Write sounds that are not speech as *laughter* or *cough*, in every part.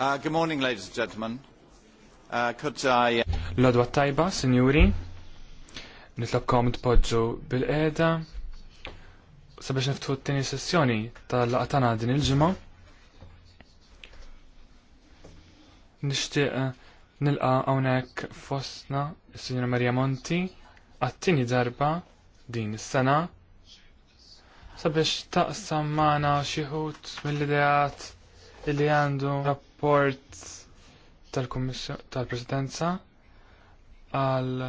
Uh, good morning, ladies and gentlemen. Uh, could I... Uh, Lodwa tajba, signori. Nitlobkom tpoġġu bil-qeda. Sabiex niftu t-tini sessjoni tal-laqatana din il-ġimgħa. Nixtieq nilqa hawnhekk fostna is-Sinjora Maria Monti għat-tieni darba din is-sena sabiex taqsam maħna xieħut mill-ideat illi għandu rapport tal-Presidenza tal għal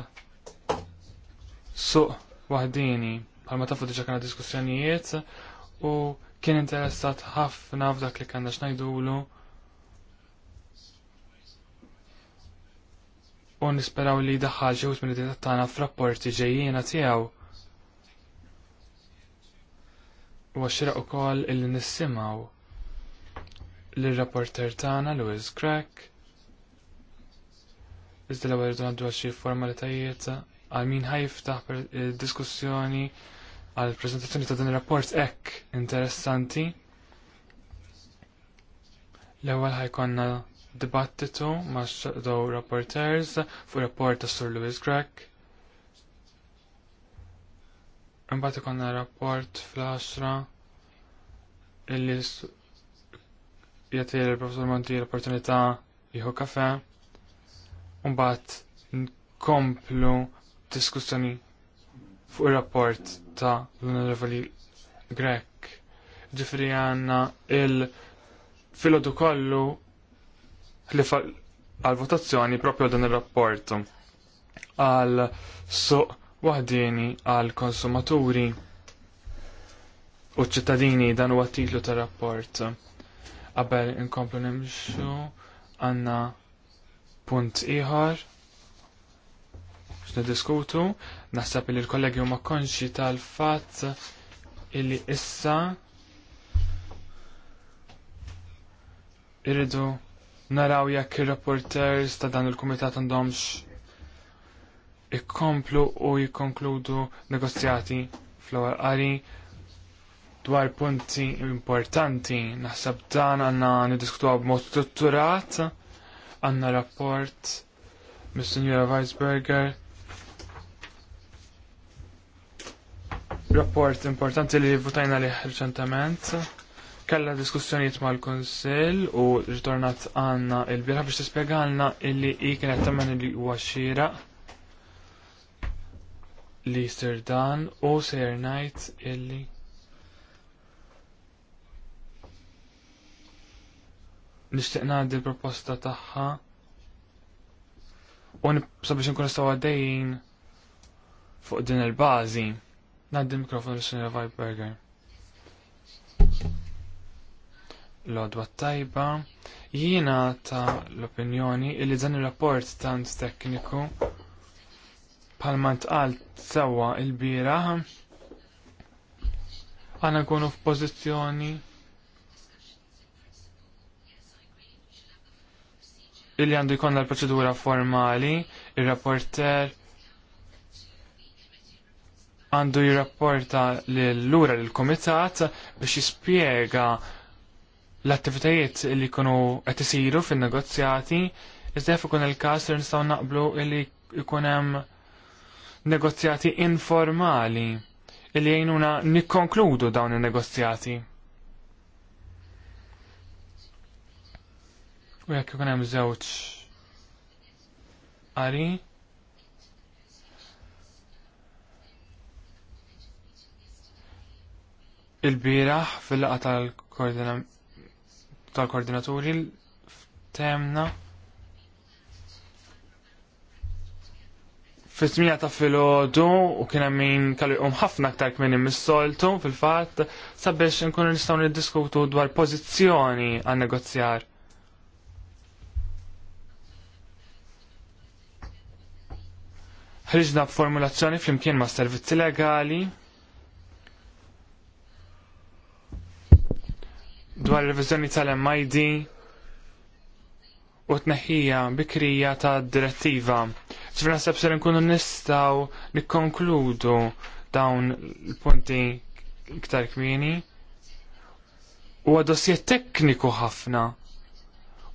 suq wahdini għal ma tafu diġa kena diskussjonijiet u kien interessat ħafna f'dak li kanna xnajdulu u nisperaw li daħħal xi minn id tagħna f'rapporti ġejjiena tiegħu. U għaxira ukoll illi nissimaw l-rapporter tagħna Louis Crack. Iżda l għal irdu għaddu xi formalitajiet għal min ħajftaħ eh, diskussjoni għal preżentazzjoni ta' din ir-rapport hekk interessanti. L-ewwel ħajkonna dibattitu ma' shadow rapporters fuq rapport ta' Sur Louis Crack. Imbagħad ikonna rapport fl-10 illi jagħti l-Professor Monti l-opportunità jieħu kafe u mbagħad nkomplu diskussjoni fuq ir-rapport ta' l-Onorevoli Grek. Ġifri għanna il-filodu kollu li għal-votazzjoni propju dan il-rapport għal suq wahdini għal konsumaturi u ċittadini dan huwa titlu tar rapport Qabel inkomplu nimxu għanna punt ieħor x'niddiskutu, naħseb li l-kollegi huma konxi tal-fatt illi issa irridu naraw jekk ir-reporters ta' dan il-kumitat għandhomx ikkomplu u jikkonkludu negozjati fl-ewwel qari dwar punti importanti naħseb dan għandna niddiskutuha b'mod strutturat għanna rapport mis-Sinjura Weisberger rapport importanti li votajna li reċentament. Kalla diskussjoniet mal konsil u ritornat għanna il-birħa biex għanna illi i kienet tamen li huwa xira li sir dan u sejr najt illi nixtieq ngħaddi l-proposta tagħha u sabiex nkun nistgħu għaddejjin fuq din il-bażi. Ngħaddi l-mikrofon lis-Sinjora Viperger L-odwa tajba. Jiena ta' l-opinjoni illi dan ir-rapport tant tekniku bħalma għal sewwa l-bieraħ għana nkunu f'pożizzjoni illi għandu jkollna l-proċedura formali, il-rapporter għandu jirrapporta l-lura l-komitat biex jispiega l-attivitajiet li kunu qed isiru fin-negozjati, iżda ikun il-każ li nistgħu naqblu li jkunem hemm negozjati informali illi jgħinuna nikkonkludu dawn in-negozjati. U jekk ikun hemm żewġ qari il-bieraħ fil-laqa tal-koordinaturi temna fil-smija ta' filodu u kien hemm min kellu ħafna aktar kmini mis-soltu fil-fatt sabiex inkunu nistgħu niddiskutu dwar pożizzjoni għan negozjar. Ħriġna b'formulazzjoni flimkien ma' servizzi legali dwar revizjoni tal-MID u t-neħija bikrija ta' direttiva. Ġifri naħseb ser nkunu nistaw nikkonkludu dawn l-punti iktar kmini. U għadossi tekniku ħafna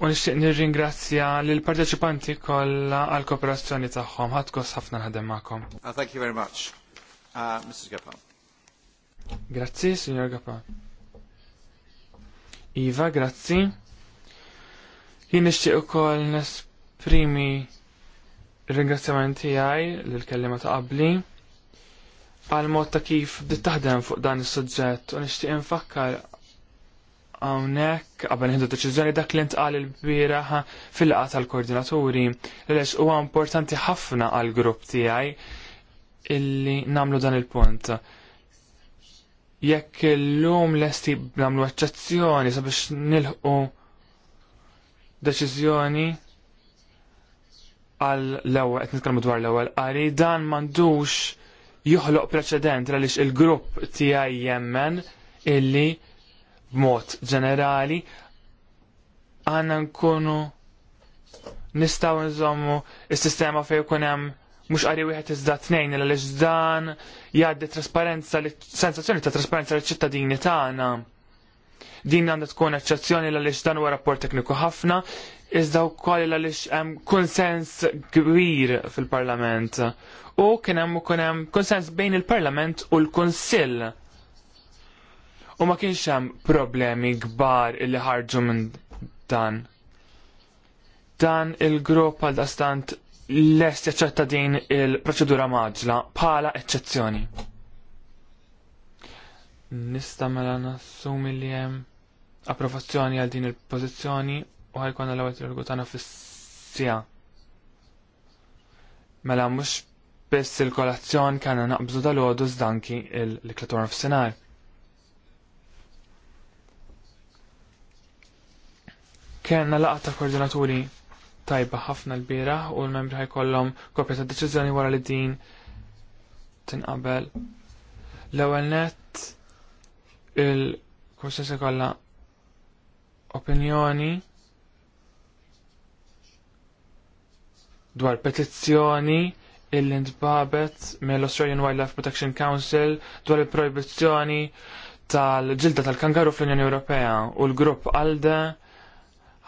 U nixtieq nirringrazzja lill parteċipanti kollha għall kooperazzjoni tagħhom. Ħadkos ħafna ħadem magħkom. Uh, thank you very much. Uh, Mrs. Gappa. Grazzi, signor Gappa. Iva, grazzi. Jien nixtieq ukoll nesprimi r-ringrazzjamenti tiegħi lill kellima ta' qabli għal mod ta' kif bdiet taħdem fuq dan is-suġġett u nixtieq infakkar hawnhekk qabel nieħdu deċiżjoni dak li ntqal il-bieraħ fil-laqgħa tal-koordinaturi għaliex huwa importanti ħafna għal grupp tiegħi illi nagħmlu dan il-punt. Jekk illum lesti nagħmlu eċċezzjoni sabiex nilħqu deċiżjoni għal l-ewwel qed nitkellmu dwar l-ewwel qari dan m'għandux joħloq preċedent għaliex il-grupp tiegħi jemmen illi b'mod ġenerali għanna nkunu nistaw nżommu il-sistema fej kunem mux għari wieħed iżda tnejn il dan jgħaddi trasparenza sensazzjoni ta' trasparenza li ċittadini tagħna. Din għandha tkun eċċezzjoni l dan huwa rapport tekniku ħafna, iżda koll l hemm konsens kbir fil-Parlament. U kien hemm ukoll hemm konsens bejn il-Parlament u l-Kunsill U ma kienx hemm problemi kbar illi ħarġu minn dan. Dan il-grupp għal dastant lest jaċċetta din il-proċedura maġla bħala eċċezzjoni. Nista mela nassumi li hemm approvazzjoni għal din il-pożizzjoni u ħajkun l-ewwel tirgu tagħna fis-sija. Mela mhux biss il-kolazzjon kellna naqbżu dal-għodu zdanki il-klator f'sinar Kenna laqa ta' koordinaturi tajba ħafna l bira u l-membri ħajkollhom kopja ta' deċiżjoni wara li din tinqabel. L-ewwel net il-kursess kollha opinjoni dwar petizzjoni illi ntbabet mill-Australian Wildlife Protection Council dwar il-proibizzjoni tal-ġilda tal-kangaru fl-Unjoni Ewropea u l-grupp ALDE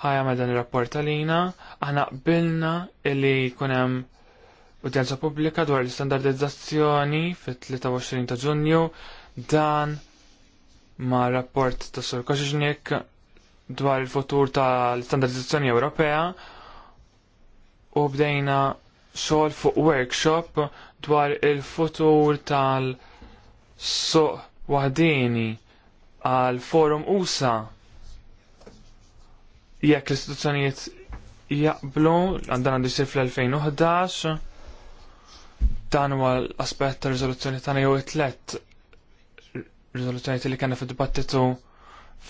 ħajja dan ir-rapport għalina, aħna qbilna illi jkun hemm udjenza pubblika dwar l-standardizzazzjoni fit-23 ta' Ġunju dan ma' rapport ta' Sur Koxiġnik dwar il-futur ta' l-standardizzazzjoni Ewropea u bdejna xogħol fuq workshop dwar il-futur tal-suq wahdini għal forum USA jekk l-istituzzjonijiet jaqblu għandan għandu jsir fl-2011 dan huwa l-aspett ta' riżoluzzjoni tagħna jew it-tlett rizoluzzjoni li kellna fid-dibattitu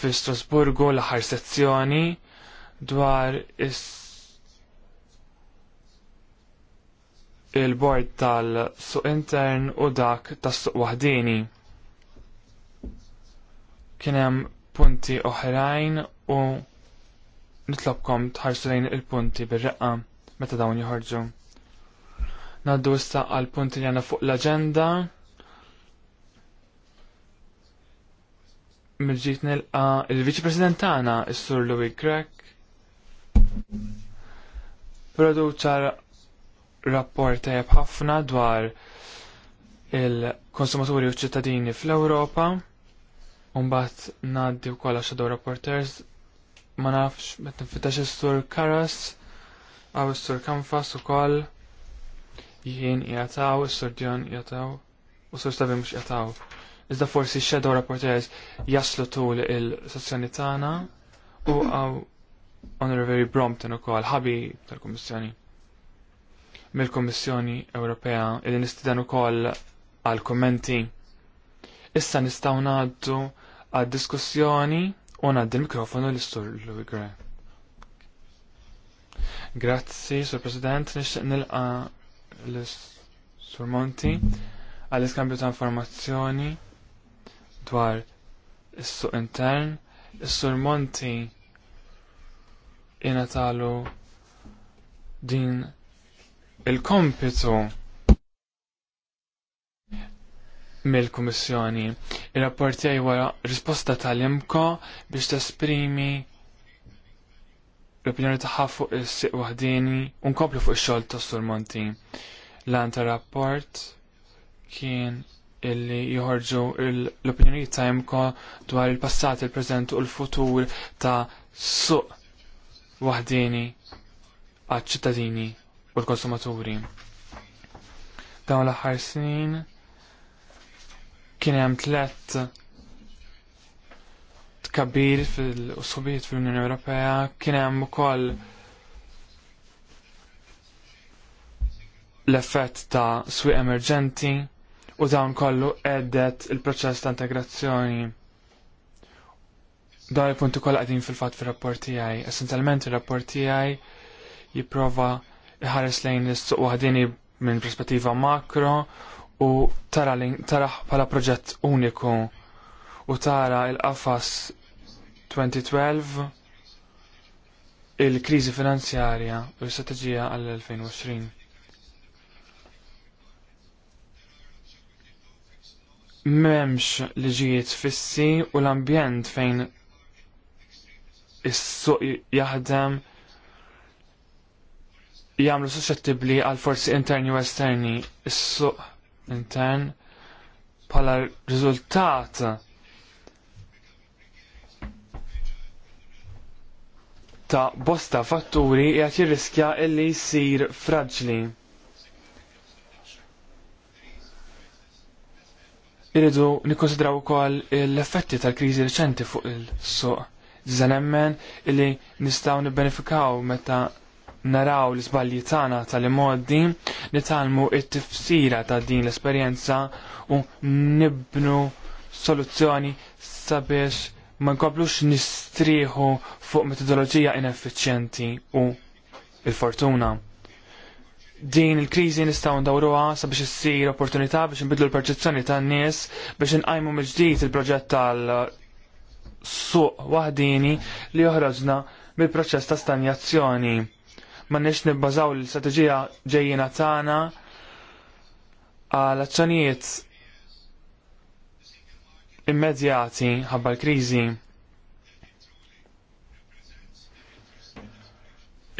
fi Strasburgu l-aħħar sezzjoni dwar is il-bord tal-suq intern u dak tas-suq waħdini. Kien hemm punti oħrajn u nitlobkom tħarsu lejn il-punti bir-reqqa meta dawn joħorġu. Naddu issa għal punti li għandna fuq l-aġenda. Mirġiet nilqa il-Viċi President tagħna is-Sur Louis Crack. Produċa rapport tajjeb ħafna dwar il-konsumaturi u ċittadini fl-Ewropa. Umbat naddi wkoll għax rapporters ma nafx, bet nfittax is stur Karas, għaw is-sur Kanfas ukoll, jien jataw, is-sur Djon jataw, u sur stabim mhux jataw. Iżda forsi xedaw shadow jaslu tul il-sezzjoni tagħna u għaw Honorary Brompton ukoll ħabi tal-Kummissjoni. Mill-Kummissjoni Ewropea il nistidan ukoll għal kommenti. Issa nistgħu ngħaddu għad diskussjoni U għaddi l-mikrofonu l-istur l-Gre. Grazzi, Sur President, nixtieq nilqa l-Sur Monti għall-iskambju ta' informazzjoni dwar is-suq intern. Is-Sur Monti jena talu din il-kompitu mill-Kummissjoni. Ir-rapport tiegħi wara risposta tal-imko biex tesprimi l-opinjoni tagħha fuq is-siq waħdini u nkomplu fuq ix-xogħol tas Sur Monti. Lan rapport kien illi joħorġu l-opinjoni ta' imko dwar il-passat, il-preżent u l-futur ta' suq waħdini għal ċittadini u l-konsumaturi. Dawn l-aħħar snin kien hemm tlet tkabbir fil-usubiet fil-Unjoni Ewropea, kien hemm ukoll l-effett ta' swieq emerġenti u dawn kollu għeddet il-proċess ta' integrazzjoni. Dawn il-punti kollha qegħdin fil-fatt fir-rapport għaj. Essenzjalment ir-rapport għaj jipprova iħares lejn l-istuq waħdini minn perspettiva makro u tara tara bħala proġett uniku u tara il-qafas 2012 il-kriżi finanzjarja u l strategija għall-2020. M'hemmx liġijiet fissi u l-ambjent fejn is-suq jaħdem jagħmlu suscettibbli għal forzi interni u esterni. Is-suq intern bħala riżultat ta' bosta fatturi jgħat jirriskja illi jsir fraġli. Iridu nikkonsidraw ukoll l-effetti tal-kriżi reċenti fuq il-suq. Zanemmen illi nistgħu nibbenefikaw meta naraw l-isbalji tagħna tal immoddi li it-tifsira ta' din l-esperjenza u nibnu soluzzjoni sabiex ma nkoblux nistrieħu fuq metodoloġija ineffiċjenti u il-fortuna. Din il-kriżi nistgħu ndawruha sabiex issir opportunità biex nbidlu l-perċezzjoni tan-nies biex inqajmu mill-ġdid il-proġett tal-suq waħdini li joħroġna mill-proċess ta' stanjazzjoni ma nix nibbażaw l-strategija ġejjina tagħna għal azzjonijiet immedjati ħabba l-kriżi.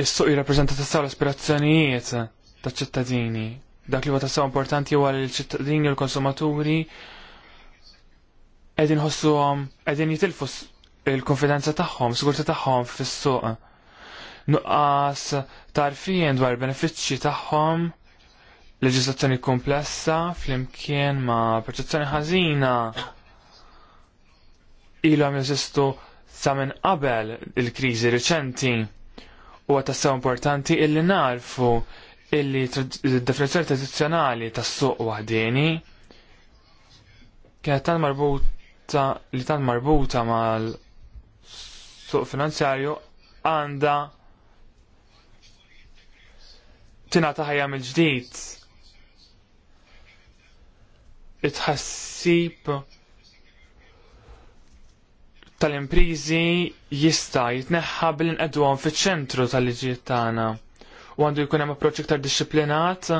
Is-suq jirrappreżenta tassaw l-aspirazzjonijiet taċ-ċittadini. Dak li huwa tassaw importanti huwa l-ċittadini u l-konsumaturi qegħdin ħossuhom qegħdin jitilfu il-konfidenza tagħhom, sigurtà tagħhom fis-suq nuqqas tarfien dwar benefiċċji tagħhom leġislazzjoni komplessa flimkien ma' perċezzjoni ħażina ilhom jeżistu sa minn qabel il-kriżi riċenti u tassew importanti illi narfu illi il-definizjoni tradizzjonali tas-suq waħdieni kienet tan marbuta li tan marbuta mal suq finanzjarju għandha tingħata ħajja mill-ġdid. It-ħassib tal-imprizi jista' jitneħħa bil inqedwhom fiċ-ċentru tal-liġijiet tagħna. U għandu jkun hemm approċċ iktar dixxiplinat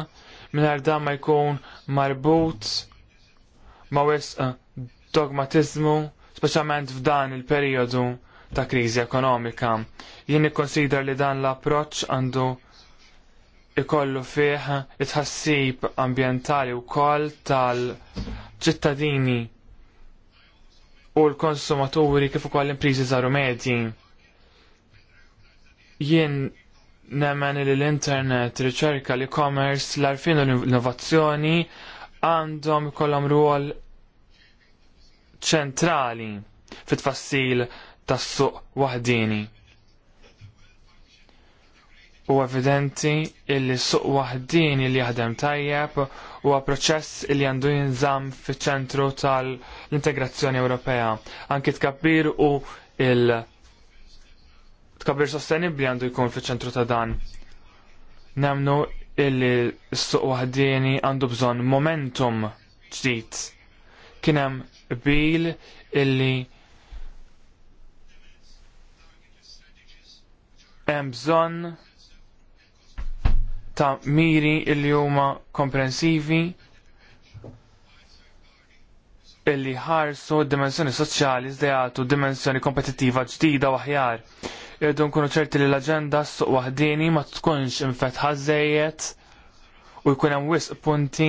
mingħajr dan ma jkun marbut ma wisq dogmatiżmu, speċjalment f'dan il-perjodu ta' kriżi ekonomika. Jien nikkonsider li dan l-approċċ għandu ikollu fih it-ħassib ambientali u koll tal-ċittadini u l-konsumaturi kif ukoll l-imprizi żaru medji. Jien nemmen li l-internet, riċerka, l-e-commerce, l-arfin u l-innovazzjoni għandhom kollom ruwol ċentrali fit-fassil tas-suq waħdini u evidenti illi suq waħdin il jaħdem tajjeb u proċess illi għandu jinżam fiċ-ċentru tal-integrazzjoni Ewropea. Anki tkabbir u il- tkabbir sostenibli għandu jkun fi ċentru ta' dan. Nemnu illi s-suq wahdini għandu bżon momentum ġdid. Kienem bil illi hemm bżonn ta' miri illi huma komprensivi illi ħarsu dimensjoni soċjali żdejatu dimensjoni kompetittiva ġdida u aħjar. Irdu nkunu ċerti li l-aġenda suq waħdini ma tkunx infetħa żejjed u jkun hemm wisq punti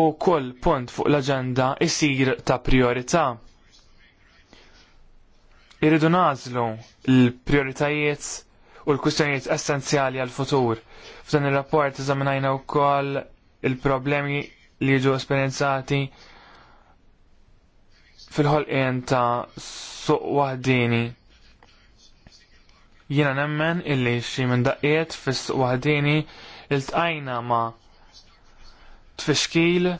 u kull punt fuq l-aġenda isir ta' priorità. Irridu nażlu l-prioritajiet u l-kustjonijiet essenzjali għal-futur. F'dan ir-rapport eżaminajna wkoll il-problemi li jiġu esperienzati fil-ħolqien ta' suq waħdini. Jiena nemmen illi xi minn daqqiet fis-suq waħdini iltqajna ma' tfixkil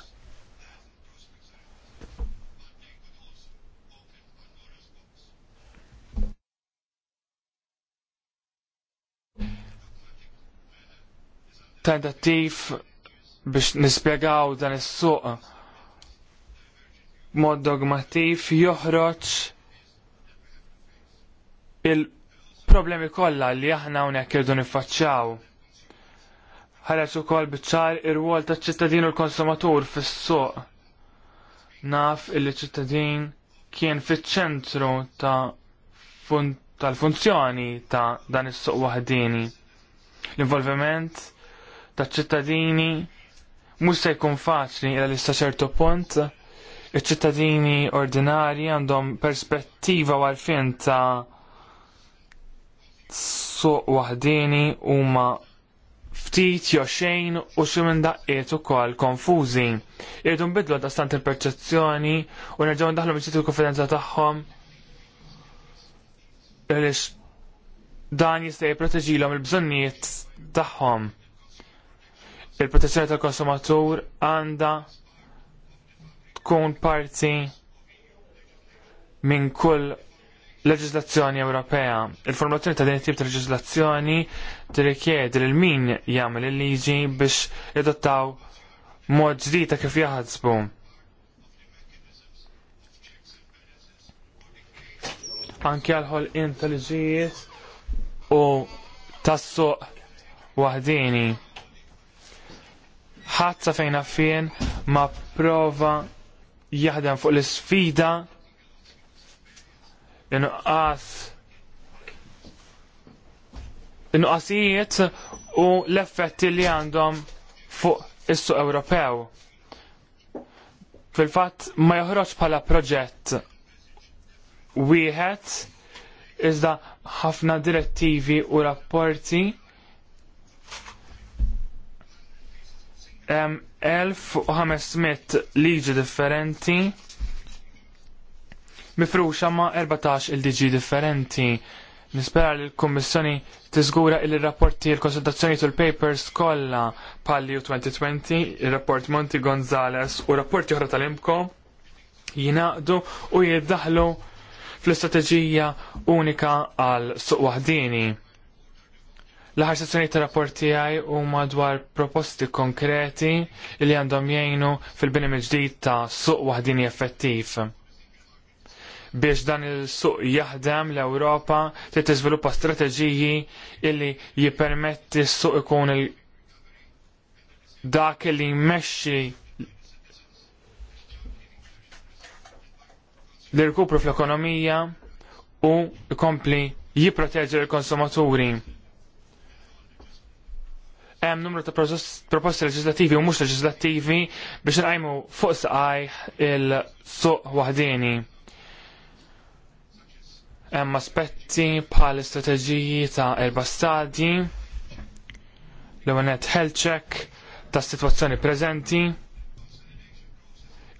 tentattiv biex nispjegaw dan is-suq mod dogmatif joħroġ il-problemi kollha li aħna hawnhekk irdu niffaċċjaw. Ħareġ ukoll biċ-ċar ir-rwol taċ-ċittadin u l-konsumatur fis-suq. Naf il-ċittadin kien fiċ-ċentru ta' tal-funzjoni ta' dan is-suq waħdini. L-involviment taċ ċittadini mhux se jkun faċli għal issa ċertu punt iċ-ċittadini ordinari għandhom perspettiva għalfien ta' suq wahdini huma ftit jew xejn u xi minn daqqiet ukoll konfużi. Irdu nbidlu dastant il-perċezzjoni u nerġgħu ndaħlu miċċiet il-konfidenza tagħhom għaliex dan jista' jipproteġilhom il-bżonnijiet tagħhom il-protezzjoni tal-konsumatur għandha tkun parti minn kull leġislazzjoni Ewropea. Il-formulazzjoni ta' din tip ta' leġislazzjoni tirrikjedi lil min jagħmel il-liġi biex jadottaw mod ġdida kif jaħadsbu. Anke għal in tal-ġijiet u tas-suq waħdini ħadd fejn fien ma prova jaħdem fuq l-isfida inqas inqasijiet u l-effetti li għandhom fuq is-suq Ewropew. Fil-fatt ma joħroġ bħala proġett wieħed iżda ħafna direttivi u rapporti hemm 1500 liġi differenti mifruxa ma' 14 il-liġi differenti. Nispera li l-Kommissjoni tiżgura il rapporti l-konsultazzjoni tul papers kollha Palli 2020, il-rapport Monti Gonzales u rapporti oħra tal-Imko jinaqdu u jiddaħlu fl-istrateġija unika għal suq waħdini L-ħar sezzjoni ta' rapporti għaj u madwar proposti konkreti li għandhom jgħinu fil-binim ġdid ta' suq wahdini effettiv. Biex dan il-suq jaħdem l-Ewropa li tiżviluppa strateġiji illi jippermetti s-suq ikun il- dak li jmexxi l-irkupru fl-ekonomija u jkompli jipproteġi l-konsumaturi hemm numru ta' proposti leġislattivi u mhux leġislattivi biex nqajmu fuq saqaj il-suq waħdini. Hemm aspetti bħal istrateġiji ta' erba' stadji, l-għanet health check ta' situazzjoni preżenti,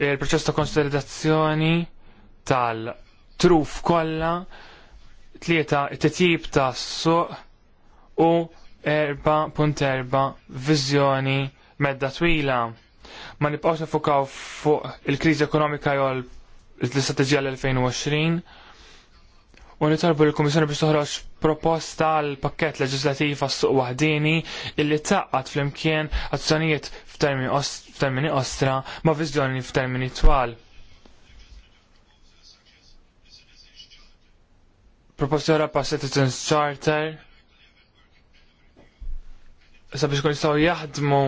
il-proċess ta' konsolidazzjoni tal-truf kollha, tlieta it-titjib ta' suq u 4.4 viżjoni medda twila. Ma nibqgħux nifukaw fuq il-kriżi ekonomika jew l-istrateġija l-2020 u nitolbu l-Kummissjoni biex toħroġ proposta għal pakket leġislattiv għas-suq waħdini illi taqqat flimkien azzjonijiet f'termini ostra ma' viżjoni f'termini twal. Proposta pa Citizens Charter sabiex kun jistgħu jaħdmu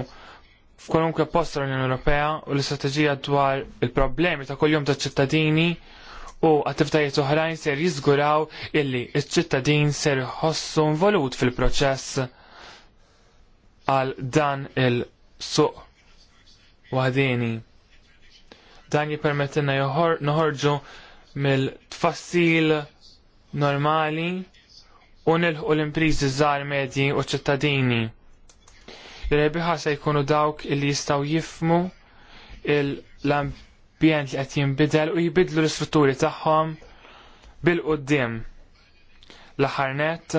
f'kolunkwe post l-Unjoni Ewropea u l-istrateġija dwar il-problemi ta' kuljum ta' ċittadini u attivitajiet oħrajn ser jiżguraw illi ċ ċittadin ser ħossu involut fil-proċess għal dan il-suq wahdini. Dan jippermettilna noħorġu mill-tfassil normali u nilħu l-imprizi żgħar medji u ċittadini l-rebiħa se jkunu dawk illi jistaw jifmu l-ambjent li qed jinbidel u jibidlu l-istrutturi tagħhom bil-qoddim. L-aħħar nett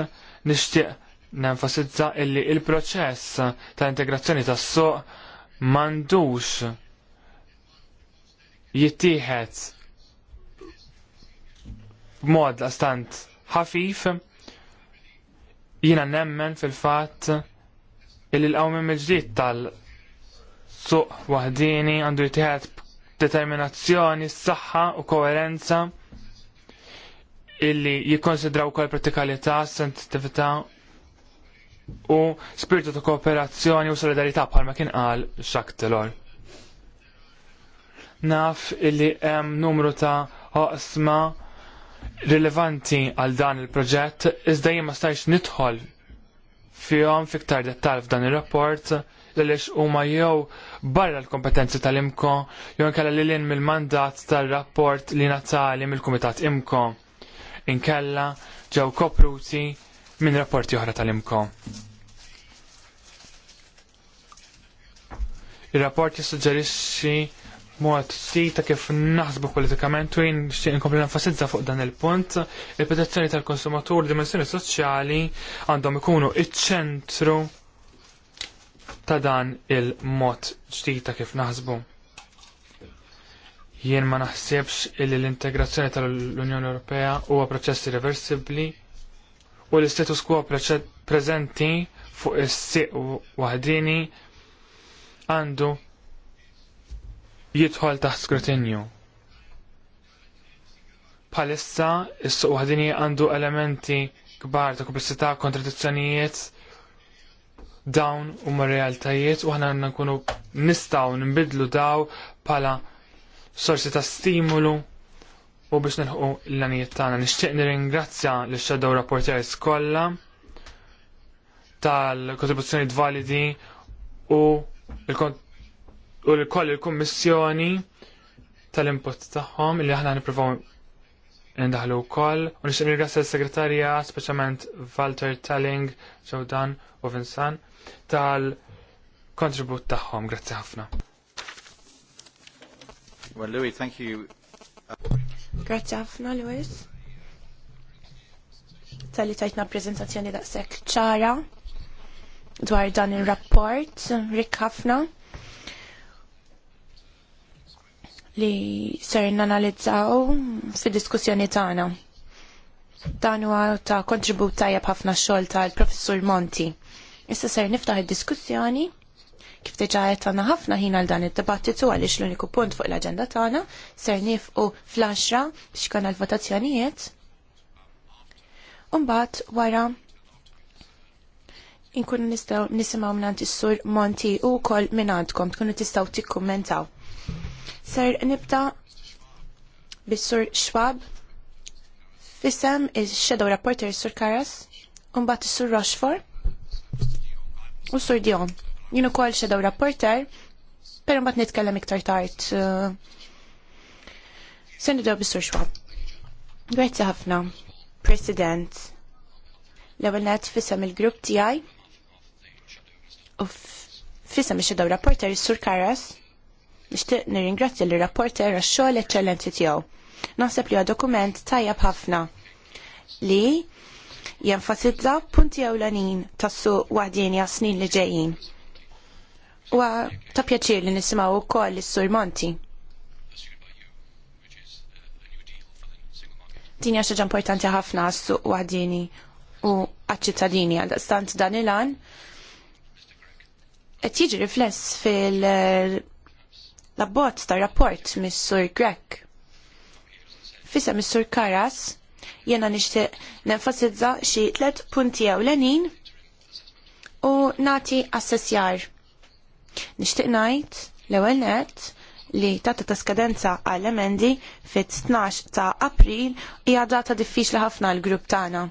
nixtieq nenfasizza illi il-proċess ta' integrazzjoni tas-suq m'għandux jittieħed b'mod stant ħafif jina nemmen fil-fatt illi l-qawmim il-ġdid tal-suq wahdini għandu jtiħed determinazzjoni, s-saxħa u koerenza illi jikkonsidraw kol pratikalità, sensitività u spiritu ta' kooperazzjoni u solidarità bħalma kien qal Jacques Naf illi hemm numru ta' oqsma rilevanti għal dan il-proġett, iżda jien ma stajx nidħol fihom fiktar dettal f'dan ir-rapport għaliex huma jew barra l-kompetenzi tal-imko jew inkella li lin mill-mandat tal-rapport li natali mill-kumitat imko inkella ġew kopruti minn rapporti oħra tal-imko. Il-rapport jissuġġerixxi mod si ta' kif naħsbu politikament u jien xtieq inkompli nenfasizza fuq dan il-punt, il-protezzjoni tal-konsumatur dimensjoni soċjali għandhom ikunu iċ-ċentru ta' dan il-mod ġdid ta' kif naħsbu. Jien ma naħsibx illi l-integrazzjoni tal-Unjoni Ewropea huwa proċess irreversibbli u l-istatus quo preżenti fuq is-siq waħdini għandu jidħol taħt skrutinju. Palissa, is-suq għadini għandu elementi kbar ta' kompleksità kontradizzjonijiet, dawn u realtajiet u għanna nkunu nistaw nbidlu daw pala sorsi ta' stimulu u biex nilħu l-lanijiet tagħna. Nixtieq nirringrazzja lix shadow rapporteris kollha tal-kontribuzzjoni validi u u l-koll il-Kummissjoni tal-input tagħhom li aħna nippruvaw ndaħlu wkoll u nixtieq nirgħas l segretarja speċjalment Walter Telling, Ġewdan u Vinsan tal-kontribut tagħhom. Grazzi ħafna. Well, Louis, thank you. Grazzi ħafna, Louis. Tali tajtna prezentazzjoni daqshekk ċara dwar dan ir rapport rik ħafna. li ser nanalizzaw fi diskussjoni tagħna. Dan huwa ta' kontribut tajjeb ħafna xogħol tal-Professur Monti. Issa ser niftaħ id-diskussjoni kif diġà qed għandna ħafna ħin għal dan id-dibattitu għaliex l-uniku punt fuq l-aġenda tagħna ser nifqu fl għaxra biex kien l-votazzjonijiet. Umbagħad wara inkunu nistgħu nisimgħu minn is-sur Monti u wkoll minn għandkom tkunu tistgħu tikkummentaw. Ser nibda bis-sur Schwab, fissem is shadow Rapporter sur Karas, umbat sur Rochefort, u sur Dion. Jien ukoll Shadow Rapporter, per mbagħad nitkellem iktar tard. Eh, Se nibdew bis-sur Schwab. Grazzi ħafna, President. L-ewwel fissem il-grupp tiegħi u fissem ix-Shadow Reporter sur Karas Nixtieq nirringrazzja l rapporter għax-xogħol eċċellenti tiegħu. Naħseb li huwa dokument tajjeb ħafna li jenfasizza punti ewlenin tas-suq waħdini għas snin li ġejjin. Wa ta' pjaċir li nisimgħu wkoll is-Sur Monti. Din hija xaġa importanti ħafna għas-suq waħdini u għaċ-ċittadini għal stant dan il-għan. Qed jiġi rifless fil l-abbozz ta' rapport mis-Sur Grek. Fisa mis-Sur Karas, jena nixtieq nenfasizza xi tliet punti ewlenin u nati assessjar. Nixtieq ngħid l-ewwel nett li tata ta' skadenza għall emendi fit-12 ta' April hija data diffiċli ħafna l grupp tagħna.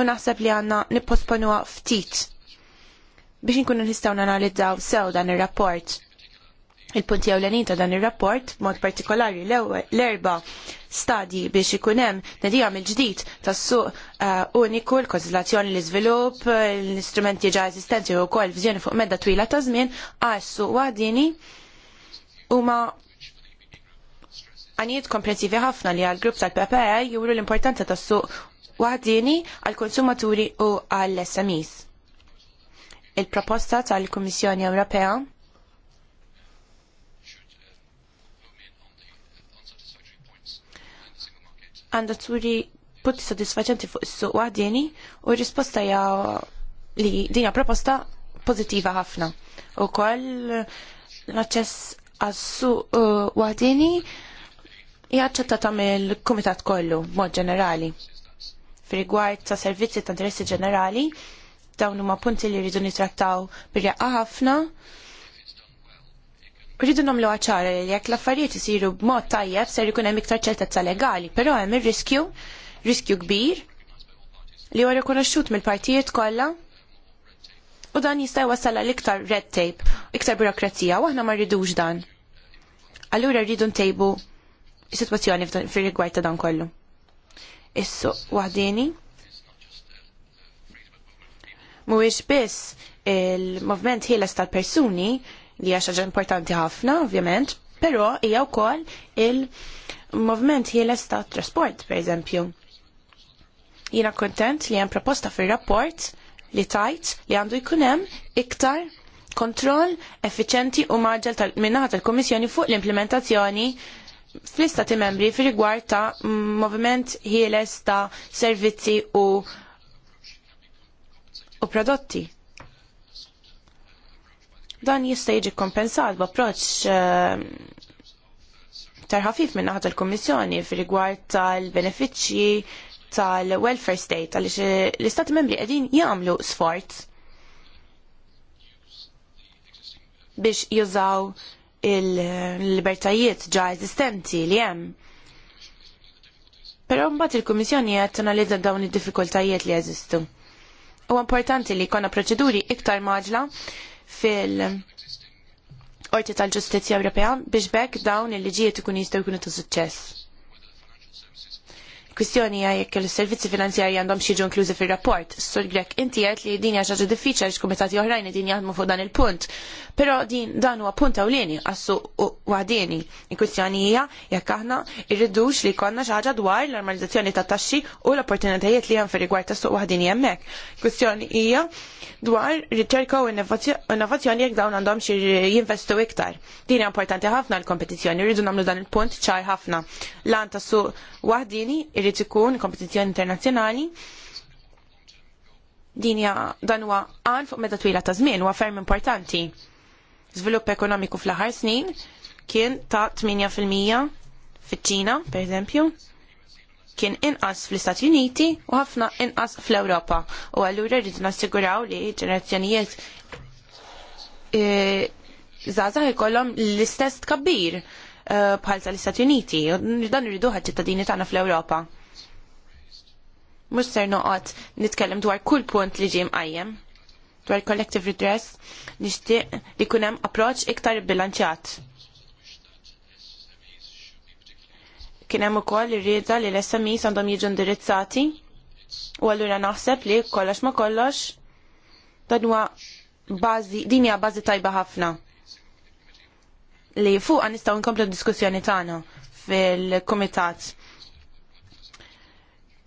U naħseb li għandna nipposponuha ftit biex inkunu nistgħu nanalizzaw sew dan ir-rapport il-punti ewlenin ta' dan ir-rapport, mod partikolari l-erba stadji biex ikun hemm nedija mill-ġdid tas-suq uh, uniku, l-konsilazzjoni l-iżvilupp, l-istrumenti ġa eżistenti u kol vizjoni fuq medda twila ta' żmien għax suq waħdini huma għanijiet komprensivi ħafna li għal-grupp tal ppa e juru l-importanza tas-suq waħdini għal-konsumaturi u għall-SMEs. Il-proposta tal-Kummissjoni Ewropea għandha turi punti soddisfaċenti fuq is-suq waħdieni u r-risposta hija li dina proposta pożittiva ħafna. Ukoll l-aċċess għas-suq uh, waħdieni jgħacċetta tam mill-kumitat kollu b'mod ġenerali. Fir-rigward ta' servizzi ta' interessi ġenerali, dawn huma punti li rridu nitrattaw bir-reqqa ħafna Rridu nagħmlu ċara li jekk l-affarijiet isiru b'mod tajjeb ser jikun hemm iktar ċertezza legali, però hemm ir-riskju, riskju kbir li huwa rikonoxxut mill-partijiet kollha u dan jista' jwassal għal iktar red tape, iktar burokrazija u aħna ma rridux dan. Allura rridu ntejbu is-sitwazzjoni fir-rigward ta' dan kollu. Issu waħdini mhuwiex biss il-movement ħieles tal-persuni, li hija ħaġa importanti ħafna, ovvjament, però hija wkoll il-movement ħieles ta' trasport, pereżempju. Jiena kuntent li hemm proposta fir-rapport li tajt li għandu jkun hemm iktar kontroll effiċenti u maġġel tal-minnaħat tal-Komissjoni fuq l-implementazzjoni fl-istati membri fi rigward ta' moviment ħieles ta' servizzi u, u prodotti. Dan jista' jiġi kompensat b'approċċ eh, terħafif minn naħat il-Kommissjoni fil-rigward tal-benefiċċji tal-welfare state għaliex eh, l-Istati membri qegħdin jagħmlu sforz biex jużaw il-libertajiet ġa eżistenti li hemm. Però mbagħad il-Kummissjoni qed tanalizza dawn id-diffikultajiet li jeżistu. U importanti li jkollna proċeduri iktar maġla fil- Orti tal-Ġustizja Ewropea biex bekk dawn il-liġijiet ikun jistgħu jkunu ta' suċċess. Kwistjoni hija jekk il-servizzi finanzjarji għandhom xi jiġu inklużi fir-rapport. Sur Grek, inti qed li din hija xi ħaġa diffiċli għax kumitati oħrajn din jaħdmu fuq dan il-punt. Però din dan huwa punt ewlieni għassu waħdieni. Il-kwistjoni hija jekk aħna rridux li jkollna xi ħaġa dwar l-normalizzazzjoni tat-taxxi u l-opportunitajiet li hemm fir-rigward tas-suq waħdini hemmhekk. Kwistjoni hija dwar riċerka u innovazzjoni jekk dawn għandhom xi jinvestu iktar. Din importanti ħafna l-kompetizzjoni, rridu nagħmlu dan il-punt ċar ħafna. Lan tas-suq waħdini irrid ikun kompetizzjoni internazzjonali dinja dan huwa għan fuq meta twila ta' żmien huwa ferm importanti. Żvilupp ekonomiku fl-aħħar snin kien ta' 8% fiċ-Ċina, pereżempju, kien inqas fl-Istati Uniti u ħafna inqas fl-Ewropa. U allura rridu nassiguraw li ġenerazzjonijiet żgħażagħ e, ikollhom l-istess tkabbir e, bħal tal-Istati Uniti. Dan irridu ċittadini tagħna fl-Ewropa. Mhux ser noqgħod nitkellem dwar kull punt li ġie mqajjem dwar collective redress nixtieq li jkun hemm approċċ iktar bilanċjat. Kien hemm ukoll ir li l smi għandhom jiġu indirizzati u allura naħseb li kollox ma kollox dan huwa bażi din hija bażi tajba ħafna li fuq nistgħu nkomplu diskussjoni tagħna fil-kumitat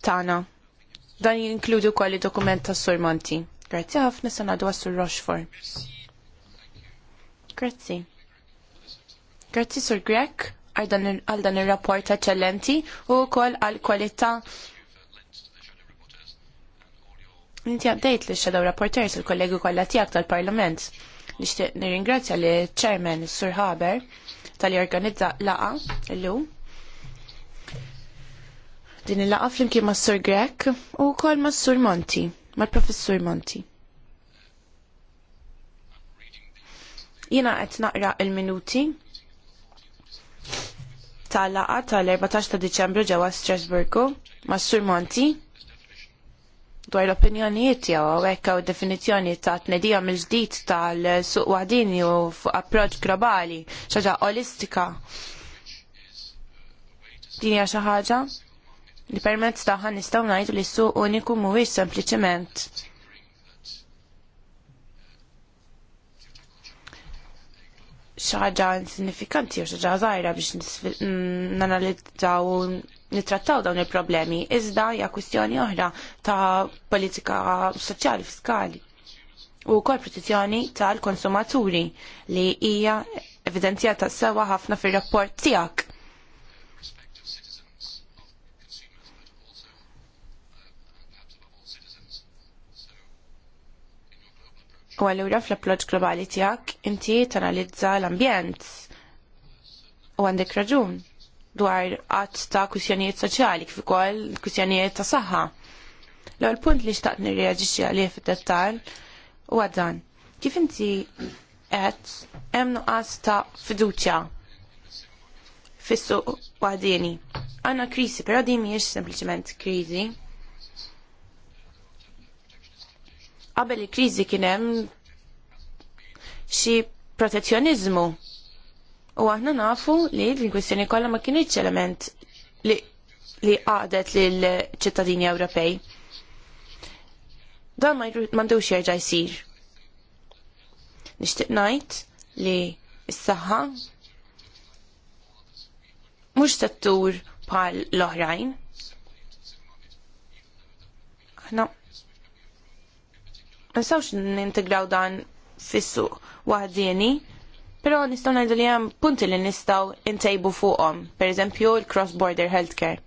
tagħna. Dan jinkludu kolli dokument ta' Sur Monti. Grazzi ħafna se nagħdu għas-Sur Rochefort. Grazzi. Grazzi Sur Grek għal dan ir rapport eċċellenti u wkoll għal kwalità Inti għabdejt li xedaw rapporters il-kollegi kollha tiegħek tal-Parlament. Nixtieq nirringrazzja li chairman Sur Haber tal-jorganizza laqa l-lum din il-laqa flimkien ma' Sur Grek u wkoll ma' Sur Monti, mal-Professur Monti. Jiena qed naqra il-minuti tal-laqa tal-14 ta' Diċembru ġewwa Strasburgu ma' Sur Monti dwar l-opinjonijiet jew hawnhekk hawn definizzjoni ta' tnedija mill-ġdid tal-suq waħdini u fuq approċċ globali, xi ħaġa olistika. Din hija xi ħaġa li permezz taħħa nistgħu ngħidu li s-suq uniku mhuwiex sempliċement xaħġa insignifikanti u ħaġa zaħira biex nanalizzaw u nitrattaw dawn il-problemi. Iżda hija kwistjoni oħra ta' politika soċjali fiskali u kol protezzjoni tal-konsumaturi li hija evidenzjata sewa ħafna fir-rapport tiegħek. U għallura fl-approċ globali tijak, inti tanalizza l-ambjent u għandek raġun dwar għat ta' kwistjonijiet soċjali kif ukoll kwistjonijiet ta' saħħa. L-ewwel punt li xtaqt reagġiċi għalih fid-dettall huwa dan. Kif inti qed hemm nuqqas ta' fiduċja fis-suq waħdieni. Għandna krisi, però din mhijiex sempliċement kriżi, qabel il-kriżi kien hemm xi protezzjonizmu. U aħna nafu li l-kwistjoni kollha ma kienx element li li qadet lil ċittadini Ewropej. Dan ma mandux jerġa' jsir. Nixtieq ngħid li s-saħħa mhux settur bħal l-oħrajn. Aħna no Nsawx nintegraw dan fis-suq waħdieni, però nistgħu ngħidu li hemm punti li nistgħu ntejbu fuqhom, pereżempju l-cross border healthcare.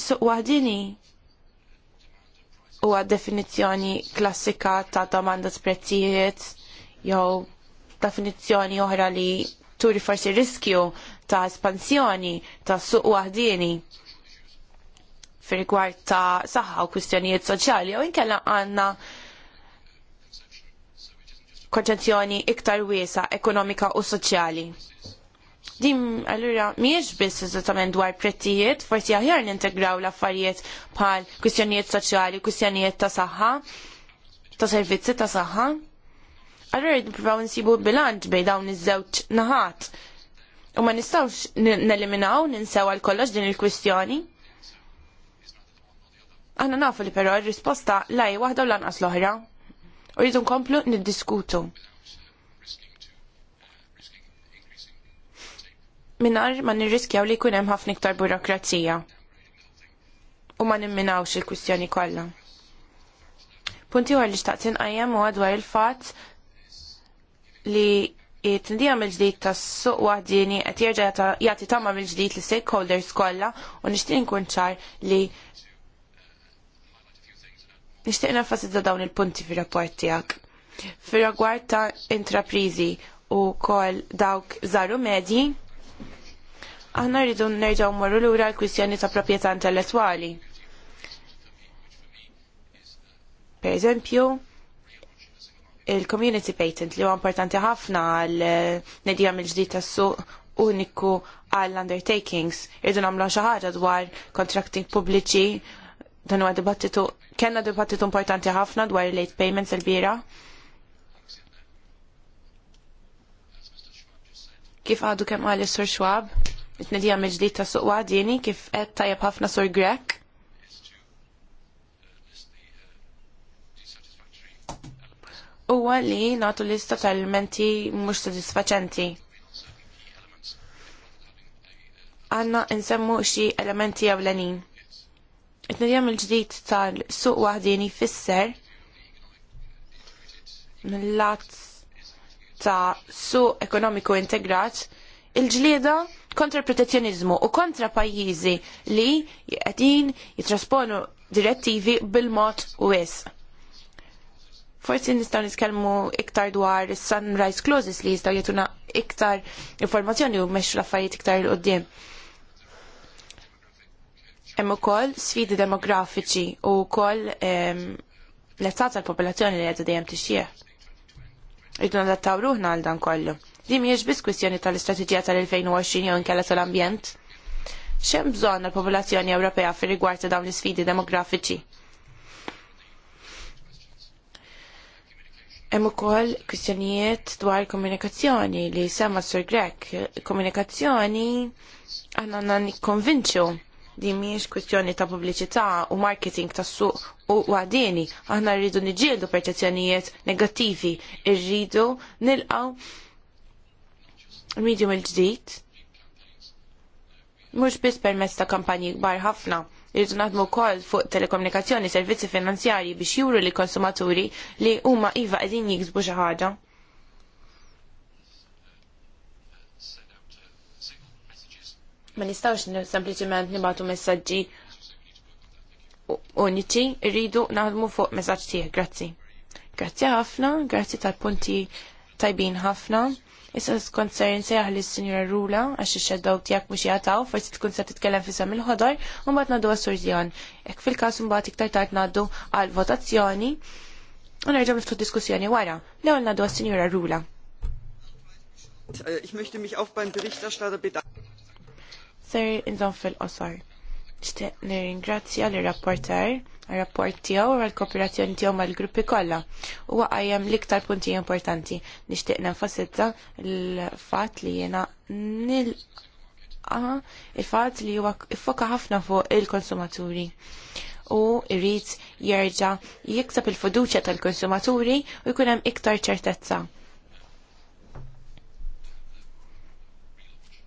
Is-suq waħdini huwa definizzjoni klassika ta' domanda prezzijiet jew definizzjoni oħra li turi forsi riskju ta' espansjoni ta' suq waħdieni fir-rigward ta' saħħa u kwistjonijiet soċjali u inkella għandna konċenzjoni iktar wiesa ekonomika u soċjali. Din allura miex biss eżattament dwar prettijiet, forsi aħjar nintegraw l-affarijiet bħal kwistjonijiet soċjali, kwistjonijiet ta' saħħa, ta' servizzi ta' saħħa. Allora rridu nipruvaw nsibu bilanċ be dawn iż-żewġ naħat. U ma nistgħux neliminaw ninsew għal kollox din il-kwistjoni. Aħna nafu li però r-risposta laj waħda u lanqas l-oħra. U rridu nkomplu niddiskutu. Minar ma nirriskjaw li jkun hemm ħafna iktar burokrazija. U ma nimminawx il-kwistjoni kollha punti għal li xtaqtin għajem u għadwar il-fat li it mil-ġdijt ġdid tas suq waħdini qed jerġa' jagħti tama mill-ġdid li stakeholders kollha u nixtieq kunċar ċar li nixtieq nenfasizza dawn il-punti fir-rapport tiegħek. fir ragward ta' intraprizi u kol dawk żaru medji, aħna rridu morru mmorru lura l-kwistjoni ta' proprjetà intellettwali. Per eżempju, il-community patent li huwa importanti ħafna għal eh, nedija mill-ġdid tas-suq uniku għall undertakings irdu nagħmlu xi ħaġa dwar contracting pubbliċi dan huwa dibattitu kellna dibattitu importanti ħafna dwar late payments il-bira. Kif għadu kemm għal sur Schwab, it-nedija mill-ġdid tas-suq għadini kif qed tajjeb ħafna sur Grek huwa li nagħtu lista ta' elementi mhux sodisfaċenti. Għanna nsemmu xi elementi ewlenin. It-nidjem il-ġdid tal-suq waħdini fisser mill-lat ta' suq ekonomiku integrat il-ġlieda kontra protezzjonizmu u kontra pajjiżi li qegħdin jitrasponu direttivi bil-mod u wisq Forsi nistgħu niskelmu iktar dwar is-sunrise clauses li jistgħu jagħtuna iktar informazzjoni u mexxu l-affarijiet iktar il qoddim Hemm ukoll sfidi demografiċi u wkoll ehm, l-età tal-popolazzjoni li qiegħda dejjem tixjieħ. Irdu nadattaw ruħna għal dan kollu. Din mhijiex biss kwistjoni tal-istrateġija tal-2020 jew inkella tal-ambjent. X'hemm bżonn għall popolazzjoni Ewropea fir rigward ta' dawn l-isfidi demografiċi? Hemm ukoll kwistjonijiet dwar komunikazzjoni li sema Sur Grek. Komunikazzjoni għandna għandna nikkonvinċu li mhijiex kwistjoni ta' pubbliċità u marketing tas suq u għadini. Aħna rridu niġġieldu perċezzjonijiet negattivi, rridu nilqgħu. medium il-ġdid. Mhux biss permezz ta' kampanji kbar ħafna Irridu naħdmu wkoll fuq telekomunikazzjoni servizzi finanzjarji biex juru li konsumaturi li huma iva qegħdin jiksbu xi ħaġa. Ma nistgħux sempliċement nibatu messaġġi uniċi, irridu naħdmu fuq messaġġ tiegħek. Grazzi. Grazzi ħafna, grazzi tal-punti tajbin ħafna. Issa skont ser nsejjaħ li s-Sinjura Rula għax ix-xeddaw tiegħek mhux jagħtaw, forsi tkun se titkellem fi sem il-ħodor u mbagħad ngħaddu għas-Surjan. Hekk fil-każ imbagħad iktar tard ngħaddu għal votazzjoni u nerġgħu niftu diskussjoni wara. L-ewwel ngħaddu għas-Sinjura Rula. Äh, ich möchte mich auch beim Berichterstatter bedanken. Ser fil-qosor. Nixtieq nirringrazzja lir rapporter rapport tiegħu għal kooperazzjoni tiegħu mal-gruppi kollha. Huwa għajem l-iktar punti importanti. Nixtieq nenfasizza l-fatt li jiena nilqa il-fatt li huwa ifoka ħafna fuq il-konsumaturi u irrid jerġa' jiksab il-fiduċja tal-konsumaturi u jkun hemm iktar ċertezza.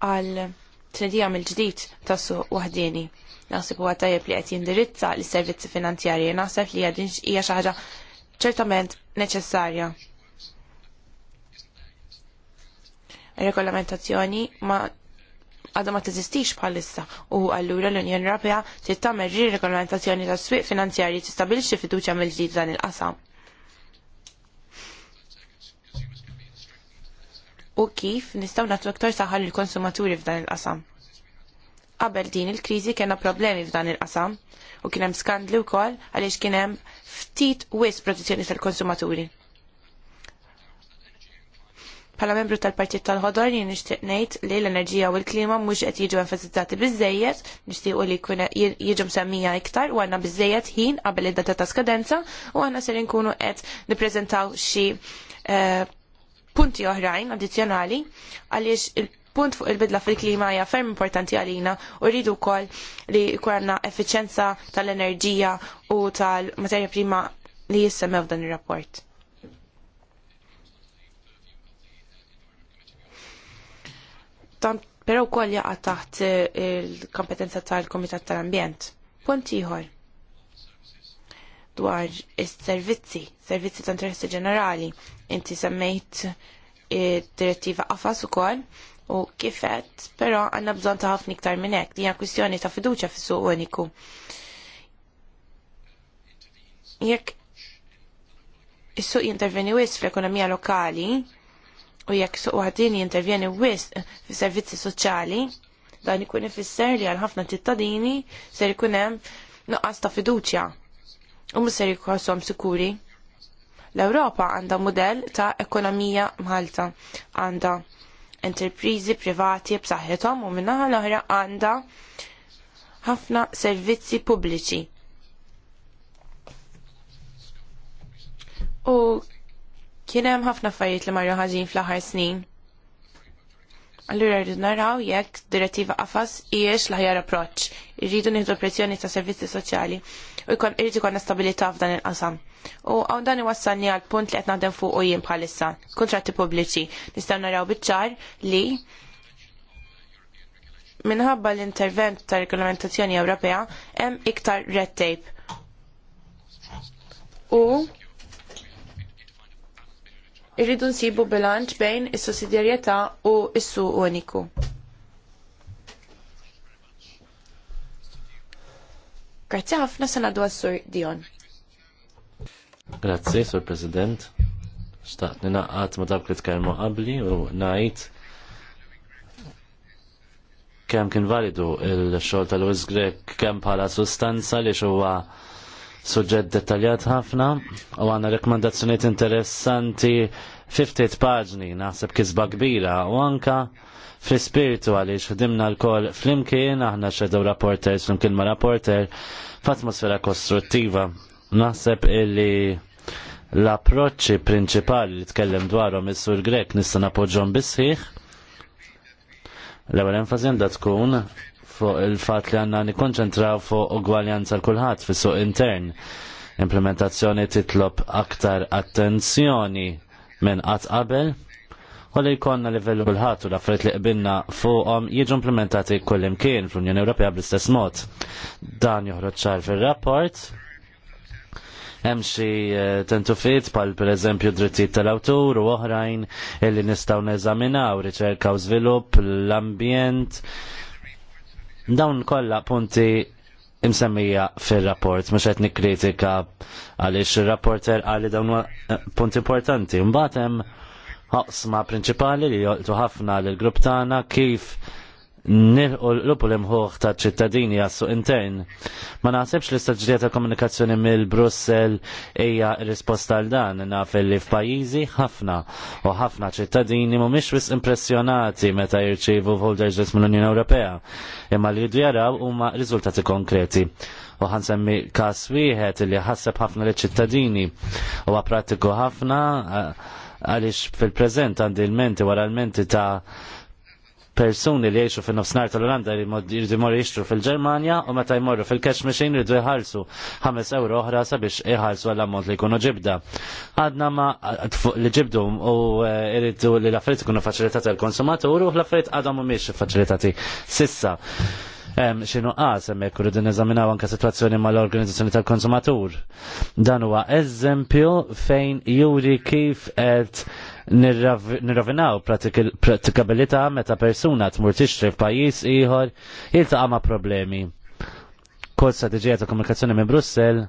għal tnedija mill-ġdid tas-suq naħseb huwa tajjeb li qed jindirizza l servizzi finanzjarji naħseb li din hija xi ħaġa ċertament neċessarja. Regolamentazzjoni ma għadha ma teżistix bħalissa u allura l-Unjoni Ewropea trid tagħmel regolamentazzjoni tas-swieq finanzjarji tistabilixxi fiduċja mill-ġdid dan il-qasam. u kif nistgħu nagħtu aktar saħħa lill konsumaturi f'dan il-qasam qabel din il-kriżi kena problemi f'dan il-qasam u kien hemm skandli wkoll għaliex kien hemm ftit wis protezzjoni tal-konsumaturi. Bħala membru tal-Partit tal-Ħodor jien nixtieq ngħid li l-enerġija u l-klima mhux qed jiġu enfasizzati biżejjed, nixtiequ li jkun jiġu msemmija iktar u għandna biżejjed ħin qabel id-data ta' skadenza u għandna ser inkunu qed nippreżentaw xi eh, punti oħrajn addizzjonali għaliex il punt fuq il-bidla fil-klima hija ferm importanti għalina u rridu wkoll li jkollna effiċjenza tal-enerġija u tal-materja prima li jissemmew f'dan ir-rapport. Però wkoll jaqa' taħt il-kompetenza tal-Kumitat tal-Ambjent. Punt ieħor dwar is-servizzi, servizzi ta' interessi ġenerali. Inti semmejt id-direttiva eh, qafas ukoll u kifet, pero għanna bżon ta' ħafna ktar minn hekk. għan kwistjoni ta' fiduċa fis-suq uniku. Jekk is-suq jintervjeni wisq fl-ekonomija lokali u jekk suq għadini jintervjeni wisq fis-servizzi soċjali, dan ikun ifisser li għal ħafna tittadini ser ikun hemm nuqqas ta' fiduċja u mhux ser jkun sikuri. L-Ewropa għandha mudell ta' ekonomija Malta għandha enterprizi privati b'saħħithom u minnaħa l-oħra għandha ħafna servizzi pubbliċi. U kien hemm ħafna affarijiet li marru ħażin fl-aħħar snin. Allura rridu naraw jekk direttiva qafas hijiex l-aħjar approċċ. Irridu nieħdu pressjoni ta' servizzi soċjali u jkun irid ikun stabilità f'dan il-qasam. U għaw dan iwassalni għal punt li qed naħdem fuq u jien bħalissa, kontratti pubbliċi. Nistgħu naraw biċ-ċar li minħabba l-intervent ta' regolamentazzjoni Ewropea hemm iktar red tape. U irridu nsibu bilanċ bejn is-sussidjarjetà u s-suq uniku. Grazzi ħafna sena għaddu s sur Dion. Grazzi, Sur President. Xtaqt ninaqqat ma dawk li tkellmu qabli u ngħid kemm kien validu il-xogħol tal-Wiz Grek kemm bħala sustanza li huwa suġġett dettaljat ħafna u għandna rekomandazzjonijiet interessanti 50 paġni naħseb kisba kbira u anka fl-spiritu għaliex ħdimna l-kol fl-imkien, aħna xedew rapporter, fl-imkien ma rapporter, f'atmosfera kostruttiva. Naħseb illi l-approċċi prinċipali li tkellem dwarhom is-sur Grek nista' napoġġhom bisħiħ. L-ewwel enfasi għandha tkun fuq il-fatt li għandna nikkonċentraw fuq ugwaljanza l-kulħadd fis-suq intern. Implementazzjoni titlob aktar attenzjoni minn qatt qabel u li jkollna livellu bil-ħatu la frit li qbilna fuqhom jiġu implementati kullimkien fl-Unjoni Ewropea bl-istess mod. Dan joħroġ ċar fir-rapport hemm xi eh, pal per pereżempju drittijiet tal-awtur u oħrajn illi nistgħu neżaminaw riċerka u żvilupp l-ambjent. Dawn kollha punti imsemmija fil-rapport, mux għetni kritika għalix il-rapporter għalli dawn eh, punt importanti. Mbatem, Ħosma prinċipali li jolqtu ħafna l grupp tagħna kif nilqu l-lupu l-imħuħ ta' ċittadini għassu intern. Ma naħsebx li staġġija ta' komunikazzjoni mill-Brussel hija risposta għal dan naf li f'pajjiżi ħafna u ħafna ċittadini mhumiex wis impressjonati meta jirċievu holders mill-Unjoni Ewropea imma li jridu jaraw huma riżultati konkreti u ħansemmi kas wieħed li ħasseb ħafna li ċittadini u pratiku ħafna għaliex fil-preżent għandi il menti wara l-menti ta' persuni li jiexu fil nofsnar tal-Olanda li jridu jmorru jixtru fil-Ġermanja u meta jmorru fil-cash machine jirdu jħalsu 5 euro oħra sabiex jħalsu għall-ammont li jkunu ġibda. Għadna ma li ġibdu u jridu eh, li l-affarijiet ikunu faċilitati għal-konsumatur u l-affarijiet għadhom mhumiex faċilitati sissa xinu qas hemmhekk irridu neżaminaw anke sitwazzjoni mal-organizzazzjoni tal-konsumatur. Dan huwa eżempju fejn juri kif qed nirravinaw pratikabilità meta persuna tmur tixtri f'pajjiż ieħor jiltaqa' ma' problemi. Kol strateġija ta' komunikazzjoni minn Brussell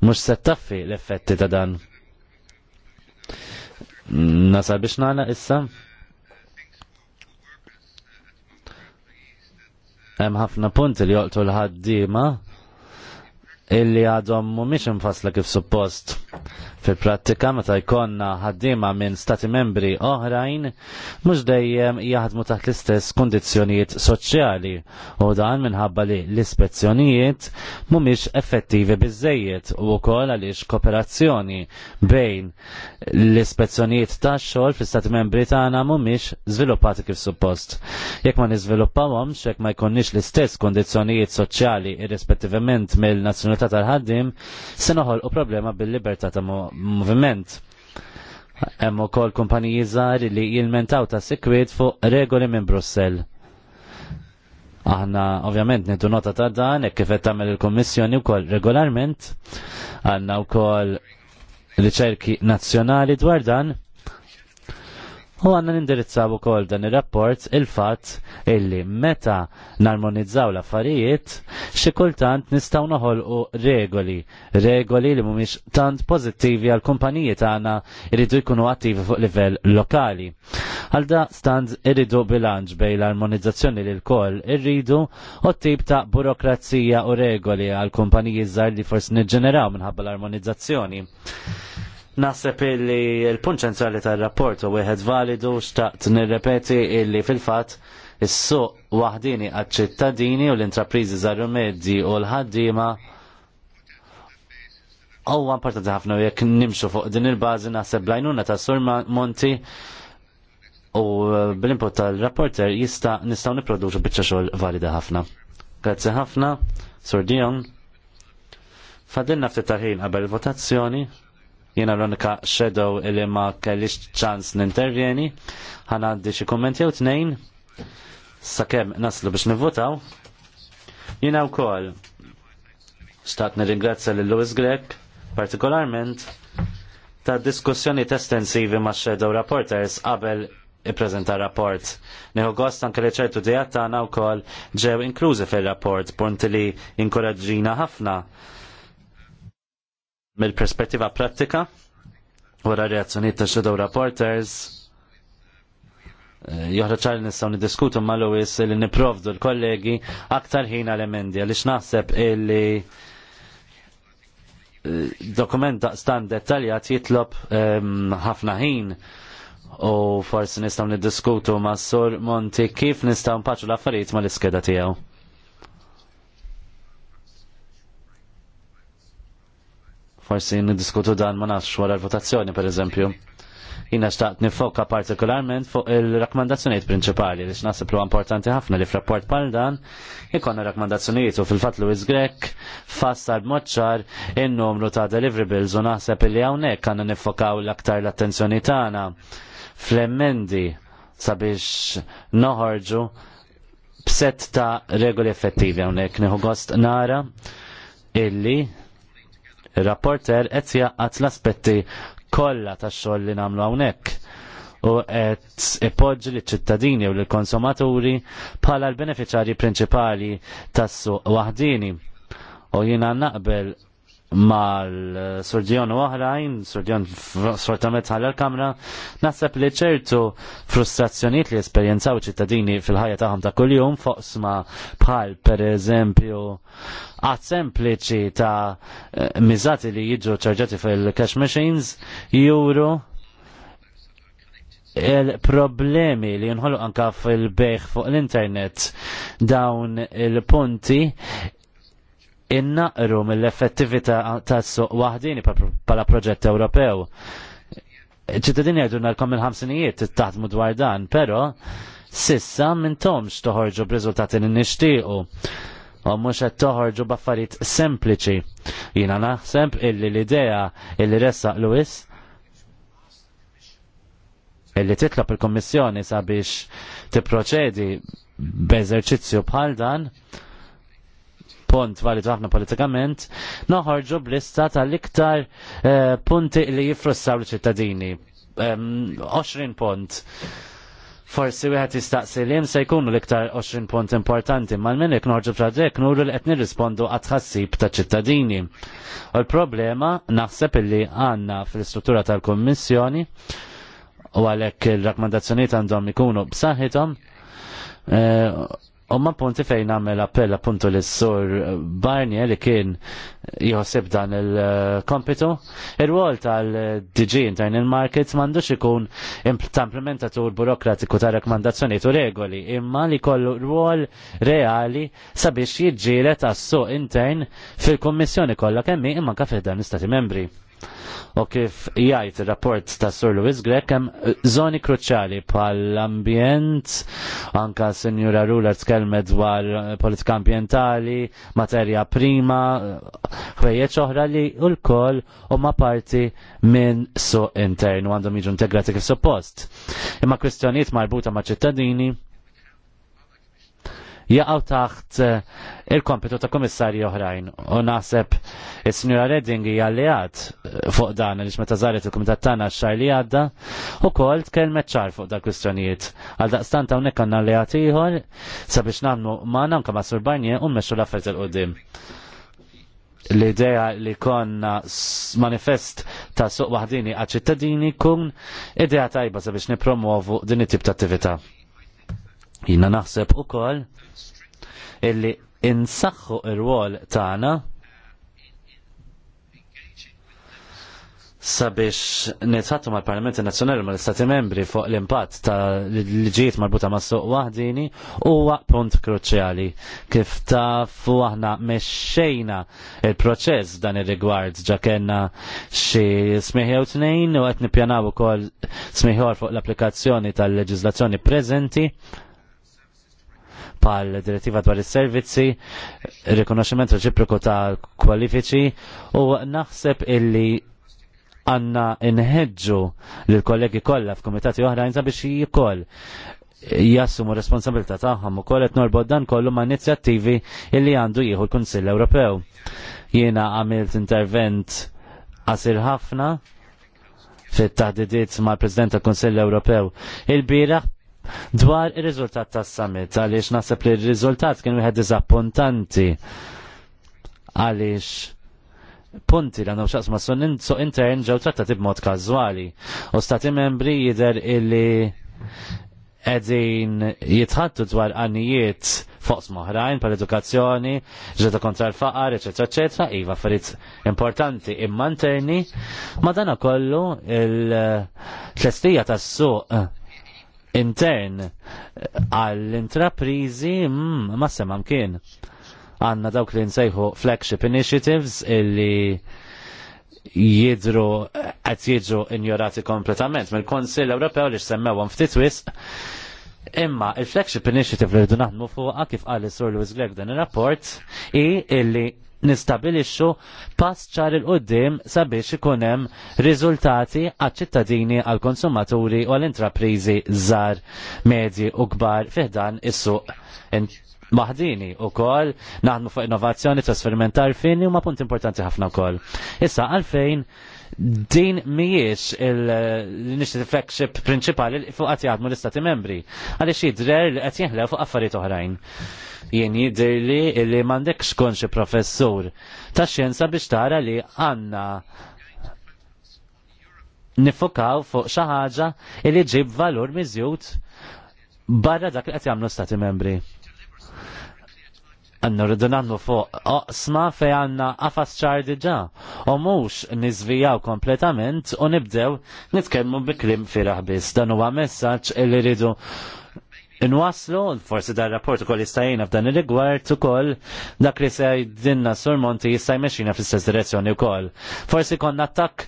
mhux se taffi l-effetti ta' dan. Nasal biex nagħna issa? Hemm ħafna punti li joqtu l-ħaddiema illi għadhom mhumiex infassla kif suppost. Fil-prattika meta jkollna ħaddiema minn stati membri oħrajn mhux dejjem jaħdmu taħt l-istess kundizzjonijiet soċjali u dan minħabba li l-ispezzjonijiet mhumiex effettivi biżejjed u wkoll għaliex kooperazzjoni bejn l-ispezzjonijiet tax-xogħol fl-istati membri tagħna mhumiex żviluppati kif suppost. Jekk ma niżviluppawhomx, jekk ma jkunniex l-istess kundizzjonijiet soċjali irrispettivament mill-nazzjonalità tal-ħaddim, se noħolqu problema bil-libertà ta' moviment. Hemm ukoll kumpaniji żgħar li jilmentaw ta' sikwiet fuq regoli minn Brussell. Aħna ovvjament nidu nota ta' dan hekk kif qed tagħmel il-Kummissjoni wkoll regolarment għandna wkoll riċerki nazzjonali dwar dan U għanna nindirizzaw ukoll dan ir-rapport il-fatt illi meta narmonizzaw l-affarijiet, xi kultant nistgħu noħolqu regoli, regoli li mhumiex tant pożittivi għal kumpaniji tagħna jridu jkunu attivi fuq livell lokali. Għal da stand irridu bilanċ bej l-armonizzazzjoni li l-koll irridu u tip ta' burokrazija u regoli għal kumpaniji żgħar li forsi niġġeneraw minħabba l-armonizzazzjoni. Naħseb illi l-punt ċentrali tal-rapport u wieħed validu xtaqt nirrepeti illi fil-fatt is-suq waħdini għaċ-ċittadini u l-intrapriżi żaru medji u l-ħaddiema huwa importanti ħafna jekk nimxu fuq din il-bażi naħseb lajnuna ta' Sur Monti u eh, bl-input tal-rapporter jista' nistgħu nipproduċu biċċa xogħol valida ħafna. Grazzi ħafna, Sur Dion. Fadilna ftit tal-ħin qabel votazzjoni. Jena l-unika shadow li ma kellix ċans n-intervjeni. Għan għaddi xi kummenti jew tnejn sakemm naslu biex nivvotaw. Jena wkoll stat nirringrazzja lil Louis Grek partikolarment ta' diskussjoni estensivi ma' shadow reporters qabel ippreżenta rapport. Neħu gost anke li ċertu dijat tagħna wkoll ġew inklużi fir-rapport punt li inkoraġġina ħafna Mill-perspettiva pratika, wara reazzjoniet ta' Shadow Reporters, eh, joħra ċar nistaw nidiskutu ma' Lewis li niprovdu l-kollegi aktar ħin għal-emendi li naħseb illi eh, dokument daqstan dettaljat jitlob ehm, ħafna ħin u forsi nistaw nidiskutu ma' Sur Monti kif nistaw nbaċu l-affarijiet ma' l-iskeda tijaw. Forsi niddiskutu dan ma nafx wara l-votazzjoni pereżempju. Jina xtaqt nifoka partikolarment fuq il-rakkomandazzjonijiet prinċipali li x'naħseb lu importanti ħafna li f'rapport bħal dan jikonna rakkomandazzjonijiet u fil-fatt Louis Grek fassar b'moċċar in-numru ta' deliverables u naħseb li hawnhekk għandna nifokaw l-aktar l-attenzjoni tagħna fl-emmendi sabiex noħorġu b'set ta' regoli effettivi hawnhekk nieħu gost nara illi Il-rapporter qed għat l-aspetti kollha tax-xogħol li nagħmlu hawnhekk u qed ipoġġi liċ-ċittadini u lill-konsumaturi bħala l beneficjari prinċipali tas-suq waħdini. U jiena naqbel mal-sordjon u oħrajn, sordjon sfortament ħalla l-kamra, naħseb li ċertu frustrazzjoniet li esperjenzaw ċittadini fil-ħajja tagħhom ta' kuljum foqsma bħal per eżempju għad sempliċi ta' eh, miżati li jiġu ċarġati fil-cash machines juru il-problemi li nħollu anka fil-beħ fuq l-internet dawn il-punti innaqru mill-effettività tas-suq waħdini bħala proġett Ewropew. Ċittadini għedu narkom il-ħamsinijiet taħdmu dwar dan, pero sissa minn tomx toħorġu b'riżultati li nixtiequ u mhux qed toħorġu b'affarijiet sempliċi. Jiena naħseb illi l-idea illi ressaq Lewis illi titlob il-Kommissjoni sabiex tipproċedi b'eżerċizzju bħal dan punt valid ħafna politikament, noħorġu blista tal-iktar eh, punti li jifrussaw l-ċittadini. 20 punt. Forsi wieħed jistaqsi li se jkunu l-iktar 20 punt importanti, mal minnek norġu b'traġek nuru li qed nirrispondu għat ħassib ta' ċittadini. U l-problema naħseb illi għandna fl-istruttura tal-Kummissjoni u għalhekk il-rakkomandazzjonijiet għandhom ikunu b'saħħithom, eh, Omma punti fejn għamel appell appuntu l-sur Barnier li kien jħosib dan il-kompitu. Ir-rwol tal-DG Internal markets mandu ikun ta' implementatur burokratiku ta' rekomandazzjoni u regoli, imma li kollu rwol reali sabiex jidġiret għas-suq intern fil-Kommissjoni kollha kemmi imma kafih dan l membri. U kif jgħid ir-rapport ta' Sur Luis Grek hemm żoni eh, kruċjali bħall-ambjent, anka Sinjura Ruler tkellmet dwar eh, politika ambjentali, materja prima, eh, ħwejjeġ oħra li l-koll huma parti minn suq intern u għandhom jiġu integrati kif suppost. Imma kwistjonijiet marbuta ma' ċittadini jaqgħu taħt eh, il-kompetu ta' komissarji oħrajn. U naħseb is-Sinjura Redding hija alleat eh, fuq dan għaliex meta żaret il komitat tana x-xahar li għadda ukoll tkellmet ċar fuq dak kwistjonijiet. Għal daqstant hawnhekk għandna alleat ieħor sabiex nagħmlu ma' anke ma' surbanje u mmexxu l il-qudiem l-idea li konna manifest ta' suq wahdini għal ċittadini kun idea tajba sabiex nipromuovu din it-tip ta' attività. Jina naħseb u kol illi insaxħu il wol tagħna sabiex nitħattu mal parlamenti Nazzjonali mal istati Membri fuq l-impatt ta' liġijiet marbuta ma' suq waħdini huwa punt kruċjali. Kif tafu aħna mexxejna il-proċess dan ir-rigward ġakenna kellna xi t tnejn u qed nippjanaw ukoll smieħor fuq l-applikazzjoni tal leġizlazzjoni preżenti pal direttiva dwar is-servizzi, rikonoxximent reċiproku ta' kwalifiċi u naħseb illi għanna inħedġu l-kollegi kollha f'komitati oħrajn sabiex jikoll jassumu responsabilità tagħhom ukoll qed norbod dan kollu ma' inizjattivi illi għandu jieħu l-Kunsill Ewropew. Jiena għamilt intervent qasir ħafna fit-taħdidiet mal-President tal-Kunsill Ewropew. Il-bieraħ dwar ir-riżultat tas-summit għaliex naħseb li r-riżultat kien wieħed diżappuntanti għaliex punti l xaqs ma' sunnin so intern ġew trattati b'mod kazwali. U stati membri jider illi edin jitħattu dwar għannijiet fuq moħrajn pal edukazzjoni ġeta kontra l-faqar, ecc. ecc. Iva farit importanti imma interni, ma dana kollu il-tlestija tas-suq intern eh, għall-intraprizi mm, ma semam kien. Għanna dawk li nsejħu flagship initiatives illi jidru għat jidru ignorati kompletament. Mill-Konsil Ewropew li semmewhom ftit wisq Imma il-flagship initiative li rridu naħdmu fuqha kif qal is-Sur Lewis Glegg dan ir-rapport i illi nistabilixxu pass ċar il-qoddim sabiex ikun hemm riżultati għaċ-ċittadini għall-konsumaturi u għall-intraprizi żgħar, medji u kbar fiħdan is-suq maħdini u kol naħdmu fuq innovazzjoni trasferimentar fini u ma punt importanti ħafna kol. Issa għalfejn din mhijiex l-initiative flagship prinċipali fuq qed jaħdmu l-Istati Membri. Għaliex jidher li qed jinħlew fuq affarijiet oħrajn. Jien jidher li li m'għandekx tkun xi professur ta' xjenza biex tara li għandna nifokaw fuq xi ħaġa li ġib valur miżjud barra dak li qed jagħmlu Stati Membri għanna rridu nannu fuq oqsma fej għanna għafas ċar diġa u mux nizvijaw kompletament u nibdew nitkellmu biklim firaħ biss. Dan huwa messaġġ li rridu Inwaslu, forsi dar rapport ukoll jistajina f'dan ir-rigward ukoll dak li se jgħidilna Sur Monti jista' jmexxina fl-istess direzzjoni wkoll. Forsi konna attak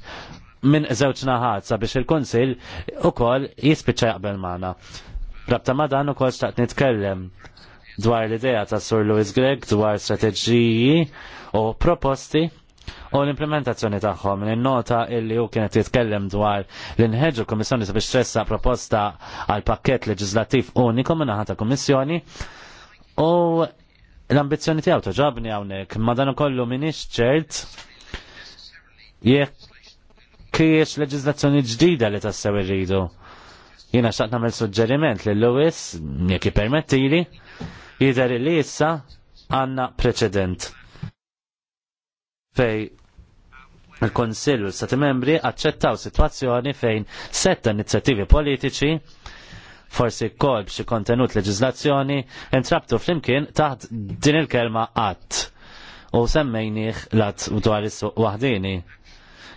minn żewġ naħat sabiex il u ukoll jispiċċa jaqbel magħna. Rabta ma dan ukoll staqt nitkellem dwar l-idea ta' Sir Louis Gregg dwar strateġiji u proposti u l-implementazzjoni tagħhom. Il-nota illi hu kienet jitkellem dwar l-inħeġġu l-Kummissjoni sabiex tressa proposta għal pakkett leġislattiv uniku minn ta' Kummissjoni u l-ambizzjoni tiegħu ġabni hawnhekk, ma dan ukollu minix ċert jekk kiex leġizlazzjoni ġdida li tassew irridu. Jiena xaqt nagħmel suġġeriment li Lewis, jekk permettili, Jidher li issa għandna preċedent fej il konsilju u l-Stati membri aċċettaw sitwazzjoni fejn setta inizjattivi politiċi forsi kol b'xi kontenut leġizlazzjoni intrabtu flimkien taħt din il-kelma qatt u semmejnieh u dwar is-suq waħdini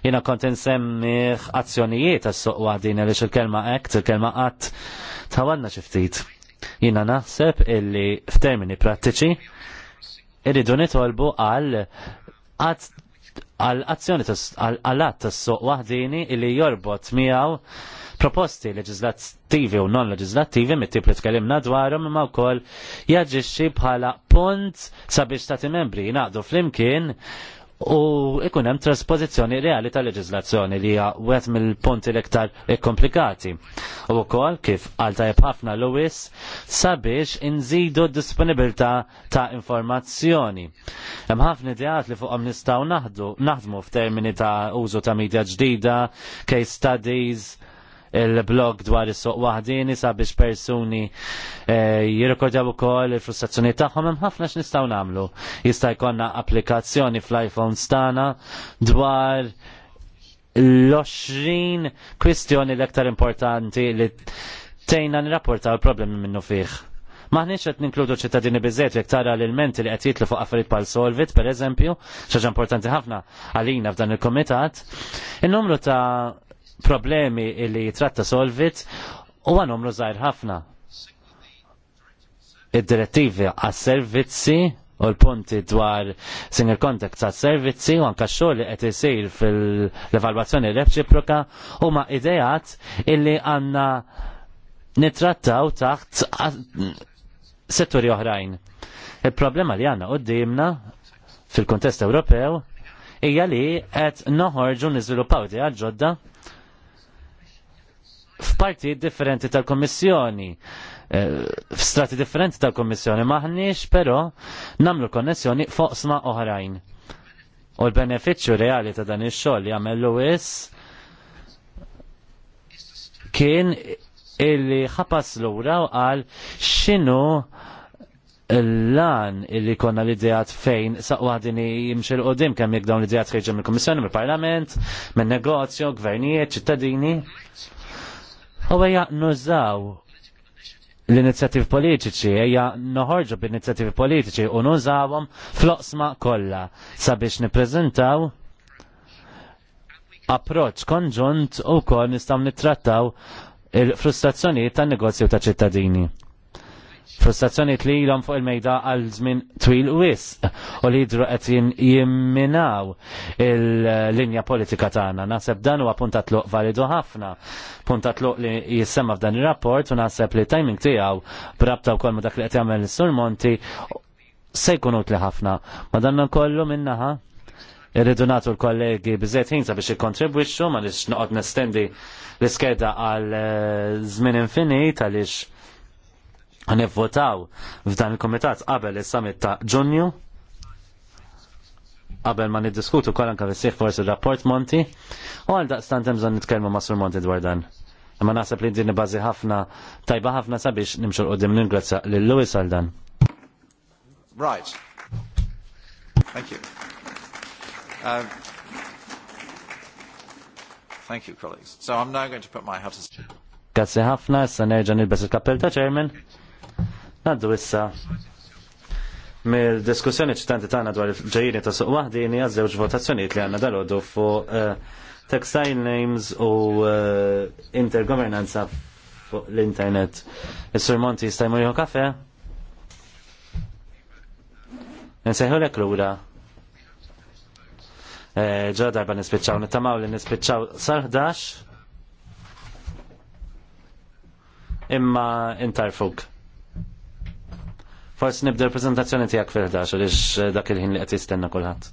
jina kont insemmi azzjonijiet għas suq għadin għalix il-kelma act, il-kelma għat, tawanna xiftit. Jina naħseb illi f'termini prattiċi irridu nitolbu għal għal-azzjoni għal-att tas-soq waħdini illi jorbot miegħu proposti leġislattivi u non leġislattivi mit-tip li tkellimna dwarhom imma wkoll jaġixxi bħala punt sabiex stati membri jingħaqdu flimkien u ikun hemm trasposizzjoni reali tal leġislazzjoni li hija wieħed mill-punti l-iktar komplikati. U wkoll kif għal tajjeb ħafna Lewis sabiex inżidu d-disponibilità ta' informazzjoni. Hemm ħafna ideat li fuqhom nistgħu naħdu naħdmu f'termini ta' użu ta' medja ġdida, case studies, il-blog dwar is-soq waħdini sabiex persuni eh, jirrekordjaw ukoll il-frustrazzjoni tagħhom hemm ħafna x'nistgħu nagħmlu. Jista' jkollna applikazzjoni fl-iPhone stana dwar l-20 kwistjoni l-aktar importanti li tejna nirrapportaw il-problemi minnu fih. Maħniċ qed ninkludu ċittadini bizzet jek tara l-elementi li qed jitlu fuq affarijiet pal solvit, per eżempju, xaġa importanti ħafna għalina f'dan il-komitat, il-numru ta' problemi li tratta solvit u għanom zaħir ħafna. Id-direttivi għas-servizzi u l-punti dwar single contact għas servizzi u anka xogħol li qed isir fil-evalwazzjoni reċiproka huma idejat illi għandna nitrattaw taħt setturi oħrajn. Il-problema li għanna qoddimna fil-kontest Ewropew hija li qed noħorġu niżviluppaw ideja ġodda f'partijiet differenti tal-Kommissjoni, eh, f'strati differenti tal-Kommissjoni, maħniex però namlu konnessjoni foqsma oħrajn. U l-beneficju reali ta' dan ix-xogħol li għamel Lewis kien illi ħapas lura u qal x'inhu l-lan illi konna l-idejat fejn saqwadini jimxil qoddim kemm jek dawn l-idejat ħieġa mill-Kommissjoni, mill-Parlament, mill-negozju, gvernijiet, ċittadini u eja nużaw l inizjativ politiċi, eja noħorġu b'inizjattivi politiċi u nużawhom fl-oqsma kollha sabiex nippreżentaw approċ konġunt u kol nistaw nittrattaw il-frustrazzjonijiet tan negozju ta' ċittadini frustrazzjoni li fuq il-mejda għal żmien twil u wis u li jidru qed jimminaw il-linja politika tagħna. Naħseb dan huwa punta tluq validu ħafna, punta tluq li jissemma f'dan ir-rapport u naħseb li timing tiegħu brabta wkoll ma dak li qed jagħmel is-surmonti se jkun utli ħafna. Ma dan kollu minnaħa irridu natu l-kollegi bizzet ħinsa biex jikontribwixxu ma nix noqgħod nestendi l-iskeda għal eh, żmien infinit għaliex Għanivvotaw f'dan il-komitat qabel is-summit ta' ġunju qabel ma niddiskutu kol anka fis-sieħ forsi rapport Monti, u għal daqstant hemm bżonn nitkellmu ma' Sur Monti dwar dan. Imma naħseb li din bażi ħafna tajba ħafna sabiex nimxu qudiem ningrazzja lil Lewis għal dan. Right. Thank you. Uh, thank you, colleagues. So I'm now going to put my hat as... Grazie ħafna, issa nerġa' nilbes il kappel ta' chairman. Għaddu issa mill-diskussjoni ċitanti tagħna dwar il-ġejjini ta' suq waħdini għaż-żewġ votazzjonijiet li għandna dal fuq eh, textile names u eh, intergovernanza fuq l-internet. Is-Sur Monti jista' jmur kafe? Nsejħu lek lura. Eh, Ġa darba nispiċċaw, nittamaw li nispiċċaw sar 11 imma intarfuk. Forsi nibda l-prezentazzjoni tiegħek fil-11 għaliex eh, dak il-ħin li qed jistenna kulħadd.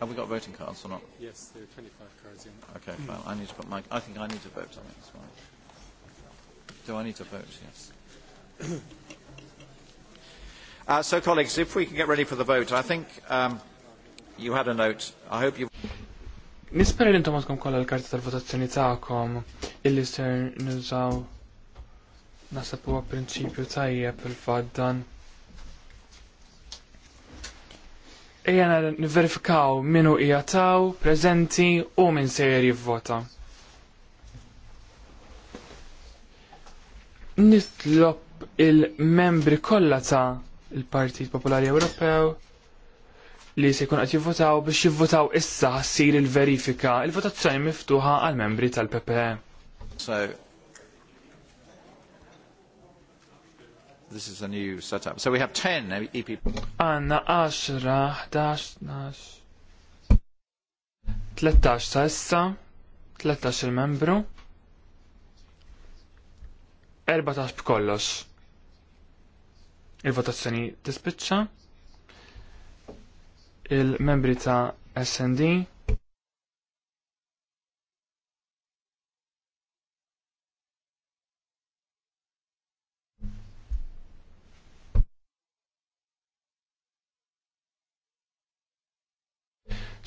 Have we got voting cards or not? Yes, there are 25 cards in. Okay, mm. fine. I need to put my... I think I need to vote on it as well. Do I need to vote? Yes. *coughs* uh, so, colleagues, if we can get ready for the vote, I think um, you had a note. I hope you... Nispera li intom għadkom kolla l-karti tal-votazzjoni ta'kom illi ser nużaw Nasab huwa prinċipju tajjeb fil fad dan. Ejja nverifikaw min hu taw, preżenti u min sejri jivvota. Nitlob il-membri kollha ta' il-Partit Popolari Ewropew li se jkun qed jivvotaw biex jivvotaw issa ssir il-verifika. Il-votazzjoni miftuħa għal membri tal-PPE. So This is a new setup. So we have 10 EP. Għanna 10, 11, 13 issa, 13 il-membru, 14 b'kollox. Il-votazzjoni tispiċċa, il-membri ta' SND,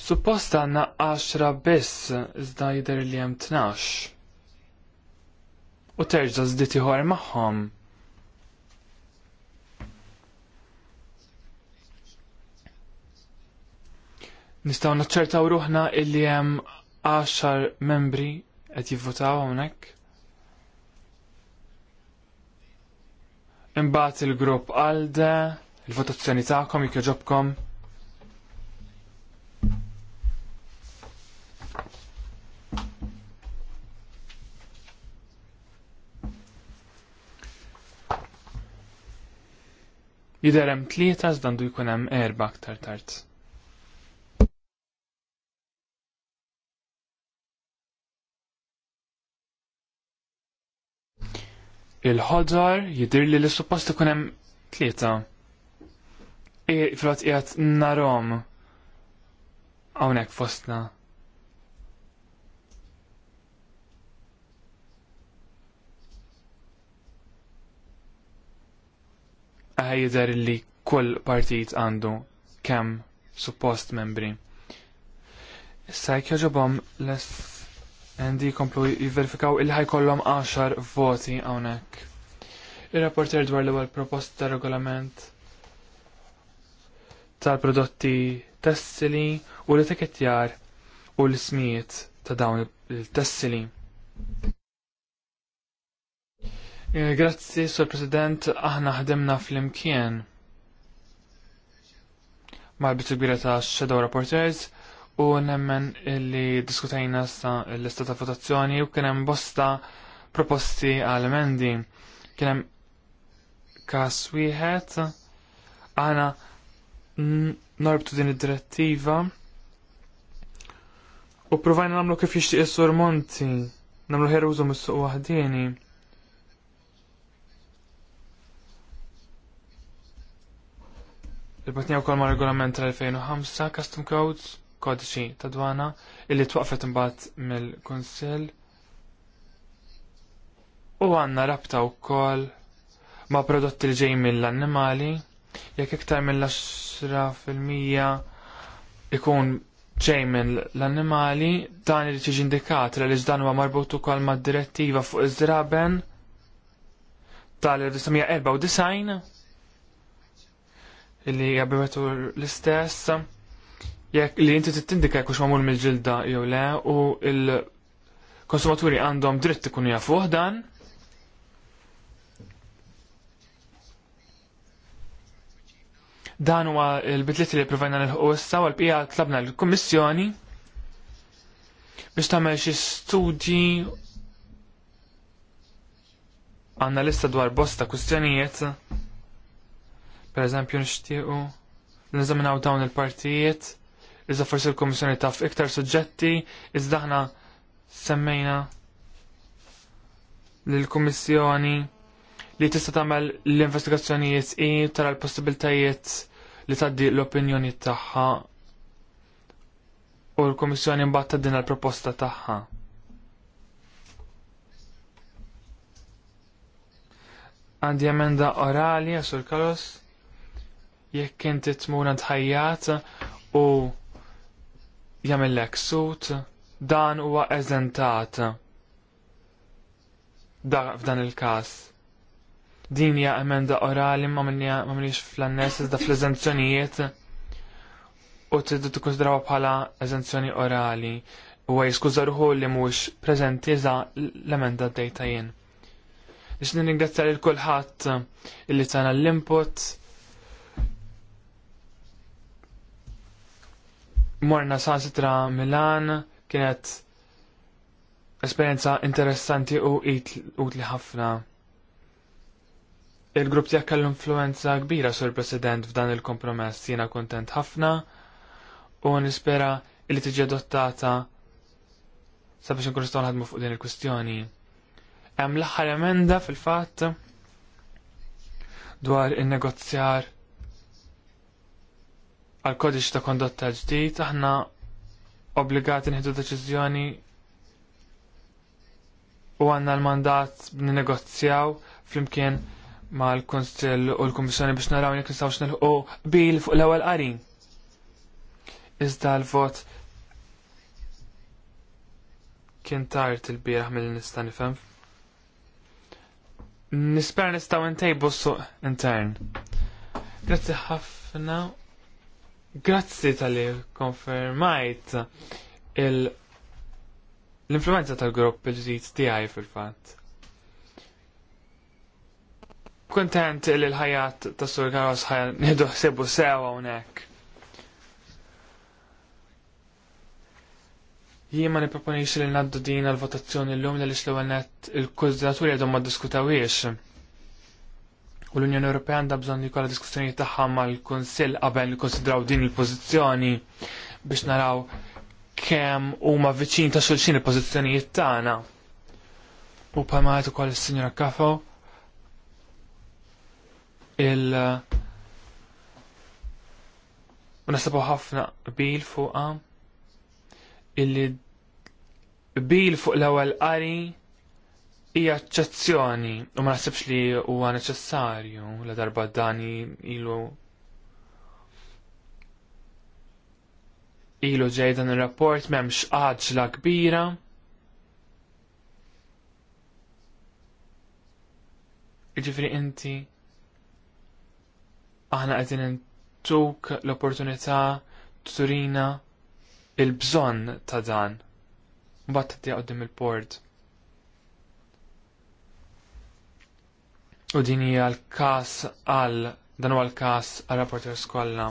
Suppost għanna 10 biss iżda jidher li hemm 12. U terġa' żdiet ieħor magħhom. Nistgħu naċċertaw ruħna illi hemm 10 membri qed jivvotaw hawnhekk. Imbagħad il-grupp għalde, il-votazzjoni tagħkom jekk joġobkom. Jidher hemm tlieta żdandu jkun hemm erba' aktar tard. il-ħodar jidir li l-suppost ikun hemm tlieta. Frat qiegħed narhom hawnhekk fostna. għajder li kull partit għandu kemm suppost membri. Issa l les endi komplu jiverifikaw il kollom 10 voti hawnhekk. Ir-rapporter dwar l-ewwel proposta ta' regolament tal-prodotti tessili u l-etikettjar u l-ismijiet ta' dawn il-tessili. Eh, grazzi, Sur President, aħna ħdemna fl-imkien mal-bitu kbira ta' Shadow Reporters u nemmen illi diskutajna sa' l istata ta' votazzjoni u kienem bosta proposti għal emendi. Kienem kas wieħed għana norbtu din id-direttiva u provajna namlu kif jishtiq Sur Monti, namlu ħerużu mis-suq Il-batnija wkoll ma' regolament tal-2005 Custom Codes kodiċi ta' dwana illi twaqfet imbagħad mill-Kunsill u għandna rabta wkoll ma' prodotti li ġej mill-annimali jekk iktar mill-10% ikun ġej minn l-annimali dan li tiġi indikat li l-ġdan huwa marbut ukoll mad direttiva fuq iż draben tal-1994 Illi għabibetu l-istess jekk li inti tittindika jekk mamul mill-ġilda jew le u il-konsumaturi għandhom dritt ikunu jafuh dan. Dan huwa l-bitliet li provajna nilħu issa u l-bqija tlabna l-Kummissjoni biex tagħmel xi studji għandna lista dwar bosta kwistjonijiet Per eżempju nixtiequ niżaminaw dawn il-partijiet, iżda forsi l-Komissjoni taf iktar suġġetti, iżda aħna semmejna l-Komissjoni li tista' tagħmel l-investigazzjonijiet i tara l-possibiltajiet li taddi l-opinjoni tagħha u l-Komissjoni mbagħad tad-din l-proposta tagħha. Għandi emenda orali għasur kalos jekk inti tmur tħajjat u jagħmellek sut, dan huwa eżentat. Da f'dan il-każ. Din hija emenda orali ma m'għamilniex fl annessi iżda fl-eżenzjonijiet u tiddu tikkonsidrawha bħala eżenzjoni orali u jiskuża ruħu li mhux preżenti l-emenda dejta jien. Nix ningrazzja lil kulħadd illi tana l-input morna sa' Milan, kienet esperienza interessanti u utli ħafna. Il-grupp tiegħek kellu influenza kbira sur President f'dan il-kompromess jiena kontent ħafna u nispera li tiġi adottata sabiex nkunu nistgħu naħdmu fuq din il-kwistjoni. Hemm l-aħħar emenda fil-fatt dwar in-negozjar għal kodiċ ta' kondotta ġdid, aħna obbligati nħidu deċiżjoni u għanna l-mandat n-negozzjaw flimkien ma l-Konsil u l-Kommissjoni biex naraw jek nistawx u bil fuq l-ewwel qarin. Iżda l-vot kien tard il-bieraħ mill nista' nifhem. Nisper nistgħu ntejbu suq intern. Grazzi ħafna Grazzi tal-li konfermajt l-influenza tal-grupp il-ġdijt tiegħi fil-fatt. Kontent li l-ħajat ta' Sur Karos ħajan sebu sewa unek. Jiema ma proponiex li naddu din għal votazzjoni l-lum li l-ewwel net il-kużdaturi għadhom ma diskutawiex u l-Unjoni Ewropea għandha bżonn li jkollha diskussjoni tagħha mal-Kunsill qabel nikkonsidraw din il-pożizzjoni biex naraw kemm huma viċin ta' xulxin il-pożizzjonijiet tagħna. U bħalma qed ukoll is-Sinjora Kafo il U nasabu ħafna bil fuqha illi bil fuq l-ewwel qari hija ċezzjoni u ma nasibx li huwa neċessarju la darba dani ilu ilu ġej dan ir-rapport m'hemmx għaġla kbira. Ġifri inti aħna qegħdin intuk l-opportunità turina il-bżonn ta' dan. Mbagħad tiddi qudiem il-port. U din hija l-każ għal dan huwa l-każ għal rapporter skolla.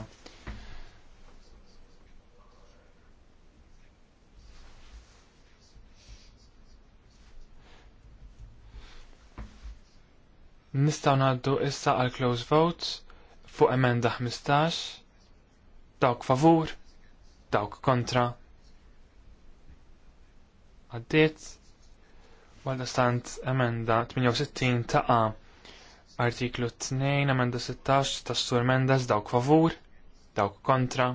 Nistaw naddu issa għal close votes fuq emenda 15, dawk favur, dawk kontra. Għaddiet, għal stant emenda 68 ta' Artiklu 2, amenda 16, ta' Sur Mendes, dawk favur, dawk kontra.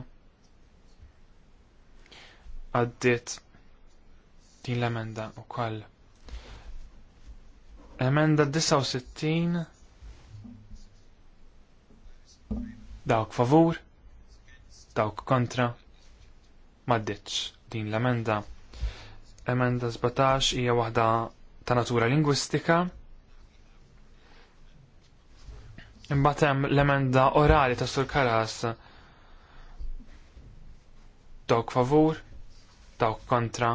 Għaddit din l-emenda u koll. Emenda 69, dawk favur, dawk kontra. Maddiċ din l-emenda. Emenda 17 hija waħda ta' natura lingwistika Imbagħad hemm l-emenda orali ta' Sur Karas. Dawk favur, dawk kontra.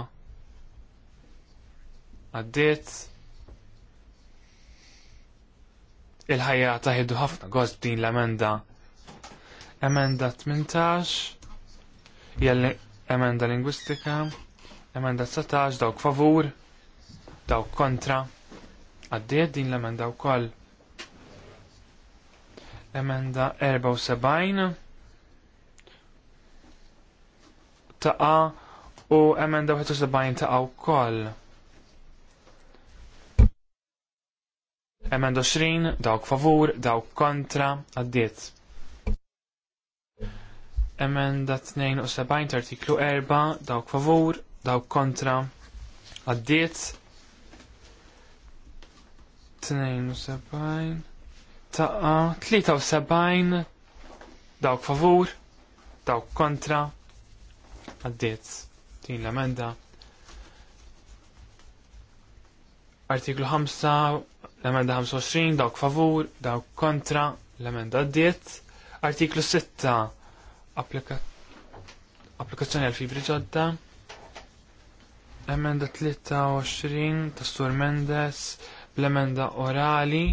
Għaddiet. Il-ħajja taħidu ħafna gost din l-emenda. Emenda 18 hija emenda lingwistika, emenda 19 dawk favur, dawk kontra. Għaddiet din l-emenda wkoll. Emenda 74 taqa u emenda 71 taqa u koll. Emenda 20, dawk favur, dawk kontra, għaddiet. Emenda 72, artiklu 4, dawk favur, dawk kontra, għaddiet. 72 taqa 73 dawk favur, dawk kontra, għaddiet din l-emenda. Artiklu 5, l-emenda 25, dawk favur, dawk kontra, l-emenda għaddiet. Artiklu 6, applika applikazzjoni għal fibri ġodda. Emenda 23, tastur Mendes, l-emenda orali,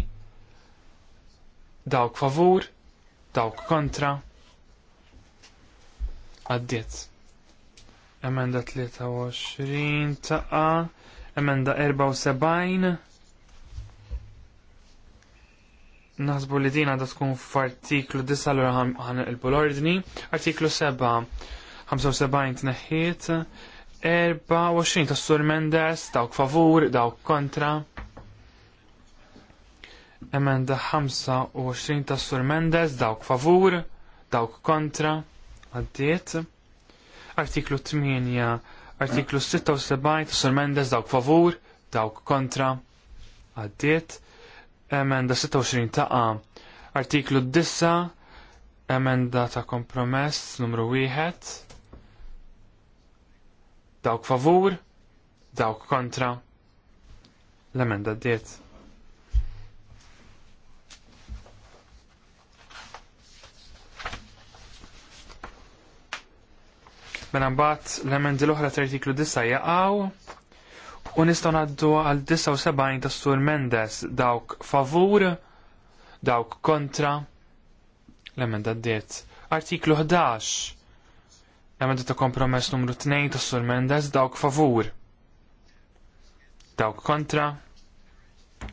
dawk favur, dawk kontra. Għaddiet. Emenda 23 taqa, emenda 74. Nasbu li din da tkun f'artiklu 9 l għan il-bulordni, artiklu 7, 75 tneħħiet, 24 tas-sur Mendes, dawk favur, dawk kontra. Emenda 25 ta' Sur Mendes, dawk favur, dawk kontra, għaddiet. Artiklu 8, artiklu 76 ta' Sur Mendes, dawk favur, dawk kontra, għaddiet. Emenda 26 ta' A. Artiklu 9, emenda ta' kompromess numru 1. Dawk favur, dawk kontra. L-emenda għaddiet. mela mbagħad l-emendi l-oħra tal-artiklu 9 jaqgħu u nistgħu ngħaddu għal 79 ta' Sur Mendes dawk favur, dawk kontra l-emenda ddiet. Artiklu 11 l-emenda ta' kompromess numru 2 ta' Sur Mendes dawk favur, dawk kontra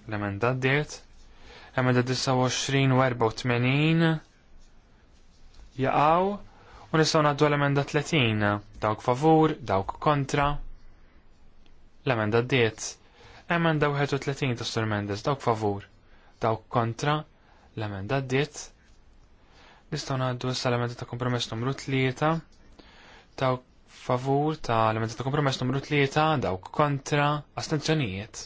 l-emenda ddiet. L-emenda 29 u 84 jaqgħu U nistgħu ngħaddu l-emenda 30, dawk favur, dawk kontra. L-emenda diet. Emenda 31 ta' Sur Mendes, dawk favur, dawk kontra. L-emenda diet. Nistgħu ngħaddu issa l-emenda ta' kompromess numru 3, dawk favur ta' l-emenda ta' kompromess numru 3, dawk kontra, astenzjonijiet.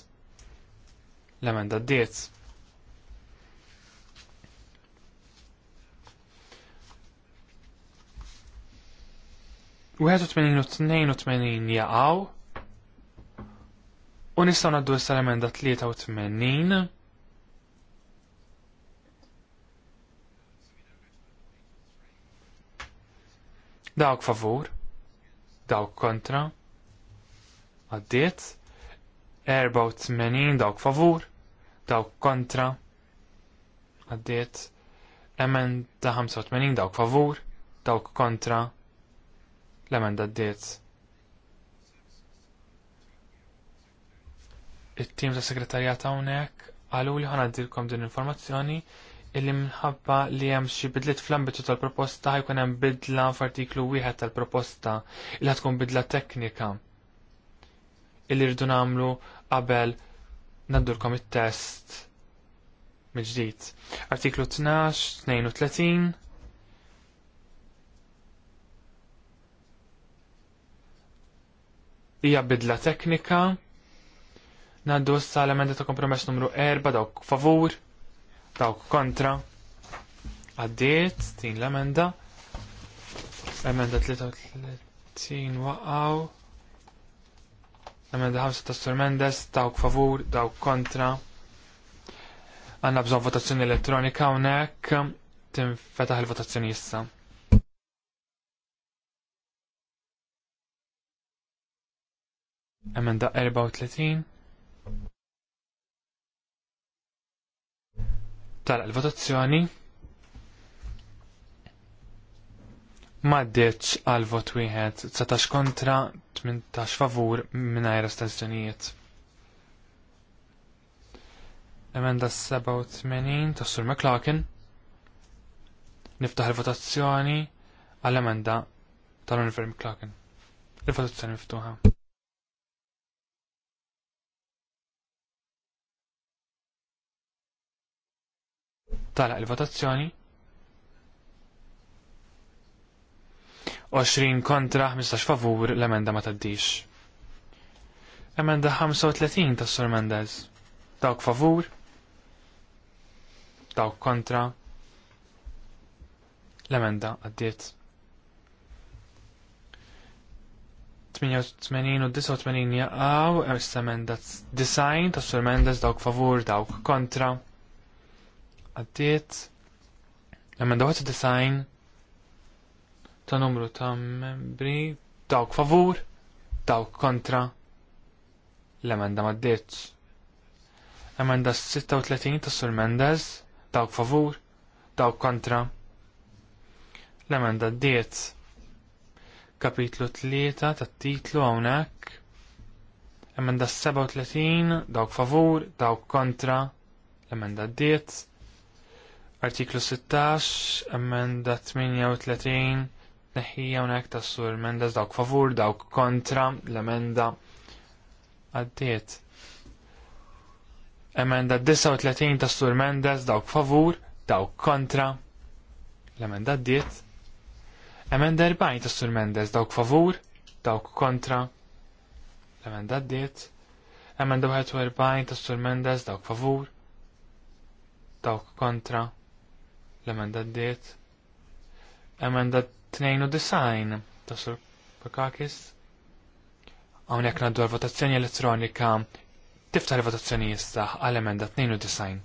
L-emenda diet. 81 u 82 jaqaw u nistaw naddu s-salamenda 83 dawk favur dawk kontra għaddiet 84 dawk favur dawk kontra għaddiet emenda 85 dawk favur dawk kontra L-emenda d-diet. Il-tim ta' segretarjat hawnhekk għalu li d-dilkom din informazzjoni illi minħabba li hemm xi bidlit fl-ambitu tal-proposta ħajkun hemm bidla f'artiklu wieħed tal-proposta li ħatkun bidla teknika illi rridu nagħmlu qabel naddulkom it-test mill-ġdid. Artiklu 12, 32 hija bidla teknika. Naddu issa l emenda ta' kompromess numru 4 dawk favur, dawk kontra. Għaddiet din l-emenda. Emenda 33 waqaw. Emenda 5 ta' Sur Mendes, dawk favur, dawk kontra. Għanna bżon votazzjoni elettronika hawnhekk tinfetaħ il-votazzjoni issa. Emenda 34. Tara l-votazzjoni. Maddeċ għal vot wieħed 19 kontra 18 favur mingħajr astensjonijiet. Emenda 87 ta' Sur McLaughlin. Niftaħ il-votazzjoni għall-emenda tal-Uniform McLaughlin. Il-votazzjoni miftuħa. Tala il-votazzjoni. 20 kontra 15 favur l-emenda ma taddix. Emenda 35 tas Sur Mendez. Dawk favur. Dawk kontra. L-emenda għaddiet. 88 u 89 jaqaw, emenda design tas Sur Mendez dawk favur, dawk kontra għaddiet emenda 91 ta' numru ta' membri dawk favur, dawk kontra l-emenda maddiet. Emenda 36 ta' Sur Mendez, dawk favur, dawk kontra l-emenda ddiet. Kapitlu 3 ta' titlu hawnhekk. Emenda 37 dawk favur, dawk kontra l-emenda ddiet Artiklu 16, emenda 38, neħija unek ta' sur Mendes dawk favur, dawk kontra l-emenda għaddiet. Emenda 39 ta' sur Mendes dawk favur, dawk kontra l-emenda għaddiet. Emenda 40 ta' sur Mendes dawk favur, dawk kontra l-emenda għaddiet. Emenda 41 ta' sur Mendes dawk favur, dawk kontra L-emenda d-diet. Emenda 92 ta' sur Pakakis. Għawnek naddu għal-votazzjoni elettronika tiftaħ il-votazzjoni jista għal-emenda 92.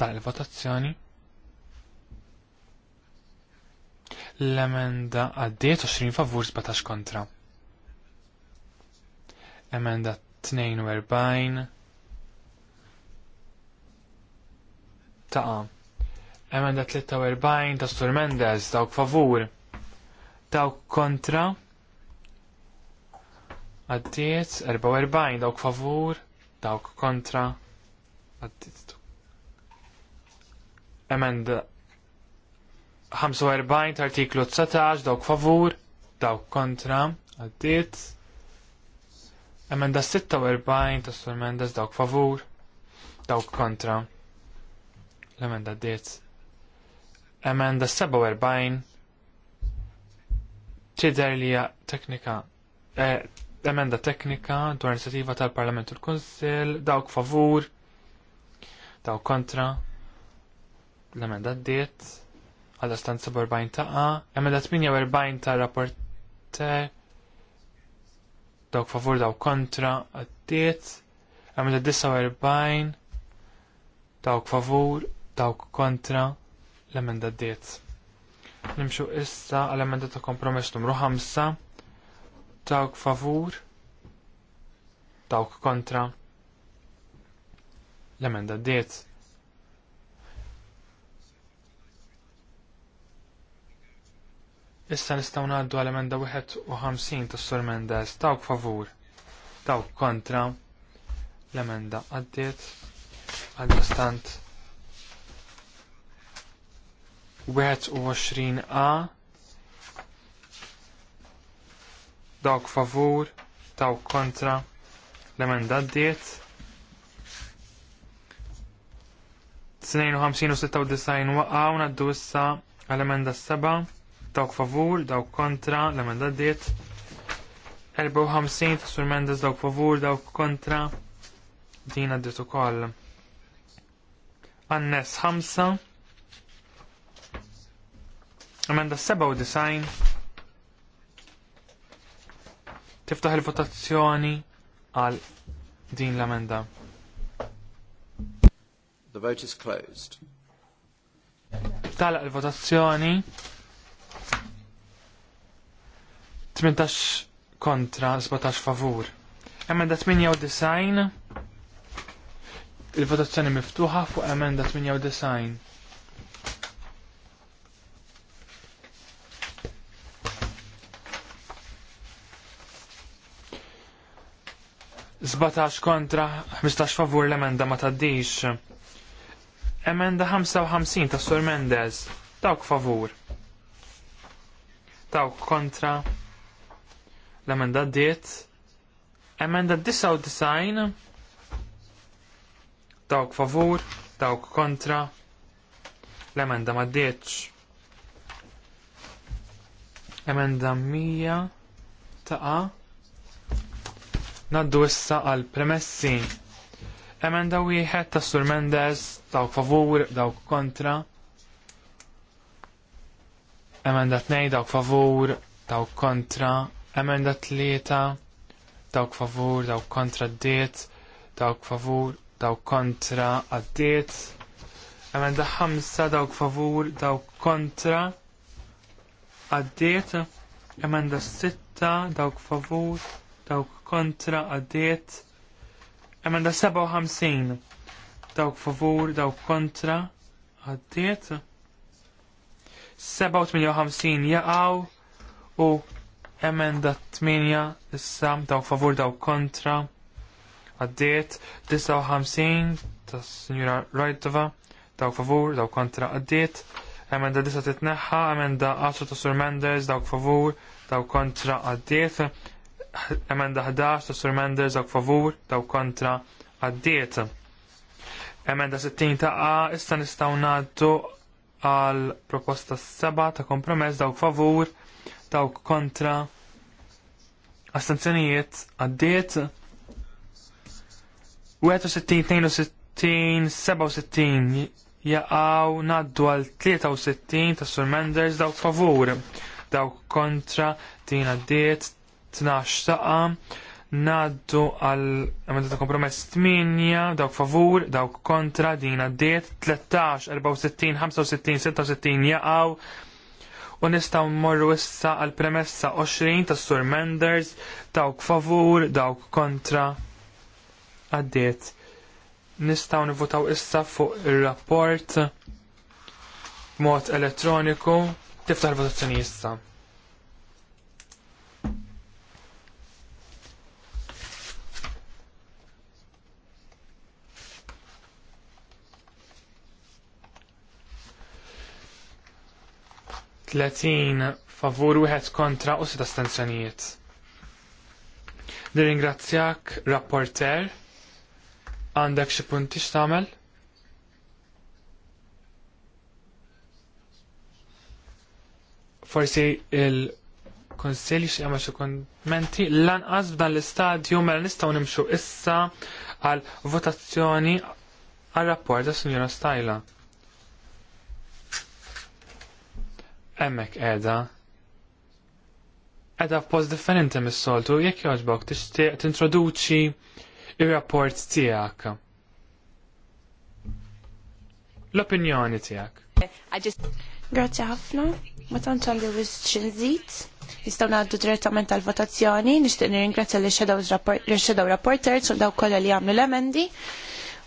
Tal il-votazzjoni. L-emenda għaddiet 20 favur 17 kontra. Emenda 42 taqa. Emenda 43 ta' Sur Mendes, dawk favur, dawk kontra, għaddiet 44 dawk favur, dawk kontra, għaddiet. Emenda 45 ta' artiklu 19 dawk favur, dawk kontra, għaddiet. Emenda 46 ta' Mendes, dawk favur, dawk kontra l-emenda diet. Emenda 47 tidher li hija teknika eh, emenda teknika dwar inizjattiva tal-Parlament u l-Kunsill, dawk favur, dawk kontra, l-emenda d-diet, għalla stan 47 taqa, emenda 48 ta' rapporter, dawk favur, dawk kontra, għaddiet, diet emenda 49, dawk favur, dawk kontra l-emenda d-diet. Nimxu issa għal-emenda ta' kompromess numru 5, dawk favur, dawk kontra l-emenda d-diet. Issa nistaw naddu għal-emenda 51 ta' Sur Mendes, dawk favur, dawk kontra l-emenda għaddiet għal-istant 21 A dawk favur dawk kontra l-emenda d 52 u 96 waqaw naddu issa għal-emenda 7 dawk favur dawk kontra l-emenda d-diet 54 sur Mendes dawk favur dawk kontra din għaddit ukoll. Annes 5 Emenda 97 tiftaħ il-votazzjoni għal din l-amenda. The vote is closed. Tala il-votazzjoni 18 kontra 17 favur. Emenda 98 il-votazzjoni miftuħa fuq emenda 98. 17 kontra 15 favur l-emenda ma taddix. Emenda 55 ta' Sur Mendez. Dawk favur. Dawk kontra l-emenda diet. Emenda 99 dawk favur, dawk kontra l-emenda ma dietx. Emenda 100 ta' Naddu issa għal premessi. Emenda wieħed ta' Sur Mendez, dawk favur, dawk kontra. Emenda tnej, dawk favur, dawk kontra. Emenda tlieta, dawk favur, dawk kontra d-diet, dawk favur, dawk kontra għaddiet. Emenda ħamsa, dawk favur, dawk kontra għaddiet emenda sitta dawk favur, dawk kontra għaddiet emenda 57 dawk favur dawk kontra għaddiet 57 jaqaw u emenda 8 issa dawk favur dawk kontra għaddiet 59 tas signora Rajtova dawk favur dawk kontra għaddiet emenda disa titneħħa, emenda 10 ta' Sur Mendes dawk favur, daw kontra għaddiet, emenda 11 ta' Sur għak dawk favur, dawk kontra għaddiet. Emenda 60 ta' A, issa nistgħu ngħaddu għal proposta 7 ta' kompromess dawk favur, dawk kontra astanzjonijiet għaddiet. 61, 62, 67 jaqaw naddu għal 63 ta' surmenders daw dawk favur, dawk kontra din għaddiet 12 taqa, naddu għal emenda ta' kompromess 8, dawk favur, dawk kontra, din għaddiet, 13, 64, 65, 66 jaqaw, u nistaw morru issa għal premessa 20 ta' Sur Menders, dawk favur, dawk kontra, għaddiet. Nistaw nivutaw issa fuq il-rapport mod elettroniku, tiftaħ il-votazzjoni issa. 30 favur wieħed kontra u sita astensjonijiet. Nirringrazzjak rapporter għandek xi punti x'tagħmel? Forsi il-konsilj xi jagħmel xi kummenti lanqas f'dan l-istadju mela nistgħu nimxu issa għal votazzjoni għal rapport ta' Sinjora Stajla. hemmhekk qiegħda qiegħda f'post differenti mis-soltu jekk jogħġbok tixtieq tintroduċi ir-rapport tiegħek. L-opinjoni tiegħek. Grazzi ħafna, ma tantx għandi wis xinżit. Nistgħu ngħaddu direttament għall votazzjoni nixtieq nirringrazzja li shadow rapporters u daw kollha li jagħmlu l-emendi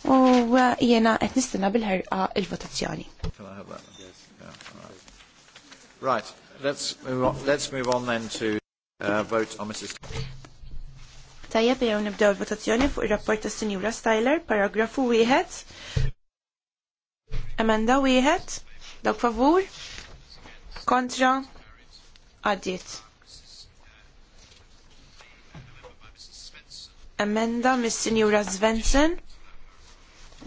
u uh, jiena qed nistenna bil-ħerqa il-votazzjoni. Right, let's move on, let's move on then to uh, vote on Mrs. Tajjeb jew nibdew il-votazzjoni fuq ir-rapport ta' Sinjura Styler, paragrafu wieħed. Emenda wieħed, dawk favur, kontra, għaddiet. Emenda mis-Sinjura Svensson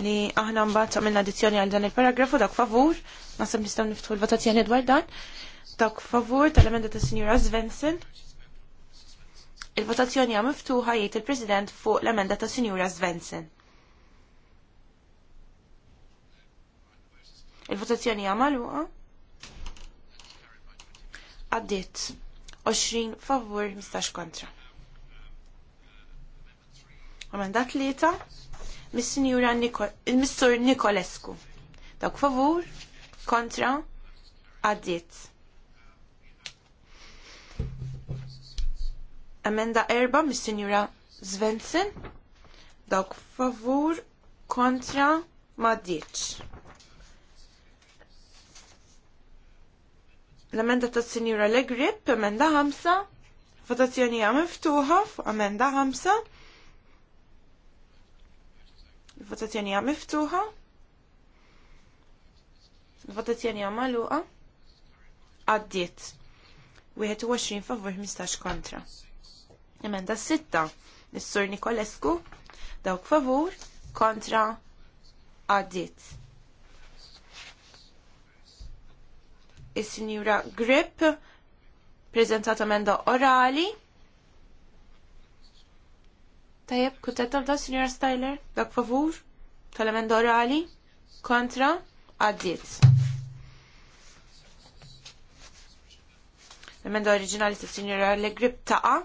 li aħna mbagħad għamilna addizzjoni għal dan il-paragrafu dak favur, nasab nistgħu niftħu l-votazzjoni dwar dan. Dak favur tal-emenda ta' Sinjura Svensson. Il-votazzjoni għam miftuħa jgħid il-President fuq l-emenda ta' Sinjura Svensson. Il-votazzjoni għam għaluqa. Għaddit 20 favur 15 kontra. Amenda tlieta mis-Sinjura Nikolescu. Dak favur kontra għaddit Emenda erba mis-Sinjura Svensson. Dawk favur kontra ma ditx. L-emenda ta' Sinjura Legrip, emenda ħamsa, votazzjoni għam miftuħa emenda ħamsa. Votazzjoni għam miftuħa. Votazzjoni għam għaluqa. Għaddiet. 21 favur 15 kontra. Emenda sitta, Is-Sur Nikolescu. Dawk favur kontra għaddit. Is-Sinjura Grip prezentat emenda orali. Tajab, kutet da, Sinjura Styler? Dawk favur? Tal-emenda orali? Kontra? Għaddit. L-emenda oriġinali ta' Sinjura Le Grip taqa.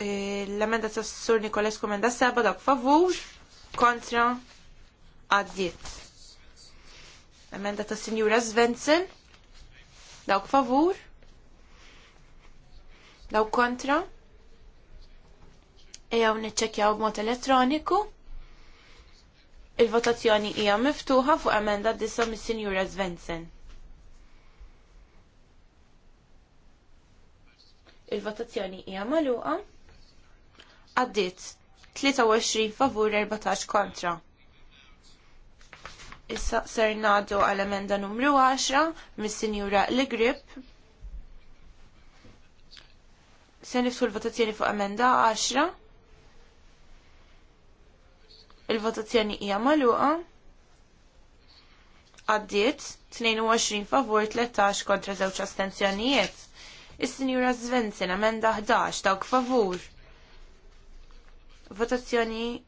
L-emenda ta' Sur Nikolescu emenda seba dak favur kontra l Emenda ta' Sinjura Svensen dawk favur dawk kontra Ejaw niċċekjaw b'mod elettroniku. Il-votazzjoni hija miftuħa fuq emenda disa mis-Sinjura Svensen. Il-votazzjoni hija magħluqa għaddit 23 favur 14 kontra. Issa ser nadu għal emenda numru 10 mis-Sinjura grip. Se niftu l-votazzjoni fuq emenda 10. Il-votazzjoni hija magħluqa Għaddit 22 favur 13 kontra żewġ astenzjonijiet. Is-Sinjura Svensen emenda 11 dawk favur. Votazzjoni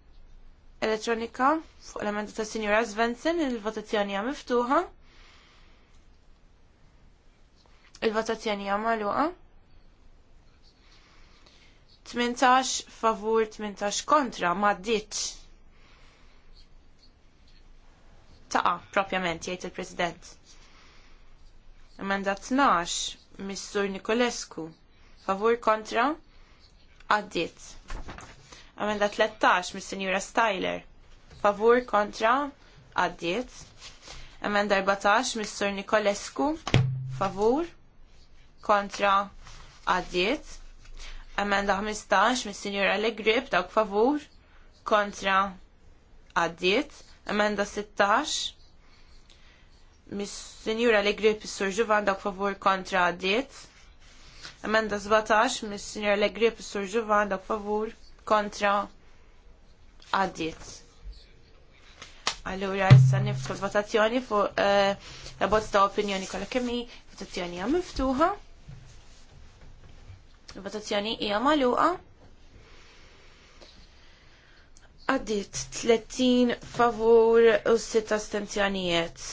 elettronika fuq l-emendu ta' Sinjura Svensson, il-votazzjoni hija miftuħa. Il-votazzjoni hija magħluqa. 18 favur 18 kontra ma ditx. Taqa, propjament, jgħid il-President. Emenda 12, Missur Nikolescu. Favur kontra, għaddit. Amenda 13 mis-Sinjura Styler. Favur kontra għaddiet. Amenda 14 mis-Sur Nikolescu. Favur kontra għaddiet. Amenda 15 mis-Sinjura Legrip. dawk favur kontra għaddiet. Amenda 16 mis-Sinjura Legrip. is-Sur Ġuvan dawk favur kontra għaddiet. Amenda 17 Miss sinjura Legrib is-Sur Ġuvan dawk favur kontra għaddiet. Allura issa niftu l-votazzjoni fuq eh, la bozz ta' opinjoni kollha kemm votazzjoni hija miftuħa. Il-votazzjoni hija magħluqa. Għaddiet 30 favur u 6 astenzjonijiet.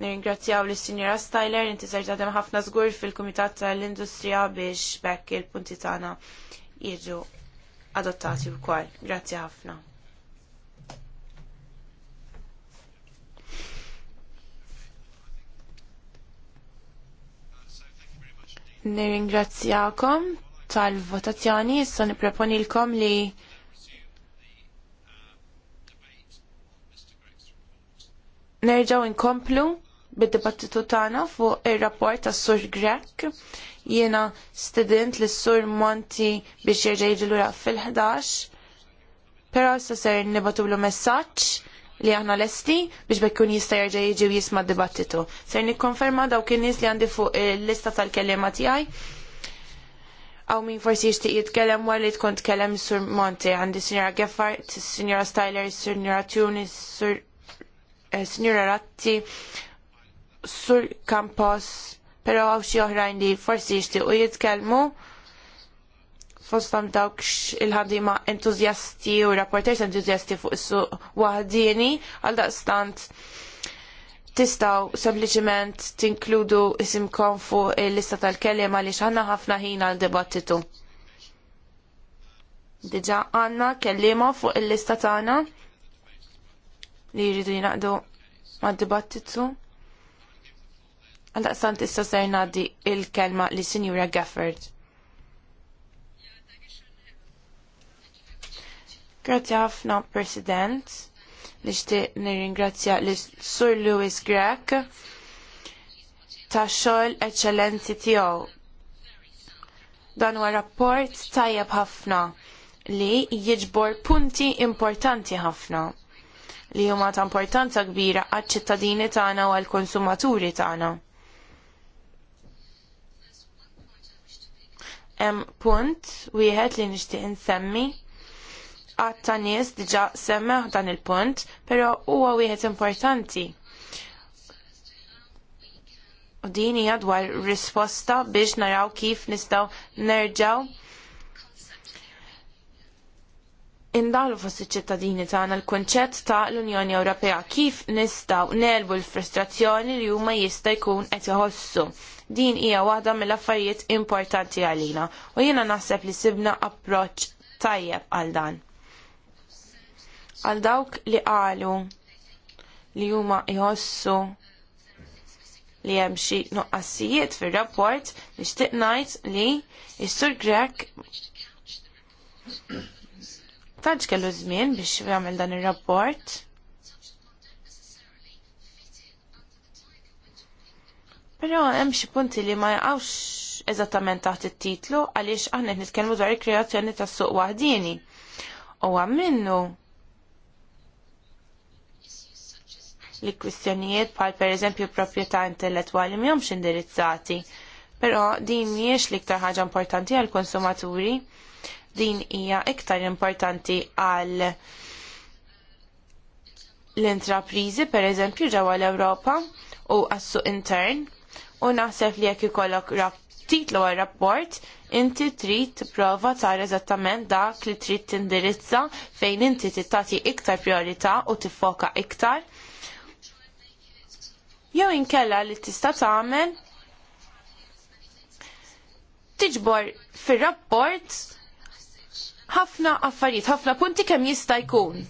Nirringrazzjaw lis sinjora Styler inti ser ħafna żgur fil-Kumitat tal-Industrija biex bekk il-punti tagħna jiġu adottati wkoll. Grazie ħafna. Nirringrazzjakom tal-votazzjoni, issa niproponilkom li nerġaw inkomplu bid-dibattitu tagħna fuq ir-rapport tas Sur Grek. Jiena student lis Sur Monti biex jerġa' jiġi lura fil-11. Però issa ser nibatulu messaġġ li aħna lesti biex bekkun jista' jerġa' jiġi u jisma' dibattitu. Ser nikkonferma dawk in-nies li għandi fuq il-lista tal-kelliema tiegħi għaw min forsi jishtiq jitkellem li tkun tkellem sur Monte, għandi Signora Geffart, Signora Styler, Signora Tunis, eh, Signora Ratti, Sur kampos, pero għaw xi oħrajn li forsi jixtiequ jitkellmu fostam dawk il ma entuzjasti u rapporters entuzjasti fuq is-suq waħdini għal daqstant tistaw sempliciment tinkludu isimkom fuq il-lista tal-kellim għaliex għanna ħafna ħin għal dibattitu. Diġa għanna kellima fuq il-lista tagħna li jridu jinaqdu mad-dibattitu. Għal-daqstant issa ser nadi il-kelma li Sinjura Gafford. Grazie ħafna, President. nir nirringrazzja li Sur Lewis Grek ta' xogħol eccellenzi tiegħu. Dan huwa rapport tajjeb ħafna li jiġbor punti importanti ħafna li huma ta' importanza kbira għal ċittadini tagħna u għall-konsumaturi tagħna. hemm punt wieħed li nixtieq insemmi għatta nies diġa semmeħ dan il-punt, pero huwa wieħed importanti. U din hija dwar risposta biex naraw kif nistgħu nerġaw indalu fost iċ-ċittadini tagħna l-kunċett ta' l-Unjoni Ewropea kif nistgħu nelbu l-frustrazzjoni li huma jista' jkun qed iħossu din hija waħda mill-affarijiet importanti għalina u jiena naħseb li sibna approċċ tajjeb għal dan. Għal dawk li qalu li huma jħossu li hemm xi nuqqassijiet fir-rapport nixtieq ngħid li s-Sur Grek tantx kellu żmien biex jagħmel dan ir-rapport. Però hemm xi punti li ma jaqgħux eżattament taħt it-titlu għaliex aħna qed nitkellmu dwar il-kreazzjoni tas-suq waħdini. U minnu li kwistjonijiet bħal pereżempju proprjetà intellettwali mhomx indirizzati. Però din mhijiex l-iktar ħaġa importanti għall konsumaturi din hija iktar importanti għal l-intraprizi per eżempju ġewwa l-Ewropa u għas-suq intern u naħseb li jekk ikollok titlu għal rapport, inti trid tipprova tara eżattament dak li trid tindirizza fejn inti titati iktar priorità u tiffoka iktar. Jew inkella li tista' tagħmel tiġbor fir-rapport ħafna affarijiet, ħafna punti kemm jista' jkun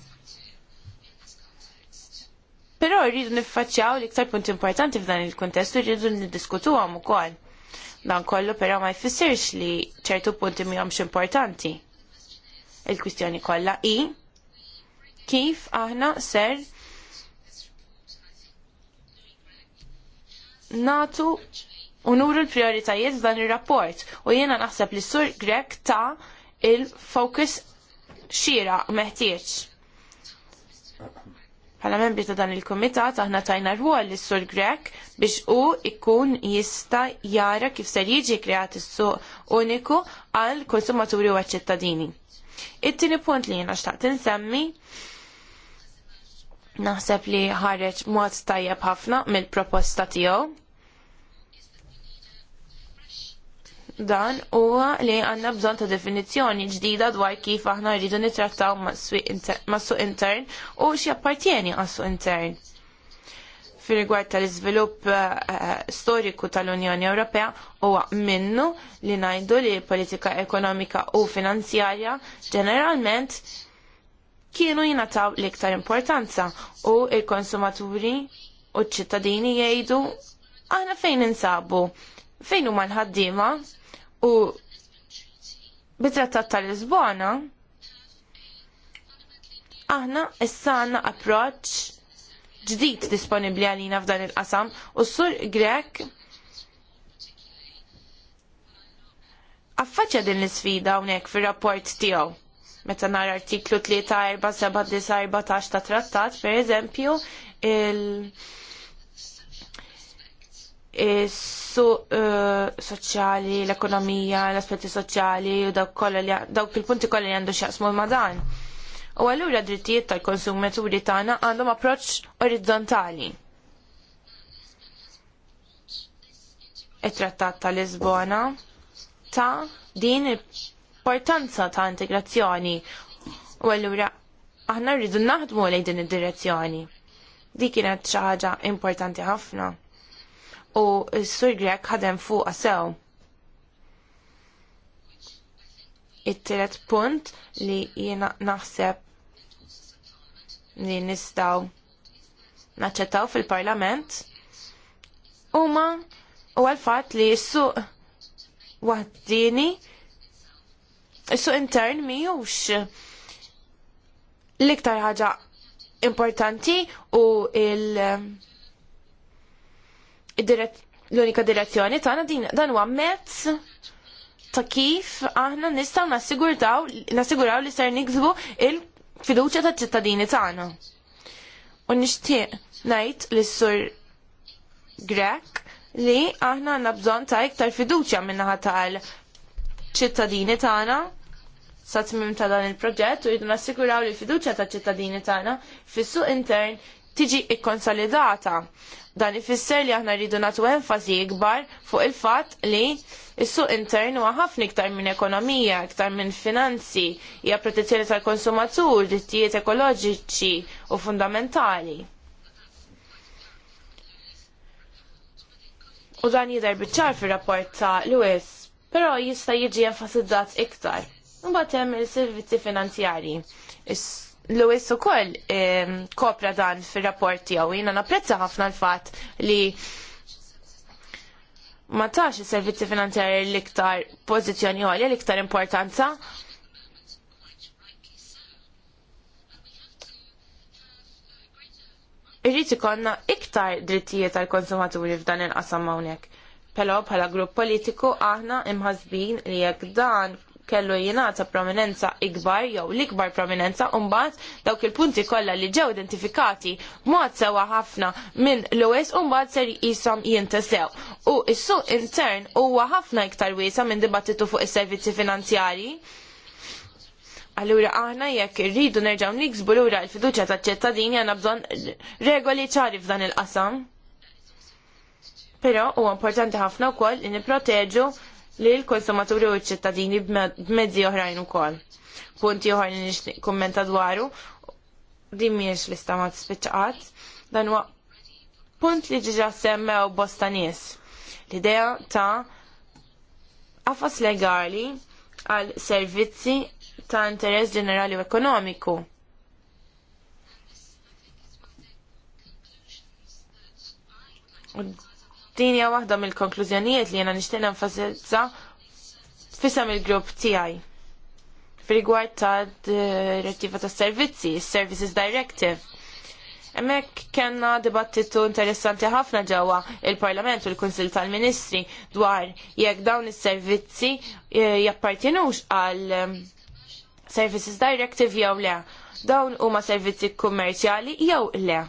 Però rridu niffaċċjaw l-iktar punt importanti f'dan il rridu u rridu niddiskutuhom ukoll. Dan kollu però ma jfissirx li ċertu punti miħomx importanti. Il-kwistjoni kollha i kif aħna ser natu unuru l-prioritajiet dan il-rapport u jiena naħseb li sur grek ta' il-focus xira meħtieċ. Bħala membri ta' dan il-komitat aħna tajna rwol l sur Grek biex u ikun jista jara kif ser jiġi kreat is-suq uniku għal konsumaturi u ċittadini. It-tieni punt li jiena xtaqt insemmi naħseb li ħareġ mod tajjeb ħafna mill-proposta tiegħu dan huwa li għanna bżonn ta' definizzjoni ġdida dwar kif aħna rridu nittrattaw mas-suq intern u x'jappartieni għas-suq intern. fil rigward tal-iżvilupp eh, eh, storiku tal-Unjoni Ewropea huwa minnu li ngħidu li politika ekonomika u finanzjarja ġeneralment kienu jingħataw l-iktar importanza u l konsumaturi u ċ-ċittadini jgħidu aħna fejn insabu fejn huma l-ħaddiema U bitrattat tal-Lisbona aħna issa għandna approċ ġdijt disponibli għalina f'dan il-qasam u s-sur Grek għaffaċa din l sfida unek fil rapport tijaw. Meta nar artiklu 3, 4, 7, 9, 14 ta' trattat, per eżempju, il- su eh, soċjali, l-ekonomija, l-aspetti soċjali u dawk il-punti kollha li għandu xaqsmu ma' dan. U allura drittijiet tal-konsumaturi tagħna għandhom approċċ orizzontali. it-trattat ta' Lisbona ta' din importanza ta' integrazzjoni. U allura aħna rridu naħdmu lejn din id-direzzjoni. Dik kienet xi ħaġa importanti ħafna u s-sur Grek ħadem fuq sew. It-tielet punt li jiena naħseb li nistaw naċċettaw fil-parlament huma u għal-fatt li s-suq waħdini is-suq intern miħux l-iktar ħaġa importanti u il- l-unika direzzjoni tagħna din dan huwa mezz ta' kif aħna nistgħu nassigurtaw nassiguraw li ser nikzbu il-fiduċja tal-ċittadini tagħna. U nixtieq ngħid lis sur Grek li aħna għandna bżonn ta' iktar fiduċja min-naħa tal-ċittadini tagħna sa tmim ta' dan il-proġett u jridu nassiguraw li l-fiduċja taċ ċittadini tagħna fis-suq intern tiġi ikkonsolidata. Dan ifisser li aħna rridu nagħtu enfasi ikbar fuq il-fatt li is-suq intern huwa ħafna iktar minn ekonomija, iktar minn finanzi, hija protezzjoni tal-konsumatur, drittijiet ekoloġiċi u fundamentali. U dan jidher biċ-ċar fir-rapport ta' Lewis, però jista' jiġi enfasizzat iktar. Imbagħad hemm il-servizzi finanzjarji. Is Lewis ukoll ehm, kopra dan fir-rapport tiegħu. Jiena napprezza ħafna l-fatt li ma tax is-servizzi finanzjari l-iktar pozizjoni għalja l-iktar importanza Irrid ikollna iktar drittijiet tal-konsumaturi f'dan il-qasam m'awnek. Però bħala grupp politiku aħna imħazbin li jekk dan kellu jingħata prominenza ikbar jew l-ikbar prominenza u mbagħad dawk il-punti kollha li ġew identifikati b'mod sewa ħafna minn l-US u mbagħad ser jisom jintesew. U s-suq intern huwa ħafna iktar wiesa minn dibattitu fuq is-servizzi finanzjarji. Allura aħna jekk irridu nerġgħu niksbu lura l-fiduċja taċ-ċittadini għandna bżonn regoli ċari f'dan il-qasam. Però huwa importanti ħafna wkoll li nipproteġu li l-konsumaturi u ċittadini b'mezzi oħrajn ukoll. Punti oħrajn li kummenta dwaru, din mhijiex lista ma tispiċċaqat, dan huwa punt li ġiġa semmew bosta nies. L-idea ta' għafas legali għal servizzi ta' interess ġenerali u ekonomiku. U Din hija waħda mill-konklużjonijiet li jiena nixtieq nenfasizza fisam il-grupp tiegħi. Fir-rigward ta' direttiva tas servizzi, Services Directive. Emmek kena dibattitu interessanti ħafna ġewwa il-Parlament u l-Kunsil tal-Ministri dwar jekk dawn is-servizzi eh, jappartinux għal ehm, Services Directive jew le. Dawn huma servizzi kummerċjali jew le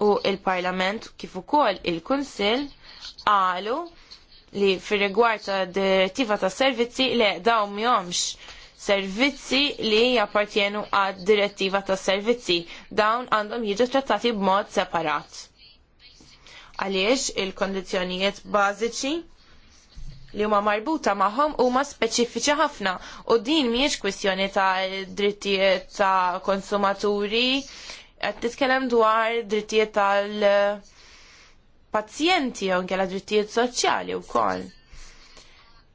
u il-Parlament kif ukoll il-Kunsill qalu li fir-rigward ta' direttiva ta' servizzi le dawn mhomx servizzi li jappartjenu għad direttiva ta' servizzi dawn għandhom jiġu trattati b'mod separat. Għaliex il-kondizjonijiet bażiċi li huma marbuta magħhom huma speċifiċi ħafna u din mhijiex kwistjoni ta' drittijiet ta' konsumaturi qed titkellem dwar drittijiet tal-pazjenti u nkella drittijiet soċjali wkoll.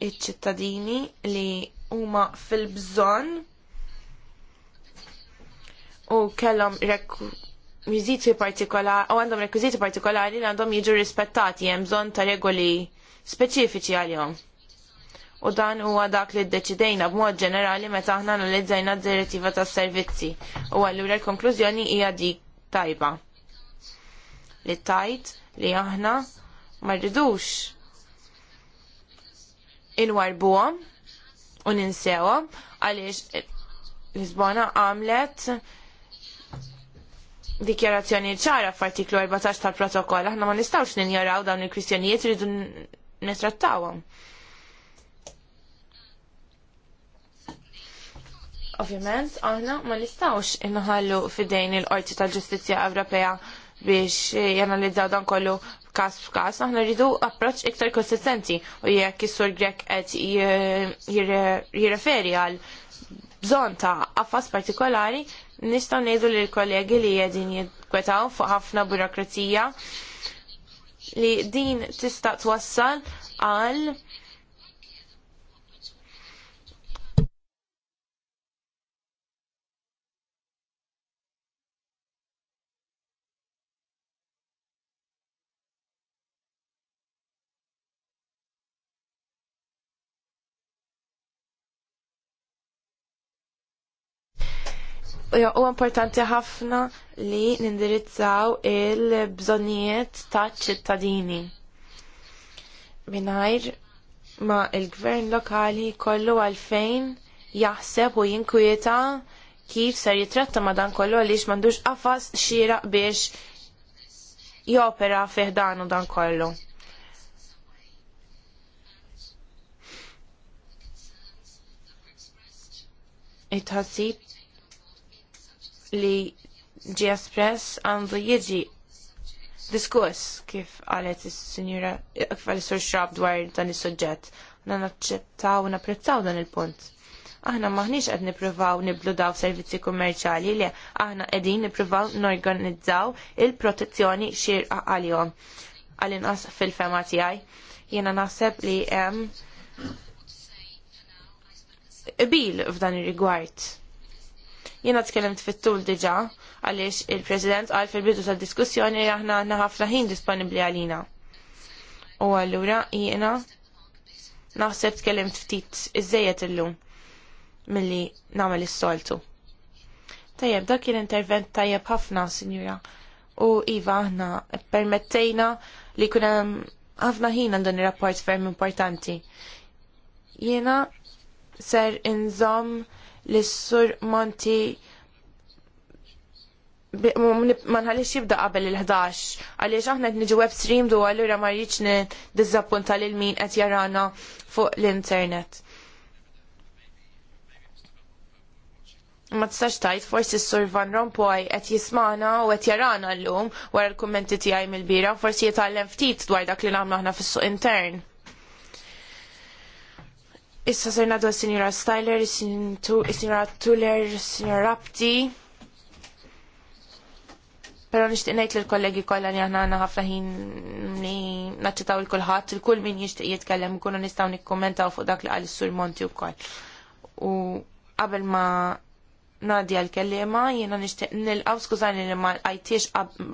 Iċ-ċittadini li huma fil-bżonn u kellhom rekwiżiti partikolari u għandhom rekwiżiti partikolari li għandhom jiġu rispettati hemm bżonn ta' regoli speċifiċi għalihom u dan huwa dak li ddeċidejna b'mod ġenerali meta aħna analizzajna d-direttiva tas servizzi u allura l-konklużjoni hija dik tajba. Li tajt li aħna ma rridux inwarbuhom u ninsewhom għaliex Lisbona għamlet dikjarazzjoni ċara f'artiklu 14 tal-protokoll, aħna ma nistgħux ninjaraw dawn il-kwistjonijiet rridu nitrattawhom. Ovvjament, aħna ma nistawx inħallu fidejn il-Qorti tal-Ġustizzja Ewropea biex eh, janalizzaw dan kollu kas f'kas, aħna rridu approċċ iktar konsistenti u jekk is-sur Grek qed jirreferi għal bżonn ta' affas partikolari, nistgħu ngħidu lil kollegi li qegħdin jikwetaw fuq ħafna burokrazija li din tista' twassal għal u importanti ħafna li nindirizzaw il-bżonijiet ta' ċittadini. Minajr ma il-gvern lokali kollu għalfejn jaħseb u jinkwieta kif ser jitratta ma dan kollu għaliex mandux għafas xira biex jopera feħdanu u dan kollu. it ħasib li ġi espress għandu jiġi diskuss kif għalet il-sinjura, kif għalet sur xrab dwar dan il-sujġet. Na naċċettaw u napprezzaw dan il-punt. Aħna maħniċ għed niprivaw niblu daw servizzi kummerċali li aħna għedin niprivaw norganizzaw il-protezzjoni xirqa għal-jom. Għal-inqas fil-fema tijaj, jena naħseb li bil f'dan ir-rigward Jiena tkellimt fit-tul diġà għaliex il-President għal fil-bidu tal diskussjoni aħna għandna ħafna ħin disponibbli għalina. U allura jiena naħseb tkellimt ftit iżejjed illum milli nagħmel is-soltu. Tajjeb, dak kien intervent tajjeb ħafna, Sinjura. U Iva, aħna permettejna li kuna ħafna ħin għal dan rapport ferm importanti. Jiena ser inżomm l-Sur Monti ma nħallix jibda qabel il-11 għaliex aħna qed niġu web stream du allura ma rridx niddiżappunta lil min qed jarana fuq l-internet. Ma tistax tajt forsi s-Sur Van Rompuy qed jismana u qed jarana llum wara l-kummenti tiegħi mill-bira forsi jitgħallem ftit dwar dak li nagħmlu aħna fis-suq intern. Issa ser nadu s-Sinjora Styler, s-Sinjora Tuller, s-Sinjora Rapti. Pero nishtiq ngħid lill-kollegi kollha li għana għana ħafna ħin li naċċetaw il kulħadd, il-kull min jixtieq jitkellem ikunu nistgħu nikkummentaw fuq dak li qal is-Sur Monti wkoll. U qabel ma Nadja l-kellima, jena nishtiq nil-għaw skużani li ma għajtiex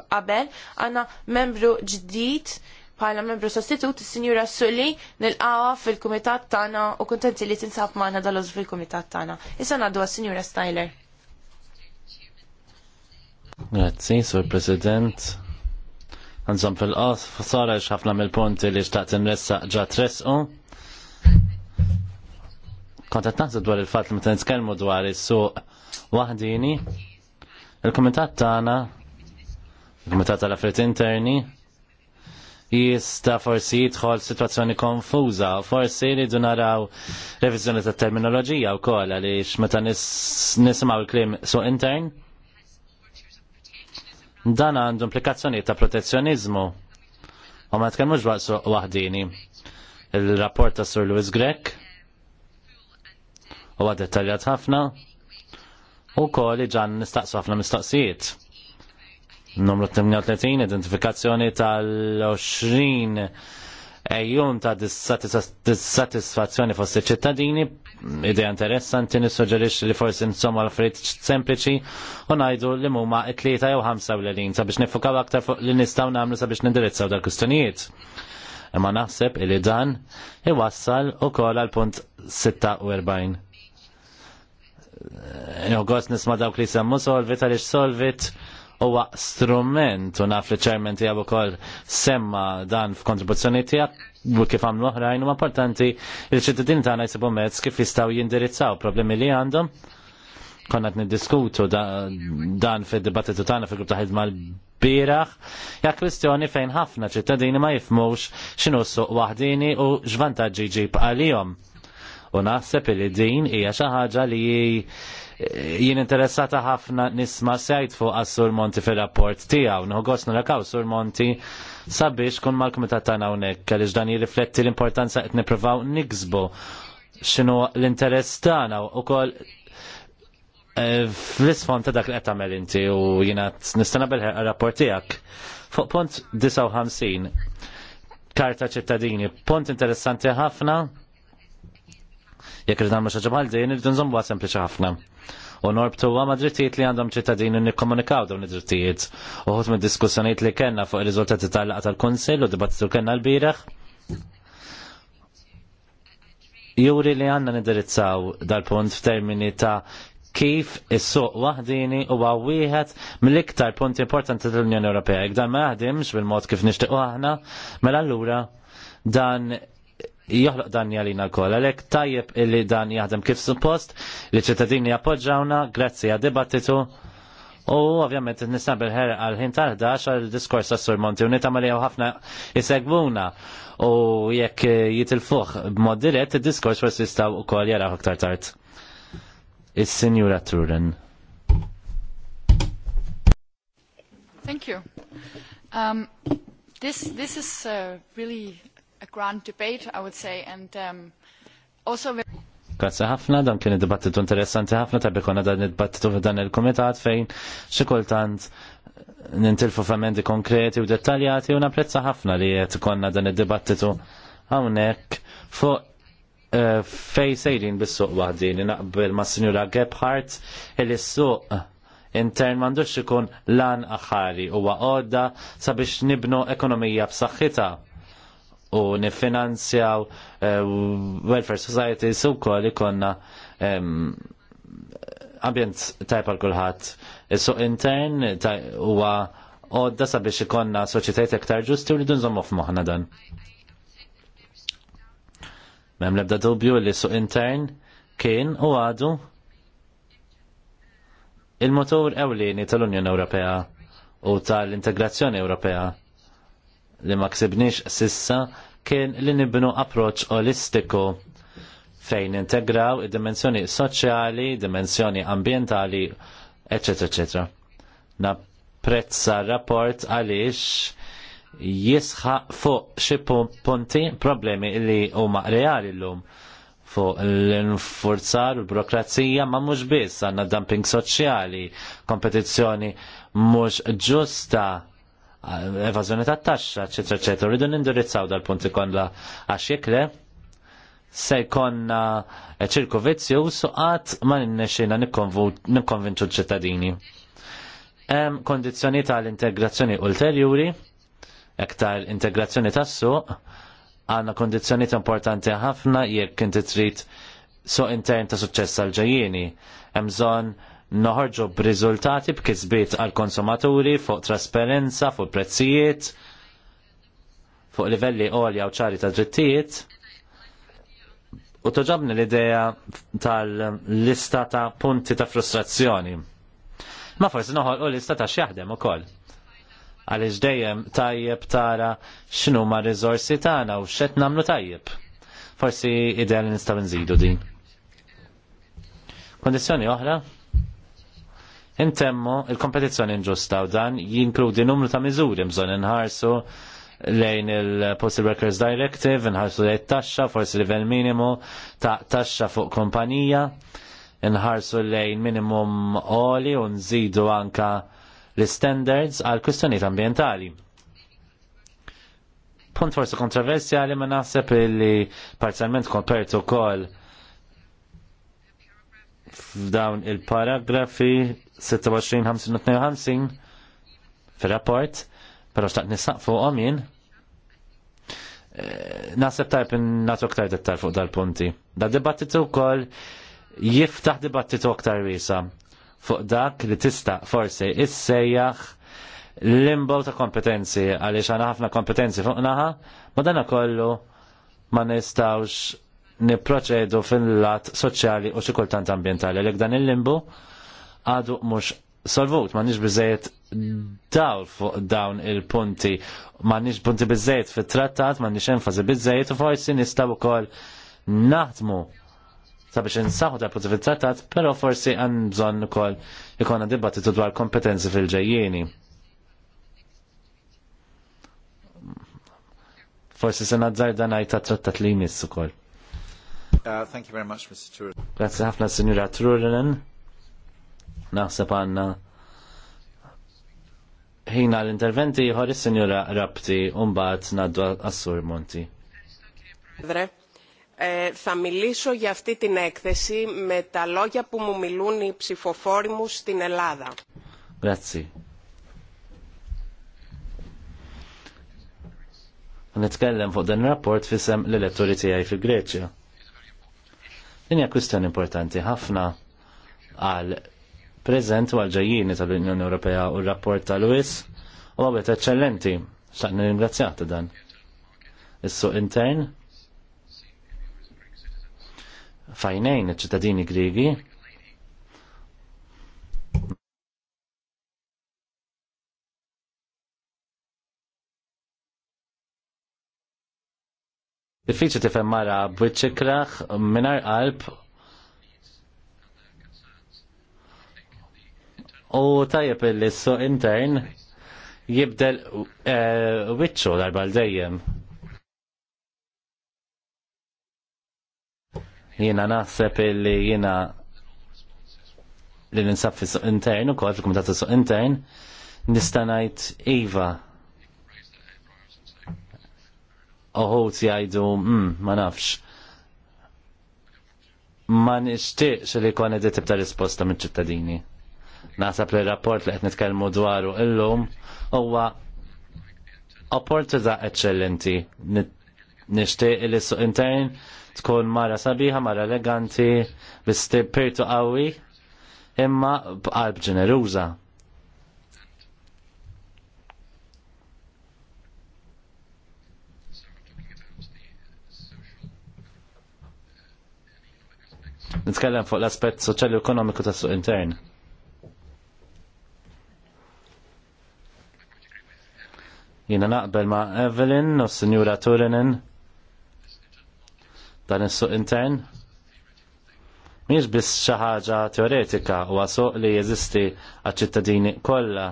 qabel, għana membru ġdid bħala membru sostitut il sinjura Sulli nil-qawa fil-kumitat tagħna u kuntenti li tinsab maħna dal fil-kumitat tagħna. Issa għaddu għas-Sinjura Styler. Grazzi, Sur President. Għanżom fil-qas, sara xafna mill-punti li xtaqt n-ressa ġa tresqu. Kontat naħseb dwar il-fat li meta nitkellmu dwar is-suq waħdini. Il-kumitat tagħna, il-kumitat tal afrit interni, jista forsi jidħol situazzjoni konfuża, forsi rridu naraw reviżjoni ta' terminoloġija wkoll għaliex meta nisimgħu l-klim suq intern. Dan għandu implikazzjoni ta' protezzjonizmu. U ma tkemmux waqt suq waħdini. Il-rapport ta' Sur Louis Grek huwa dettaljat ħafna u kol ġan nistaqsu ħafna mistoqsijiet numru 38 identifikazzjoni tal-20 ejjum ta' dissatisfazzjoni fost ċittadini idea interessanti nissuġġerix li forsi nsomma l frit sempliċi u ngħidu li huma t-tlieta jew ħamsa u l-lin sabiex nifukaw aktar fuq li nistgħu nagħmlu sabiex nindirizzaw dal kustonijiet Imma naħseb li dan iwassal ukoll għal punt 46. Għos nisma dawk li semmu solvit għaliex solvit huwa strument u naf li ċermen tiegħu ukoll semma dan f'kontribuzzjoni tiegħek u kif għamlu oħrajn huma importanti il ċittadini tagħna jsibu mezz kif jistgħu jindirizzaw problemi li għandhom. Konna qed niddiskutu dan fid-dibattitu tagħna fil-grupp ta' ħidma l-bieraħ, hija kwistjoni fejn ħafna ċittadini ma jifmux x'inhu suq waħdini u x'vantaġġi ġib għalihom u naħseb li din hija xi ħaġa li jien interessata ħafna nisma sejt fuq għas-Sur Monti fir-rapport tiegħu. gost narakaw Sur Monti sabiex kun mal-kumitat tagħna hawnhekk għaliex dan jirrifletti l-importanza qed nippruvaw niksbu x'inhu l-interess tagħna wkoll eh, fl-isfond ta' dak li qed tagħmel inti u jiena nistana bil-rapport tiegħek. Fuq punt 59 karta ċittadini, punt interessanti ħafna Jekk nagħmlu ma ħaġa bħal din, irridu nżommu sempliċi ħafna. U norbtuwa ma drittijiet li għandhom ċittadini nikkomunikaw dawn id-drittijiet. Uħut mid diskussjonijiet li kellna fuq ir-riżultati tal-laqgħa tal-Kunsill u dibattitu kellna l-bieraħ. Juri li għandna nidirizzaw dal-punt f'termini ta' kif is-suq waħdini huwa wieħed mill-iktar punti importanti tal-Unjoni Ewropea. Jekk dan ma jaħdimx bil-mod kif nixtiequ aħna, mela allura dan joħloq dan jalina kol. Għalek tajjeb illi dan jaħdem kif suppost, li ċittadini appoġġawna, grazzi għad dibattitu. U ovvjament nista' bil-ħer għal-ħin tal-11 għal-diskors tas surmonti Monti u nitama li ħafna jisegwuna u jekk jitilfuħ b'mod dirett id-diskors jistaw u kol jaraw aktar tard. Is-Sinjura Truren. Thank you. Um, this, this is uh, really a grand debate, I would say, and um, also... Grazie ħafna, dan kien id-dibattitu interessanti ħafna, tabbi konna dan id-dibattitu f'dan il-komitat fejn xikultant nintilfu f'amendi konkreti u dettaljati u napprezza ħafna li qed konna dan id-dibattitu hawnhekk fuq eh, fej sejrin bis-suq wahdin, naqbel ma' Sinjura Gebhardt il suq intern m'għandux ikun lan aħari huwa għodda sabiex nibnu ekonomija b'saħħitha u nifinanzjaw eh, welfare society su kol ikonna ambjent tajpa' għal kulħadd. Is-suq intern huwa għodda sabiex ikonna soċjetajt iktar ġusti u li dunżommu f'moħħna dan. Mem lebda dubju li suq intern kien u għadu il-motor ewlieni tal-Unjoni Ewropea u tal-integrazzjoni Ewropea li ma ksibniex sissa kien li nibnu approċ olistiku fejn integraw id-dimensjoni soċjali, dimensjoni ambientali, etc. etc. Napprezza rapport għaliex jisħa fuq xi punti problemi li huma reali llum fuq l-infurzar u l-burokrazija ma mhux biss għandna dumping soċjali, kompetizzjoni mhux ġusta evażjoni tat taxxa, eċetera, eccetera. Rridu nindirizzaw dal-punti konla għax jekle, se jkollna ċirku vizzju suqat ma n nikkonvinċu ċittadini. Hemm ta' l integrazzjoni ulterjuri, iktar integrazzjoni tas-suq, għandna ta' importanti ħafna jekk inti trid suq intern ta' suċċess għal ġejjieni. Hemm bżonn noħorġu b'riżultati b'kisbiet għal konsumaturi fuq trasparenza, fuq prezzijiet, fuq livelli għolja u ċari ta' drittijiet. U toġabni l-ideja tal-lista ta' punti ta' frustrazzjoni. Ma forsi noħol u lista ta' xjaħdem u koll. Għalix dejjem tajjeb tara x'nu ma' rizorsi tagħna u x'qed namlu tajjeb. Forsi idea li nistaw nżidu din. Kondizzjoni oħra? intemmu il-kompetizzjoni inġusta u dan jinkludi numru ta' miżuri bżonn inħarsu lejn il-Postal Workers Directive, inħarsu lejn taxxa, forsi livell minimu ta' taxxa fuq kompanija, inħarsu lejn minimum oli u nżidu anka l-standards għal kwistjonijiet ambientali. Punt forsi kontroversjali ma naħseb li parzialment kompertu kol f'dawn il-paragrafi 26-52 fil-rapport, pero xtaqt nisaq fuq omin. Eh, Nasib tajb natu ktar dettar fuq dal-punti. Da dibattitu kol jiftaħ dibattitu aktar risa fuq dak li tista forsi issejjaħ l-imbol ta' kompetenzi għaliex għana ħafna kompetenzi fuq naħa, ma dana kollu ma nistawx niproċedu fil-lat soċjali u xikultant ambientali. Lek dan il-limbu għadu mhux solvut, ma nix bizzejet dal fuq dawn il-punti, ma nix punti bizzejet fit trattat ma nix enfazi bizzejet u forsi nistaw ukoll naħdmu sabiex nsaħu ta' punti fit trattat pero forsi għan bżon ukoll ikona dibattitu dwar kompetenzi fil-ġejjieni. Forsi se nadżar dan għajta trattat li jmiss ukoll. Uh, thank you very much, Mr. Turin. Grazie ħafna, Signora Turunen. Naħseb għanna ħina l-interventi jħor il-senjura rabti un-baħt naddu għassur Monti. Vre, eh, θα μιλήσω για αυτή την έκθεση με τα λόγια που μου μιλούν οι ψηφοφόροι μου στην Ελλάδα. Grazie. Nitkellem fuq dan rapport fisem l-elettori tiegħi fil-Greċja. Din hija kwistjoni importanti ħafna għal preżent u għalġajjini tal-Unjoni Ewropea u r-rapport tal uis u għabet eccellenti. Xaqni ringrazzjati dan. Is-suq intern fajnejn iċ-ċittadini Grigi Diffiċi tifhem mara kraħ minar qalb u tajjeb li s-suq intern jibdel eh, wiċċu darba l-dejjem. Jina naħseb li jina li l-insab suq intern u kol fil-komitat suq intern nistanajt Iva. Uħut jajdu, mm, ma nafx. Ma nishtiqx li kon edit tibta risposta minn ċittadini. Nasab li rapport li qed nitkellmu dwaru illum huwa opportunità eċċellenti. Nixtieq li suq intern tkun mara sabiħa, mara eleganti, pirtu qawwi, imma b'qalb ġeneruża. Nitkellem fuq l-aspett soċjali u ekonomiku tas suq intern. Jina naqbel ma' Evelyn u Signora Turinen dan is-suq intern. Miex biss xi ħaġa teoretika u suq li jeżisti għaċ-ċittadini kollha,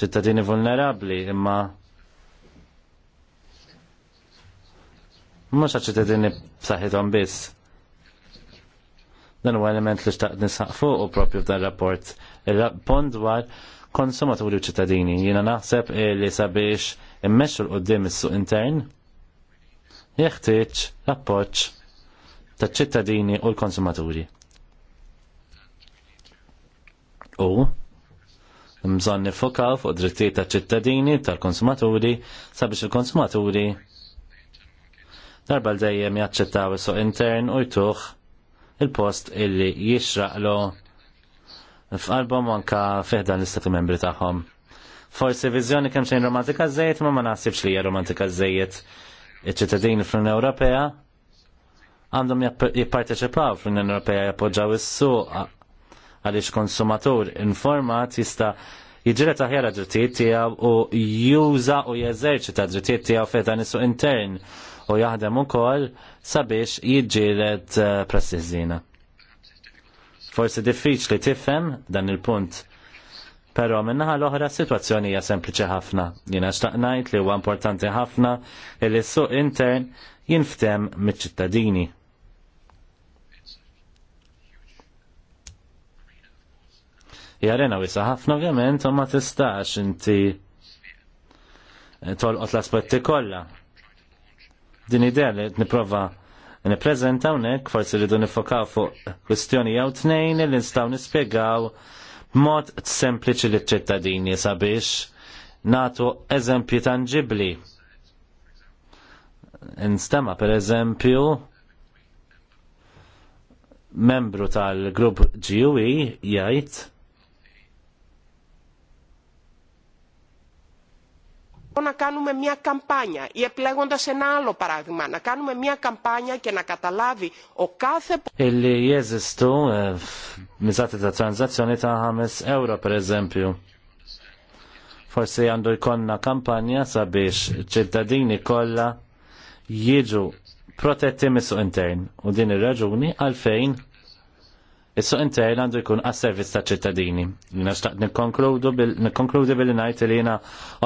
ċittadini vulnerabbli imma mhux għaċ-ċittadini b'saħħithom biss dan huwa element li xtaqt nisaq fuq u propju f'dan rapport. Il-rapport dwar konsumaturi u ċittadini. Jiena naħseb li sabiex immexxu l-qoddim is-suq intern jeħtieġ l-appoġġ taċ-ċittadini u l-konsumaturi. U mżon nifokaw fuq drittijiet ta' ċittadini tal-konsumaturi sabiex il-konsumaturi darba l-dejjem jaċċettaw is-suq intern u jtuħ il-post illi jixraqlu f'qalbhom anka dan l-istati membri tagħhom. Forsi viżjoni kemm xejn romantika żejjed ma ma naħsibx li hija romantika żejjed iċ-ċittadini fl-Unjoni Ewropea għandhom jipparteċipaw fl-Unjoni Ewropea jappoġġaw is-suq għaliex konsumatur informat jista' jiġri taħjara drittijiet tiegħu u juża u jeżerċita drittijiet tiegħu feta nisu intern u jaħdem ukoll sabiex jiġġieled eh, prestiżina. Forsi diffiċli tifhem dan il-punt. Pero minnaħa l-oħra situazzjoni hija sempliċi ħafna. Jiena xtaqnajt li huwa importanti ħafna li s-suq intern jinftem miċ-ċittadini. Jarena wisa ħafna ovvjament u ma tistax inti eh, tolqot l-aspetti kollha. Din idea li niprofa Nippreżentaw nek, forsi rridu nifokaw fuq kwistjoni jew tnejn li nistgħu nispjegaw b'mod sempliċi t ċittadini sabiex nagħtu eżempji tangibbli. Instema pereżempju membru tal-grupp GUE jgħid να κάνουμε μια καμπάνια ή επιλέγοντας ένα άλλο παράδειγμα να κάνουμε μια καμπάνια και να καταλάβει ο κάθε Illi jeżistu miżati ta' tranzazzjoni ta' 5 euro per eżempju. Forsi għandu jkollna kampanja sabiex ċittadini kollha jiġu protetti mis-suq intern u din ir-raġuni għalfejn Is-suq intern għandu jkun għas-servizz ta' ċittadini. Naxtaq nikkonkludu billi ngħid li jiena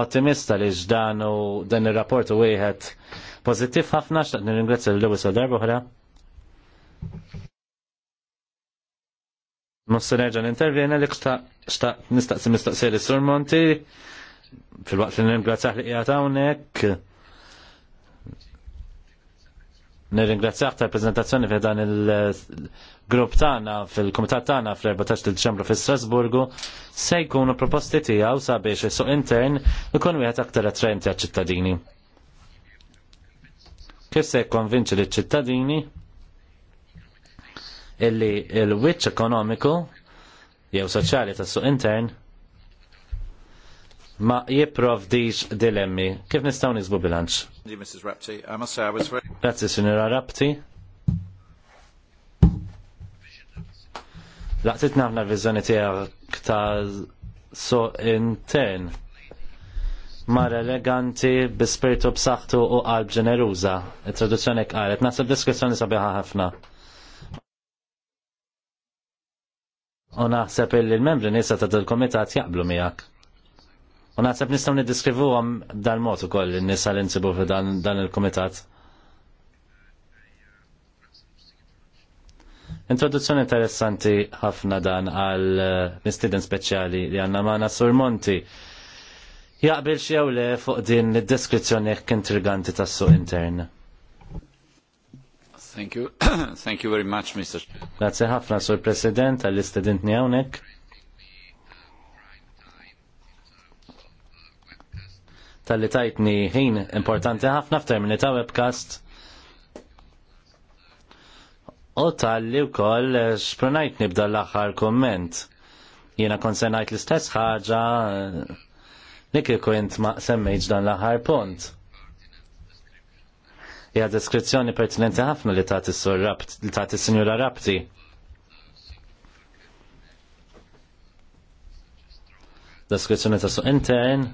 ottimista li ġdan u dan ir-rapport u wieħed pożittiv ħafna xtaqt nirringrazzja l lewis darba oħra. Mussu nerġa' n-intervjena li xtaq nistaqsi mistaqsi li Sur Monti fil-waqt li nirringrazzjah li qiegħed hawnhekk Nirringrazzjak ta' prezentazzjoni fi dan il-grupp tagħna fil-kumitat tagħna fl-14 Diċembru fi Strasburgu se jkunu proposti tiegħu sabiex is-suq intern ikun wieħed aktar attrenti għaċ-ċittadini. Kif se jkonvinċi liċ ċittadini illi l-wiċċ ekonomiku jew soċjali tas-suq intern ma jiprovdix dilemmi. Kif nistaw nizbu bilanċ? Grazie, signora Rapti. Laqtit nafna l-vizjoni tijak ta' so intern. Mar eleganti, bispiritu b'saħħtu u qalb ġeneruża. Il-traduzzjoni qalet, nasib diskussjoni sabiħa ħafna. U naħseb il-membri nisa ta' dil-komitat jaqblu miegħek. U naħseb nistgħu niddiskrivu għam dal-mod ukoll in-nisa li insibu dan, dan il-kumitat. Introduzzjoni interessanti ħafna dan għal mistiden eh, speċjali li għanna maħna Sur Monti. Jaqbil xew le fuq din id-deskrizzjoni intriganti tas-suq intern. Thank you. *coughs* Thank you very much, Mr. Grazie ħafna, Sur President, għall-istedintni hawnhekk tal-li tajtni ħin importanti ħafna f'termini ta' webcast u tal-li u koll xprunajtni b'dan l-axar komment. Jena konsenajt l-istess ħaġa li kieku ma' semmejġ dan l-axar punt. Ja deskrizzjoni pertinenti ħafna li tagħti sur rapt, li tagħti sinjura Rapti. Deskrizzjoni ta' suq intern,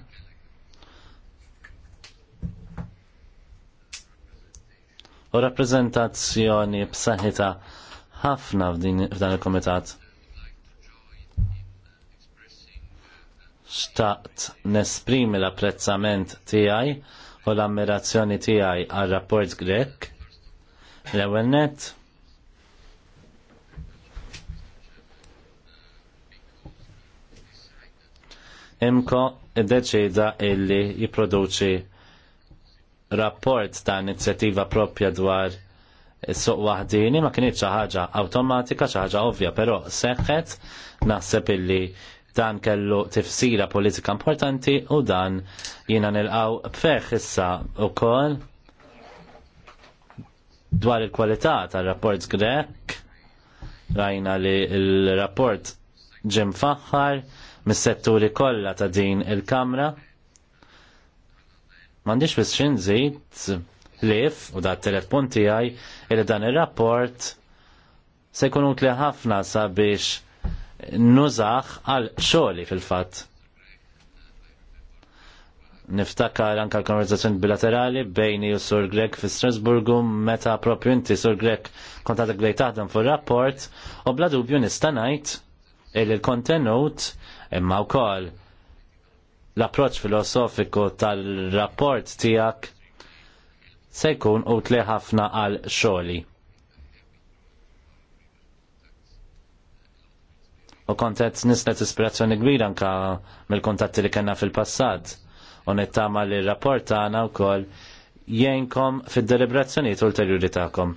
u rappreżentazzjoni b'saħħitha ħafna f'dan il-komitat. Xtaqt nesprimi l-apprezzament tiegħi u l-ammirazzjoni tiegħi għal rapport Grek. L-ewwel net Imko id-deċida illi jipproduċi rapport ta' inizjattiva propja dwar suq waħdini ma kienieċ xi ħaġa awtomatika, xi ħaġa ovvja, però seħħet naħseb illi dan kellu tifsira politika importanti u dan jina nilqaw b'feħ issa wkoll dwar il-kwalità tar-rapport Grek rajna li il rapport ġim faħħar mis-setturi kollha ta' din il-Kamra Mandiċ bis xin zid lif u da telefon tijaj għaj illi dan il-rapport se jkun utli ħafna sabiex nużax għal xoli fil-fat. Niftakar anka konverzazzjoni bilaterali bejni u Sur Grek fi Strasburgu meta propju inti Sur Grek kontat għlej taħdem fil rapport u bla dubju nistanajt il-kontenut imma u koll l-approċ filosofiku tal-rapport tijak se jkun utli ħafna għal xoli. U kontet nislet ispirazzjoni kbira anka mill-kontatti li kena fil-passat. U nittama li rapport tagħna wkoll jenkom fid-deliberazzjonijiet ulterjuri tagħkom.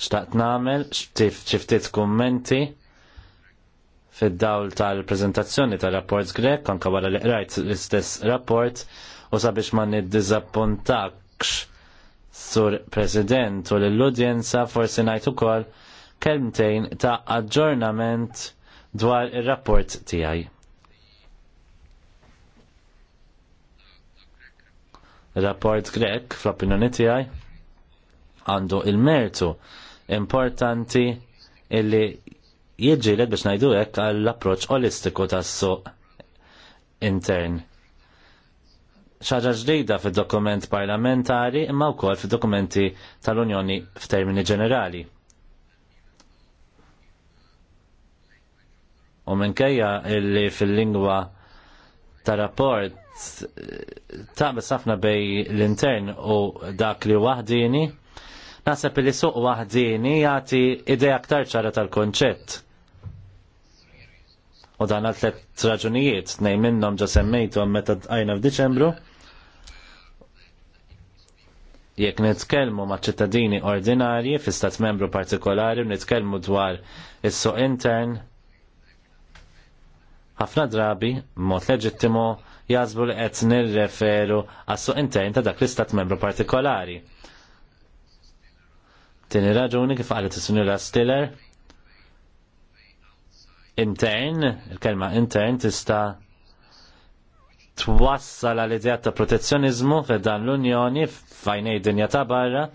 Xtaqt nagħmel xiftit kummenti fid-dawl tal-prezentazzjoni tal-rapport grek, anka wara li rajt l-istess rapport, u sabiex ma niddizappuntakx sur president u l-udjenza forsi najt ukoll kelmtejn ta' aġġornament dwar ir-rapport tiegħi. Rapport grek, fl-opinjoni tiegħi, għandu il-mertu importanti illi jieġilet biex najdu hekk għall-approċ olistiku tas-suq intern. ċaġa ġdida fid dokument parlamentari imma wkoll fid dokumenti tal-Unjoni f'termini ġenerali. U minkejja illi fil-lingwa ta' rapport eh, ta' ħafna bej l-intern u dak li waħdini Nasab li suq wahdini jagħti idea aktar ċara tal-konċett. U dan għal tlet raġunijiet, nej minnhom ġa semmejthom meta għajna f'Diċembru. Jekk nitkellmu ma' ċittadini ordinarji fi stat membru partikolari u nitkellmu dwar is-suq intern, ħafna drabi mod leġittimu jazbu li qed nirreferu għas-suq intern ta' dak l-istat membru partikolari Tini raġuni kif għalet is-sinjura Stiller intern, il-kelma intern tista' twassal għal idea ta' protezzjonizmu f'dan l-Unjoni f'għajnej dinja ta' barra,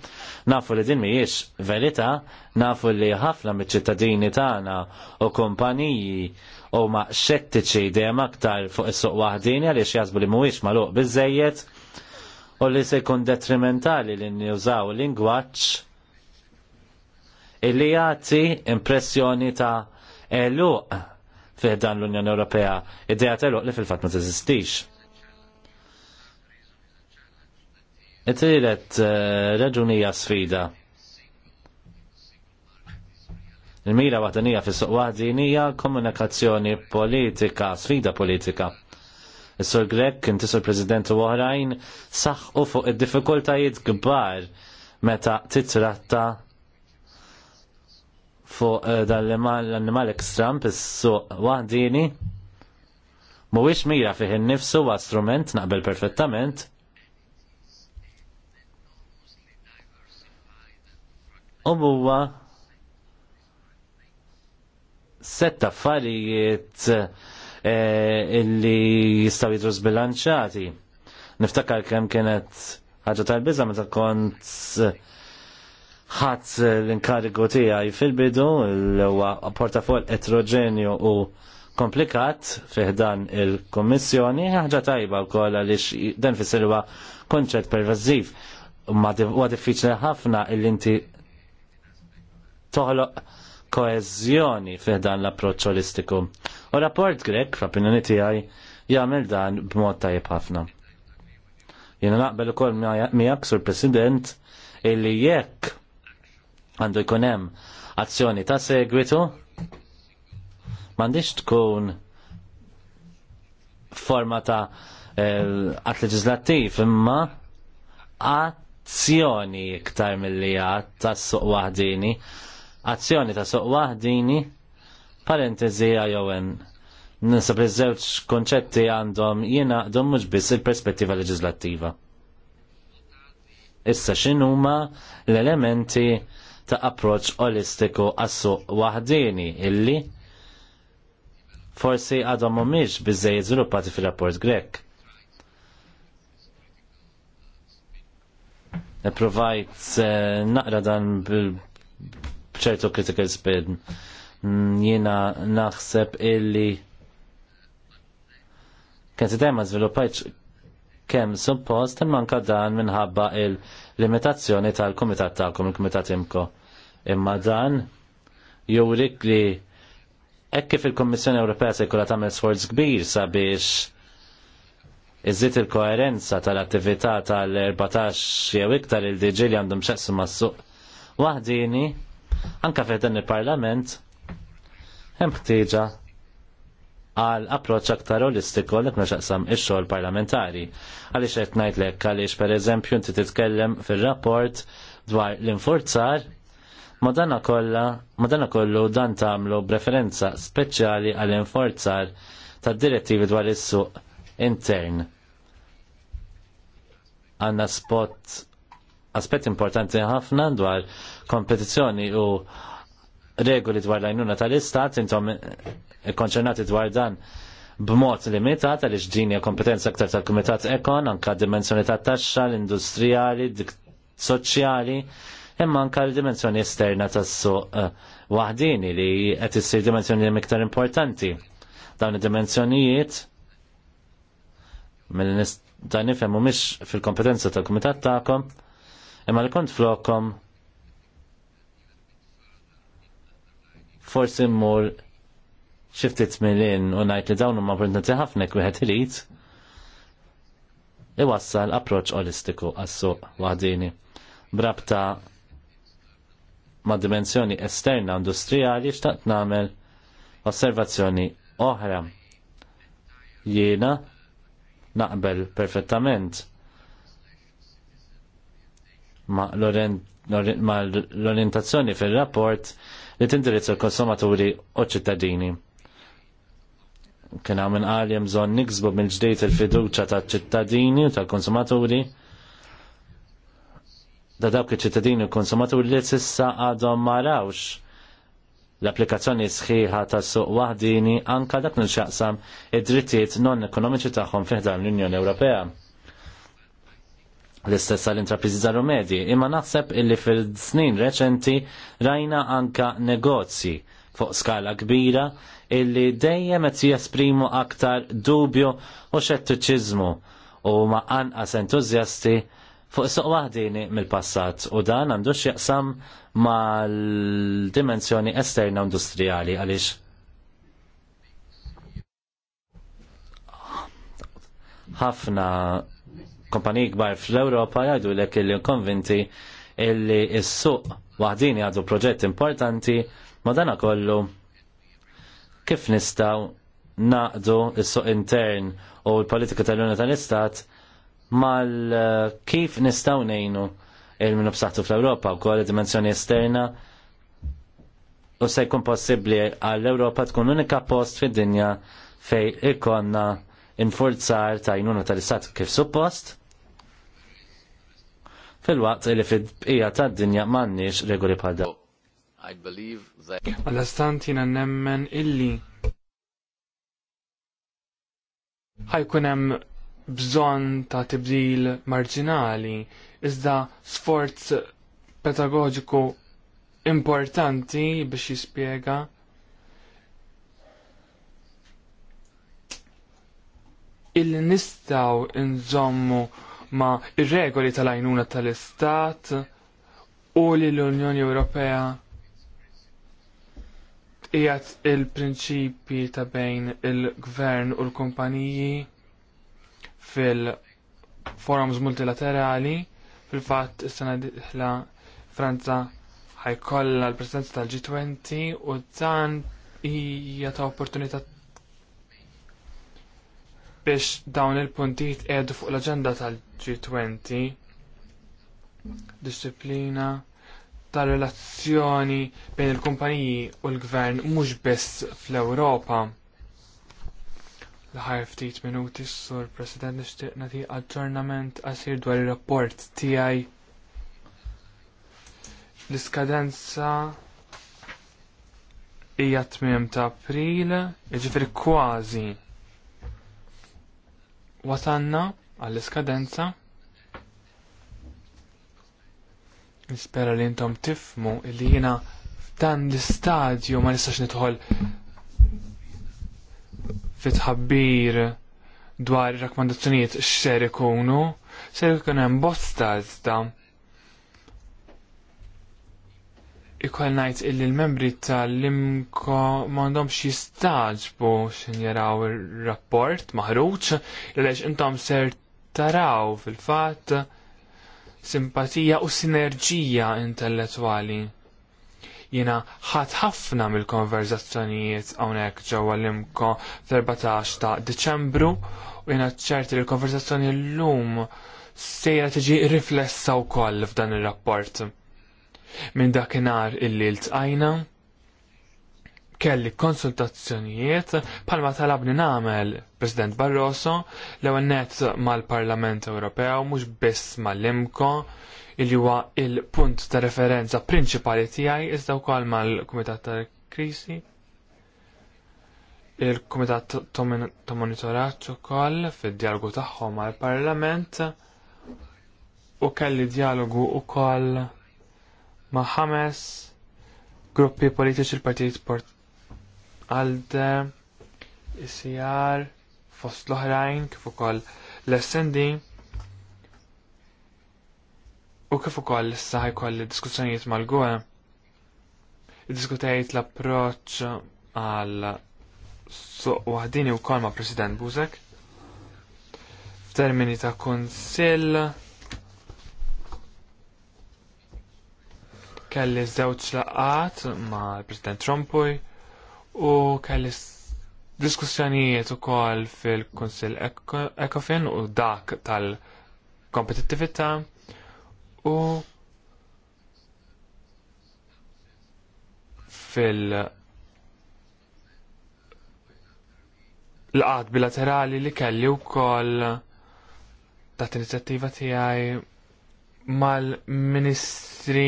nafu li din mhijiex verità, nafu li ħafna miċ-ċittadini tagħna u kumpaniji u ma' xettiċi dejjem aktar fuq is-suq waħdini għaliex jażbu li mhuwiex magħluq biżejjed u li se jkun detrimentali li njużaw lingwaġġ illi jagħti impressjoni ta' eluq fi dan l-Unjoni Ewropea, id-dejja eluq li fil-fatt ma teżistix. It-tielet eh, raġunija sfida. Il-mira waħdanija fis suqwa waħdin hija komunikazzjoni politika, sfida politika. Is-Sur Grek kien tisur President oħrajn saħħu fuq id-diffikultajiet kbar meta titratta fuq eh, dal-animal ekstram pissu waħdini mhuwiex mira fih innifsu wa strument naqbel perfettament u huwa setta affarijiet eh, illi jistaw jidru zbilanċati. Niftakar kem kienet ħaġa tal-biza meta kont ħadd eh, l-inkarigu tiegħi fil-bidu l huwa portafol etrogenju u komplikat fih dan il-Kommissjoni ħaġa tajba wkoll għaliex dan fisser huwa konċett pervażiv. ma huwa diffiċli ħafna l inti toħloq koeżjoni fih dan l-approċċ holistiku. U rapport Grek, f'opinjoni tiegħi, jagħmel dan b'mod tajjeb ħafna. Jiena naqbel ukoll miegħek sur President illi jekk Għandu jkun hemm azzjoni ta' segwitu m'għandix tkun forma ta' għat leġislattiv imma azzjoni iktar mill-li għat ta' suq wahdini azzjoni ta' suq wahdini parentezi għajowen nisab li żewġ konċetti għandhom jiena għandhom mhux biss il-perspettiva leġislattiva. Issa x'inhuma l-elementi ta' approċ olistiku għassu wahdini illi forsi għadhom mhumiex biżej żviluppati fir-rapport Grek. Provajt eh, naqra dan bċertu critical spin. Mm, jiena naħseb illi kien dejma żviluppajt kemm suppost imma anke dan minħabba il-limitazzjoni tal-kumitat tagħkom, il-kumitat imko. Imma dan jurik li hekk kif il-Kommissjoni Ewropea se jkollha tagħmel sforz kbir sabiex iżid il-koerenza tal-attività tal-14 jew iktar il-DG li għandhom xessu mas-suq waħdini anka fejn dan il-Parlament hemm ħtieġa għal approċċ aktar olistiku li xaqsam ix-xogħol parlamentari. Għaliex qed ngħidlek għaliex pereżempju inti titkellem fir-rapport dwar l-infurzar Madana kollu dan tamlu preferenza speċjali għal inforzar ta' direttivi dwar is-suq intern. Għanna spot aspett importanti ħafna dwar kompetizzjoni u regoli dwar l-għajnuna tal-istat, intom konċernati dwar dan b'mod limitat għaliex din hija kompetenza aktar tal-Kumitat Ekon, anka dimensjoni tat-taxxa, l-industrijali, soċjali, imma anka l-dimensjoni esterna tas-suq eh, waħdini li qed issir dimensjoni iktar importanti. Dawn id-dimensjonijiet mill-nista' nifhem mhumiex fil-kompetenza tal-kumitat tagħkom, imma li kont flokkom forsi mmur xi ftit milin u ngħid li dawn huma importanti ħafna wieħed irid iwassal approċċ olistiku għas-suq waħdini. Brabta ma' dimensjoni esterna industrijali xtaqt nagħmel osservazzjoni oħra. Jiena naqbel perfettament ma' l-orientazzjoni fil-rapport li tindirizzu l-konsumaturi u ċittadini. Kena minn għaljem zon niksbu mill-ġdejt il-fiduċa ta' ċittadini u tal-konsumaturi da dawk iċ-ċittadini u li sissa għadhom ma rawx l-applikazzjoni sħiħa ta' suq waħdini anka dak nil id-drittijiet non-ekonomiċi tagħhom fiħdan l-Unjoni Ewropea. L-istess l intrapriżi żaru medji, imma naħseb illi fil-snin reċenti rajna anka negozji fuq skala kbira illi dejjem qed jesprimu aktar dubju u xettiċiżmu u ma' anqas entużjasti fuq suq waħdini mill-passat u dan għandu x'jaqsam mal-dimensjoni esterna industrijali għaliex ħafna kompaniji kbar fl-Ewropa jgħidu l li konvinti illi s-suq waħdini għadu proġett importanti ma dana kollu kif nistaw naqdu s-suq intern u l-politika tal-Unjoni tal-Istat mal eh, kif nistaw nejnu il-minu b'saħtu fl-Europa u kol dimensjoni esterna u se jkun possibli għall-Europa tkun unika post fid-dinja fej ikonna infurzar ta' jnuna tal-istat kif suppost fil-waqt li fid-bqija tad-dinja m'għandniex regoli bħal da. Għal-astant jina nemmen illi ħajkun bżonn ta' tibdil marġinali, iżda sforz pedagogiku importanti biex jispjega illi nistaw nżommu ma ir-regoli tal-għajnuna tal-Istat u li l-Unjoni Ewropea qiegħed il-prinċipji ta' bejn il-gvern u l-kumpaniji fil-forums multilaterali fil-fatt is-sena diħla Franza ħajkollha l-presenza tal-G20 u dan hija ta' opportunità biex dawn il-puntijiet qiegħdu fuq l-aġenda tal-G20 disciplina tal relazzjoni bejn il-kumpaniji u l-gvern mhux biss fl-Ewropa l-ħar ftit minuti s-sur President nixtieq nagħti aġġornament qasir dwar ir-rapport tiegħi. L-iskadenza hija tmiem ta' April, jiġifieri kważi wasanna għall-iskadenza. Nispera li intom tifmu li jiena f'dan l-istadju ma nistax nidħol fitħabbir ħabbir dwar rakkomandazzjonijiet x'ser ikunu, xer ikunu hemm bosta iżda. Ikoll ngħid illi l-membri tal-imko m'għandhomx jistaġbu x'injaraw ir-rapport maħruġ għaliex intom ser taraw fil-fatt simpatija u sinerġija intellettwali. Jiena ħat ħafna mill-konverzazzjonijiet hawnhekk ġewwa l-imko 14 ta' Diċembru u jiena ċerti li l-konverzazzjoni llum sejra tiġi riflessa wkoll f'dan ir-rapport. Minn dakinhar illi ltqajna kelli konsultazzjonijiet palma talabni namel President Barroso l net mal-Parlament Ewropew mhux biss mal-Imko il huwa il-punt ta' referenza prinċipali tiegħi iżda wkoll mal-Kumitat ta' Krisi il-Kumitat ta' Monitoraġġ ukoll fid-dialogu tagħhom mal-Parlament u kelli dialogu ukoll ma' ħames gruppi politiċi l-Partit Port Alde, ICR, fost l-oħrajn kif ukoll l-SND U kif ukoll issa ħajkolli diskussjonijiet mal-gwe. Diskutejt l-approċċ għal suq waħdini u kol ma' President Buzek. F'termini ta' kunsill kelli żewġ laqat ma' President Trumpuj u kelli diskussjonijiet ukoll fil-Kunsill Ecofin u dak tal-kompetittività u fil- l-qad bilaterali li kelli u koll ta' inizjattiva tijaj mal-ministri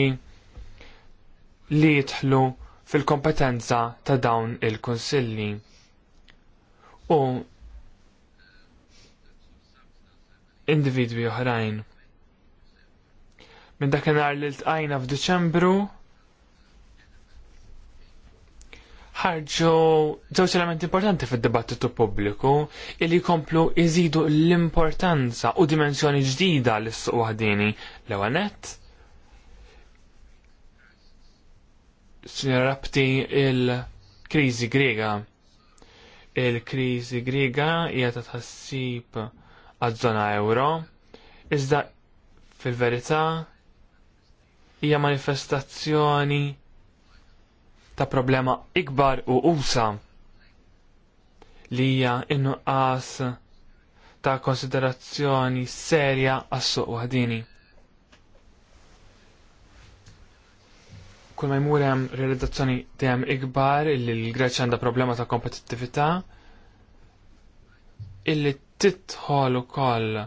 li jitħlu fil-kompetenza ta' dawn il-konsilli. U individwi oħrajn minn dakinhar li ltqajna f'Diċembru ħarġu żewġ elementi importanti fid-dibattitu pubbliku illi jkomplu iżidu l-importanza u dimensjoni ġdida lis-suq waħdini l-ewwel nett. Rabti il-kriżi Griega. Il-kriżi Griega hija ta' tħassib għaż-żona euro, iżda fil-verità hija manifestazzjoni ta' problema ikbar u usa li hija innuqqas ta' konsiderazzjoni serja għas-suq waħdini. Kull ma jmur hemm realizzazzjoni dejjem ikbar li l-Greċja għandha problema ta' kompetittività illi titħol ukoll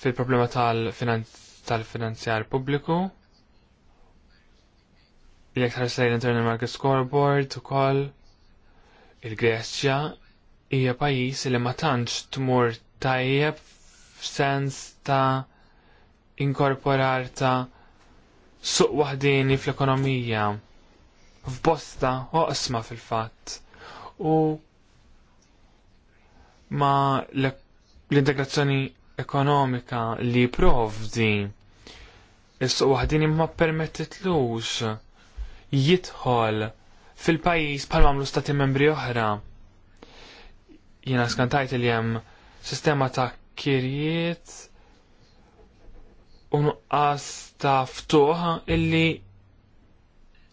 fil-problema tal-finanz tal-finanzjar pubbliku, L-iktar l-Internal Market Scoreboard ukoll il-Greċja hija pajjiż li ma tantx tmur tajjeb f'sens ta' inkorporar ta' suq waħdini fl-ekonomija f'bosta oqsma fil-fatt u ma l-integrazzjoni ekonomika li provdi is-suq waħdin imma permettitlux jidħol fil-pajis bħal mamlu stati membri oħra. Jena skantajt li jem sistema ta' kirjiet unqas ta' ftuħ illi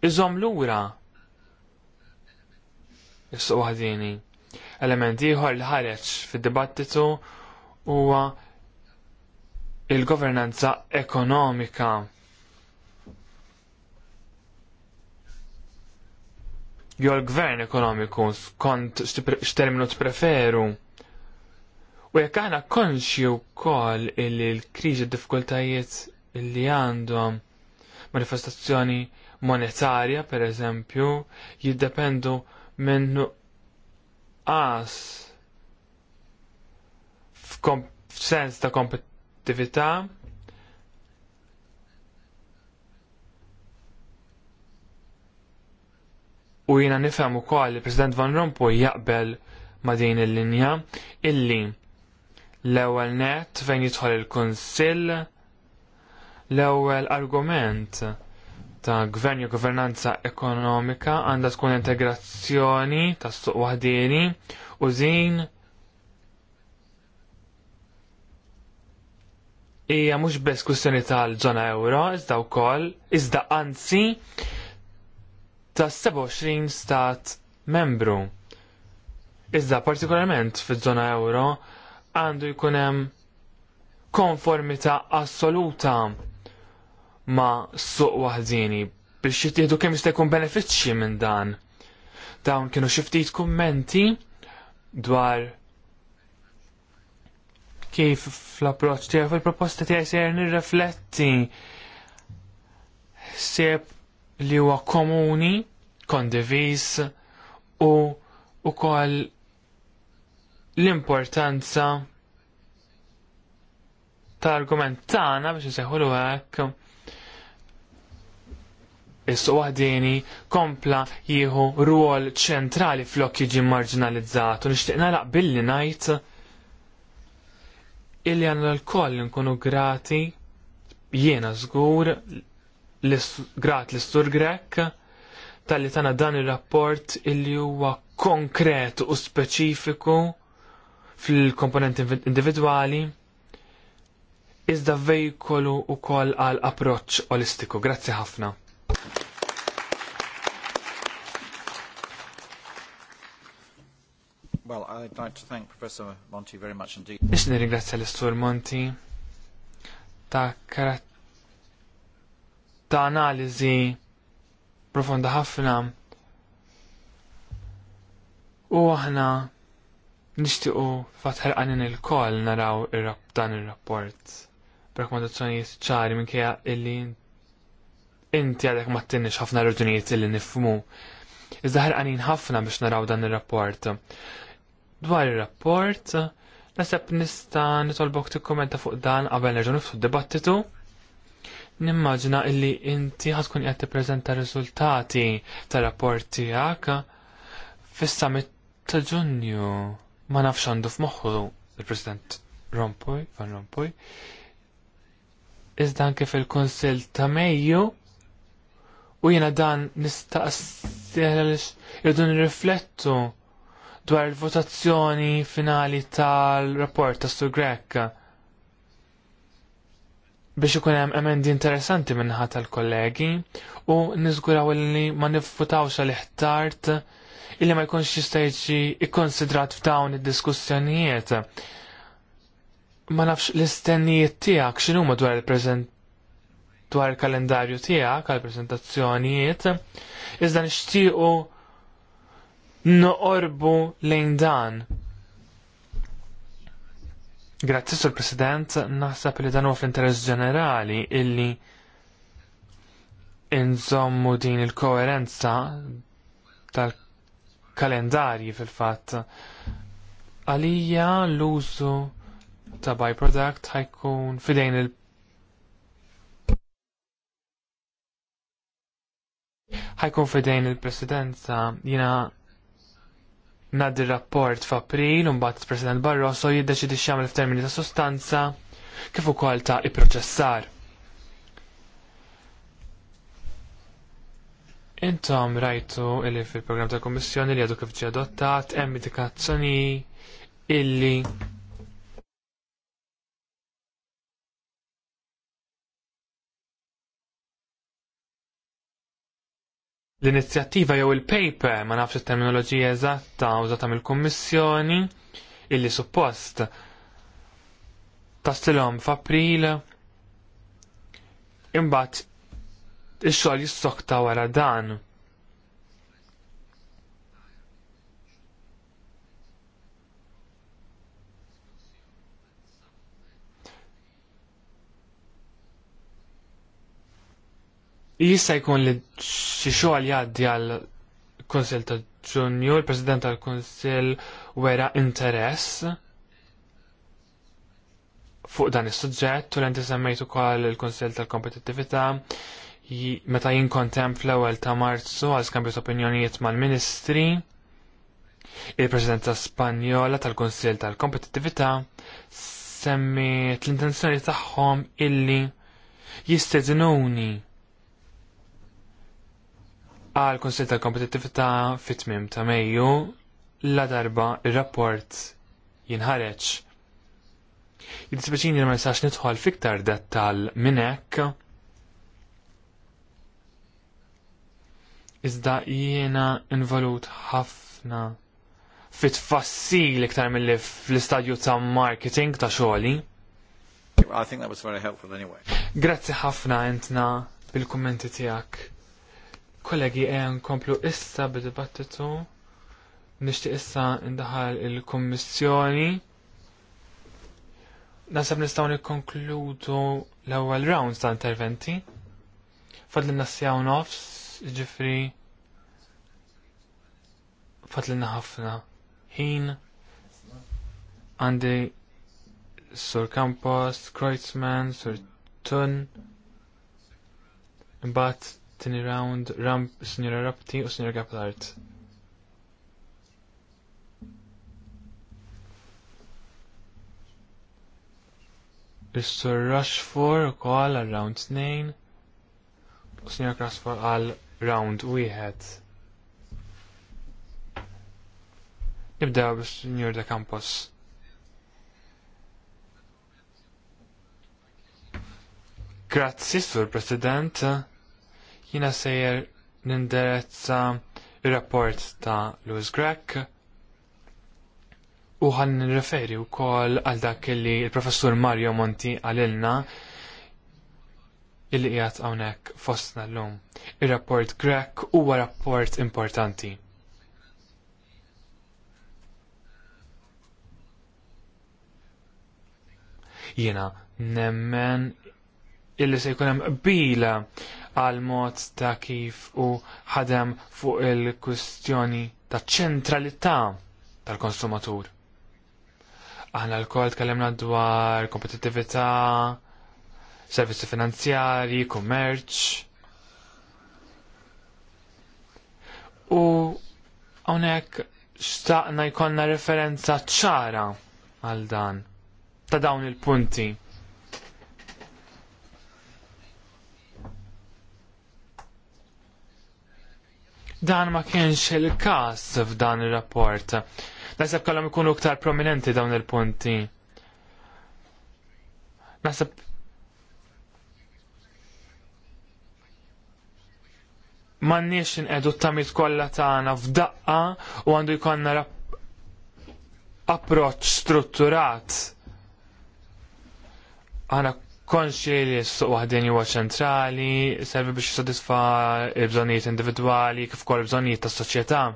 iżom lura. Is-suq waħdini. Elementi ieħor li ħareġ fil dibattitu huwa il-governanza ekonomika. Jo l-gvern ekonomiku skont x'terminu preferu. U jekk aħna konxju wkoll illi l-kriżi d-diffikultajiet li għandhom manifestazzjoni monetarja per eżempju jiddependu minn as f'sens ta' attività u jina nifhem ukoll li President Van Rompuy jaqbel ma din il-linja illi l-ewwel net fejn jidħol il-Kunsill l-ewwel argument ta' gvern u governanza ekonomika għandha tkun integrazzjoni ta' suq waħdini u zin hija mhux biss kustjoni tal-żona euro, iżda wkoll, iżda anzi ta' 27 stat membru. Iżda partikolarment fil żona euro għandu jkun hemm konformità assoluta ma' suq wahdini biex jittieħdu kemm jista' jkun benefiċċji minn dan. Dawn kienu xi ftit kummenti dwar kif fl-approċ tiegħek fil-proposta tiegħek se nirrifletti seb li huwa komuni kondiviż, u ukoll l-importanza ta' argument tagħna biex iseħħulu hekk is waħdini kompla jieħu rwol ċentrali flok jiġi marginalizzat u nixtieq nagħlaq billi ngħid illi għan l-koll nkunu grati jiena żgur grat l-istur grek tal-li tana dan il-rapport illi huwa konkret u speċifiku fil-komponenti individuali iżda vejkolu u koll għal approċ olistiku. Grazzi ħafna. Well, I'd like to thank Professor Monti very much indeed. Ix nirringrazzja l-Istur Monti ta' karat ta' analizi profonda ħafna u aħna nishtiqu fatħer għanin il-koll naraw dan il-rapport b'rakkomandazzjonijiet ċari minkejja illi inti għadek ma t ħafna raġunijiet illi nifmu. Iżda ħer għanin ħafna biex naraw dan il-rapport. Dwar ir-rapport, nasab nista nitolbok t-kommenta fuq dan qabel nifsu d-debattitu. Nimmaġina illi inti ħatkun qed tippreżenta riżultati tar-rapport tiegħek fis-summit ta' Ġunju. Ma nafx għandu f'moħħu il-President Rompuy, Van Rompuy. Iżda anke fil-Kunsill ta' Mejju u jiena dan nistaqsieħ irridu nirriflettu dwar il-votazzjoni finali tal-rapport ta' Sur Grek biex ikun hemm emendi interessanti minnaħa tal-kollegi u niżguraw li ma nifutawx għal ħtart illi ma jkunx jista' jiġi ikkonsidrat f'dawn id-diskussjonijiet. Ma nafx l-istennijiet tiegħek x'inhuma dwar il-preżent dwar il-kalendarju tiegħek għall preżentazzjonijiet iżda nixtiequ noqorbu lejn dan. Grazzi sur President, naħseb li dan huwa fl-interess ġenerali illi inżommu din il-koerenza tal-kalendarji fil-fatt. Għalija l-użu ta' byproduct ħajkun fidejn il- ħajkun fidejn il-presidenza jina nadi rapport f'April u mbagħad President Barroso jiddeċidi x'jagħmel f'termini ta' sostanza, kif ukoll ta' ipproċessar. Intom rajtu illi fil-programm tal-Kommissjoni li għadu kif ġie adottat hemm indikazzjoni illi L-inizjattiva jew il-paper ma nafx it-terminoloġija eżatta użata mill-Kummissjoni illi suppost tastilhom f'April imbagħad ix-xogħol jissokta wara dan. jista' jkun li xi xogħol jgħaddi għal Kunsill ta' Ġunju, il-President tal-Kunsill wera interess fuq dan is-suġġett u l-inti semmejt ukoll il-Kunsill tal-Kompetittività meta jinkontem fl-ewwel ta' Marzu għal skambju opinjonijiet mal-Ministri il-Presidenza Spanjola tal-Kunsill tal-Kompetittività semmiet l-intenzjoni tagħhom illi jistedinuni għal konsil tal-kompetittività fit-tmim ta' Mejju la darba il rapport jinħareġ. Jidispeċini ma nistax nidħol fiktar dettal minn hekk. Iżda jiena involut ħafna fit tfassil iktar mill fl-istadju ta' marketing ta' xoli. I think that was very helpful anyway. Grazzi ħafna entna bil-kummenti tiegħek. Kollegi, għen komplu issa bid-dibattitu. Nishtiq issa indaħal il-kommissjoni. Nasab nistaw nikkonkludu l-ewwel rounds ta' interventi. Fadli nasjaw nofs, ġifri. fadli ħafna ħin. Għandi Sur Campos, Kreuzmann, Sur Tun, imbat Tini round, Ramp, Signora Rapti u Signora Gaplart. Mr. Rushford u koll għal round 2 u Signora Crossford għal round 1. Nibda għu b'Signor De Campos. Grazzi, Sir President jina sejjer nindirezza il-rapport ta' Louis Grek u ħan nirreferi u kol għal dak li il-professur Mario Monti għalilna illi qiegħed hawnhekk fostna llum. Ir-rapport Grek huwa rapport importanti. Jiena nemmen illi se jkun hemm bila għal mod ta' kif u ħadem fuq il-kustjoni ta' ċentralità tal-konsumatur. Aħna l-kol tkellimna dwar kompetitività, servizzi finanzjari, kummerċ. U hawnhekk xtaqna jkollna referenza ċara għal dan ta' dawn il-punti. Dan ma kienx il-kas f'dan il-rapport. Nasab kellhom ikunu iktar prominenti dawn il-punti. Nasab Mannix nqedu t-tamit kollha tagħna f'daqqa u għandu jkollna approċċ strutturat. Għana konxi li s-suq huwa ċentrali, servi biex jisodisfa il-bżonijiet individwali kif ukoll il-bżonijiet tas-soċjetà.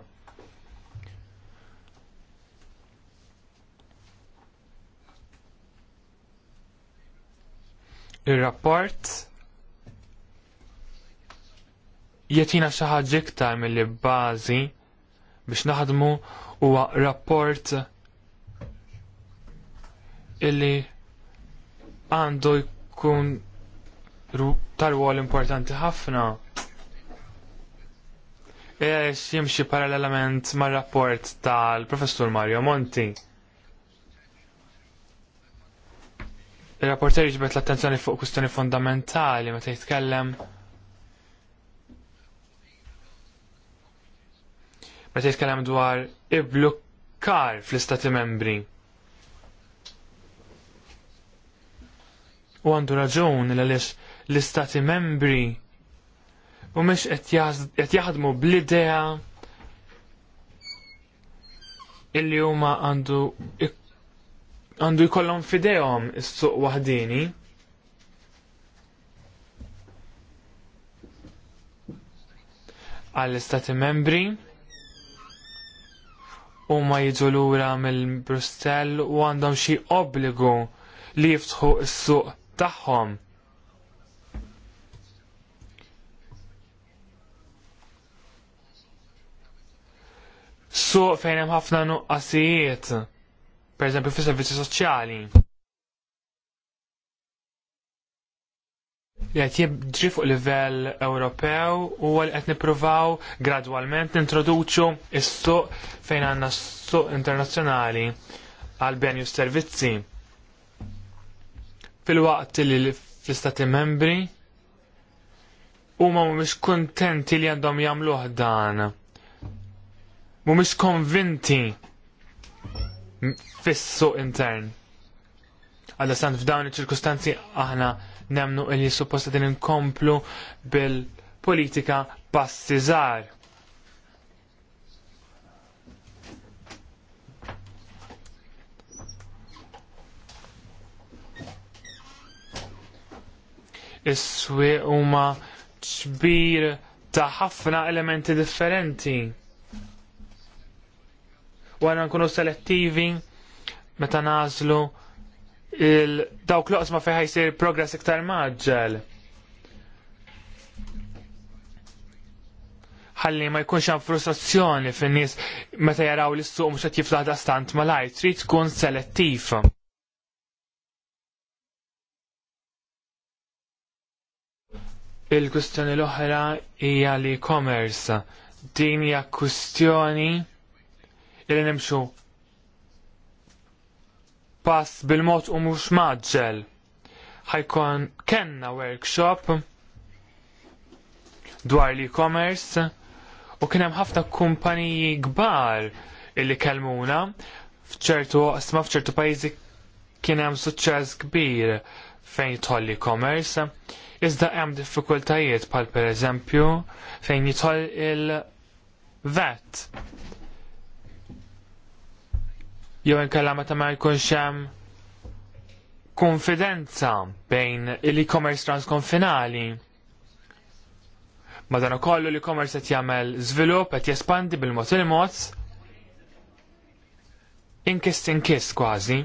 Ir-rapport jettina xi ħaġa iktar mill-li bażi biex naħdmu huwa rapport illi għandu tal tarwol importanti ħafna. Eħx jimxi parallelament mar rapport tal-professur Mario Monti. il rapport jġbet l-attenzjoni fuq kustjoni fondamentali meta jitkellem meta jitkellem dwar iblukkar fl-istati membri. U għandu raġun l-għalix l-istati membri u mux qed jaħdmu bl-idea illi huma għandu għandu jkollhom fidejhom is-suq waħdini. għall-istati membri u ma jiġu lura mill-Brustell u għandhom xi obbligu li jiftħu s-suq tagħhom. so, fejn hemm ħafna nuqqasijiet, pereżempju fis-servizzi soċjali. Jgħid jib jibġi fuq livell Ewropew u għal qed nippruvaw gradwalment nintroduċu is-suq fejn għandna s-suq internazzjonali għal benju servizzi fil-waqt li fl-istati membri huma mhumiex kuntenti li għandhom jamlu dan. Mhumiex konvinti fis-suq intern. Għadda sant f'dawn ċirkustanzi aħna nemnu il-jissupposta din inkomplu bil-politika passi żgħar Is-swieq huma ċbir ta' ħafna elementi differenti. U għana nkunu selettivi meta nażlu dawk l-oqsma fejn ħajsir progress iktar maġġel. ħalli ma jkunx hemm frustrazzjoni fin-nies meta jaraw l s-suq mhux qed jiftaħ stant malajr, trid tkun selettiv. Il-kustjoni l-oħra hija li commerce din hija kustjoni li nimxu pass bil-mod u mhux maġġel. Ħajkun kenna workshop dwar l-e-commerce u kien hemm ħafna kumpaniji kbar illi kellmuna f'ċertu isma f'ċertu pajjiżi kien hemm suċċess kbir fejn jidħol l-e-commerce. Iżda hemm diffikultajiet bħal pereżempju fejn jidħol il-vet. Jew inkella meta ma jkunx hemm konfidenza bejn il e commerce transkonfinali. Madana kollu l-e-commerce qed jagħmel żvilupp qed jespandi bil-mod il-mod inkis inkis kważi.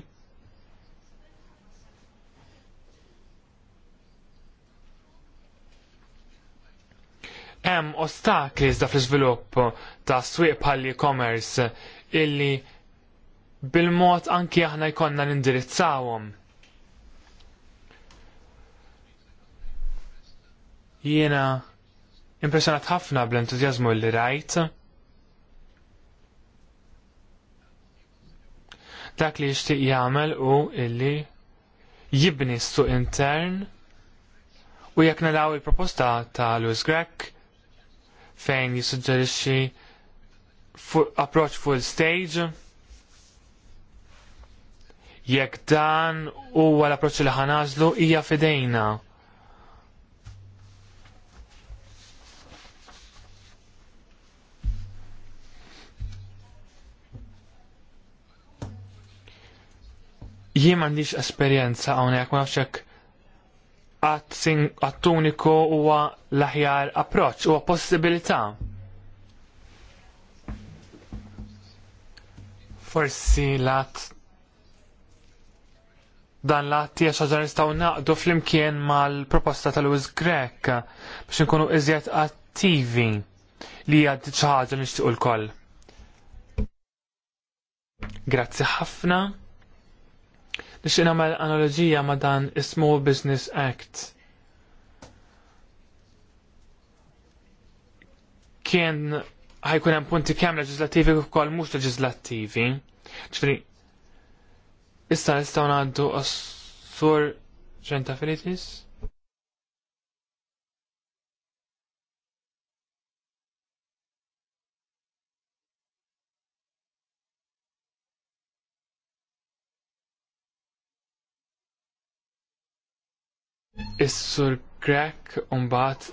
Hemm ostakli iżda fl-iżvilupp ta' swieq bħal e-commerce illi bil-mod anki aħna jkollna nindirizzawhom. Jiena impressjonat ħafna bl-entużjażmu li rajt. Dak li jixtieq jagħmel u illi jibni s-suq intern u jekk naraw il-proposta ta' Louis Grech fejn jissuġġerixxi approach full stage jekk dan huwa l-approċċ li ħanażlu hija fidejna. jien m'għandix esperjenza hawnhekk ma nafx hekk għat uniku huwa l-aħjar approċċ huwa possibilità. Forsi lat dan l-att hija xaġa nistgħu naqdu flimkien mal-proposta tal-Lewis Grek biex inkunu iżjed attivi li hija xi ħaġa nixtiequ koll Grazzi ħafna. Nixtieq nagħmel analogija ma' dan is-Small Business Act. Kien ħajkun hemm punti kemm leġislattivi kif ukoll mhux leġislattivi. Ġifieri issa nistgħu ngħaddu għas-sur Ġenta Felitis? Is-sur Grek umbat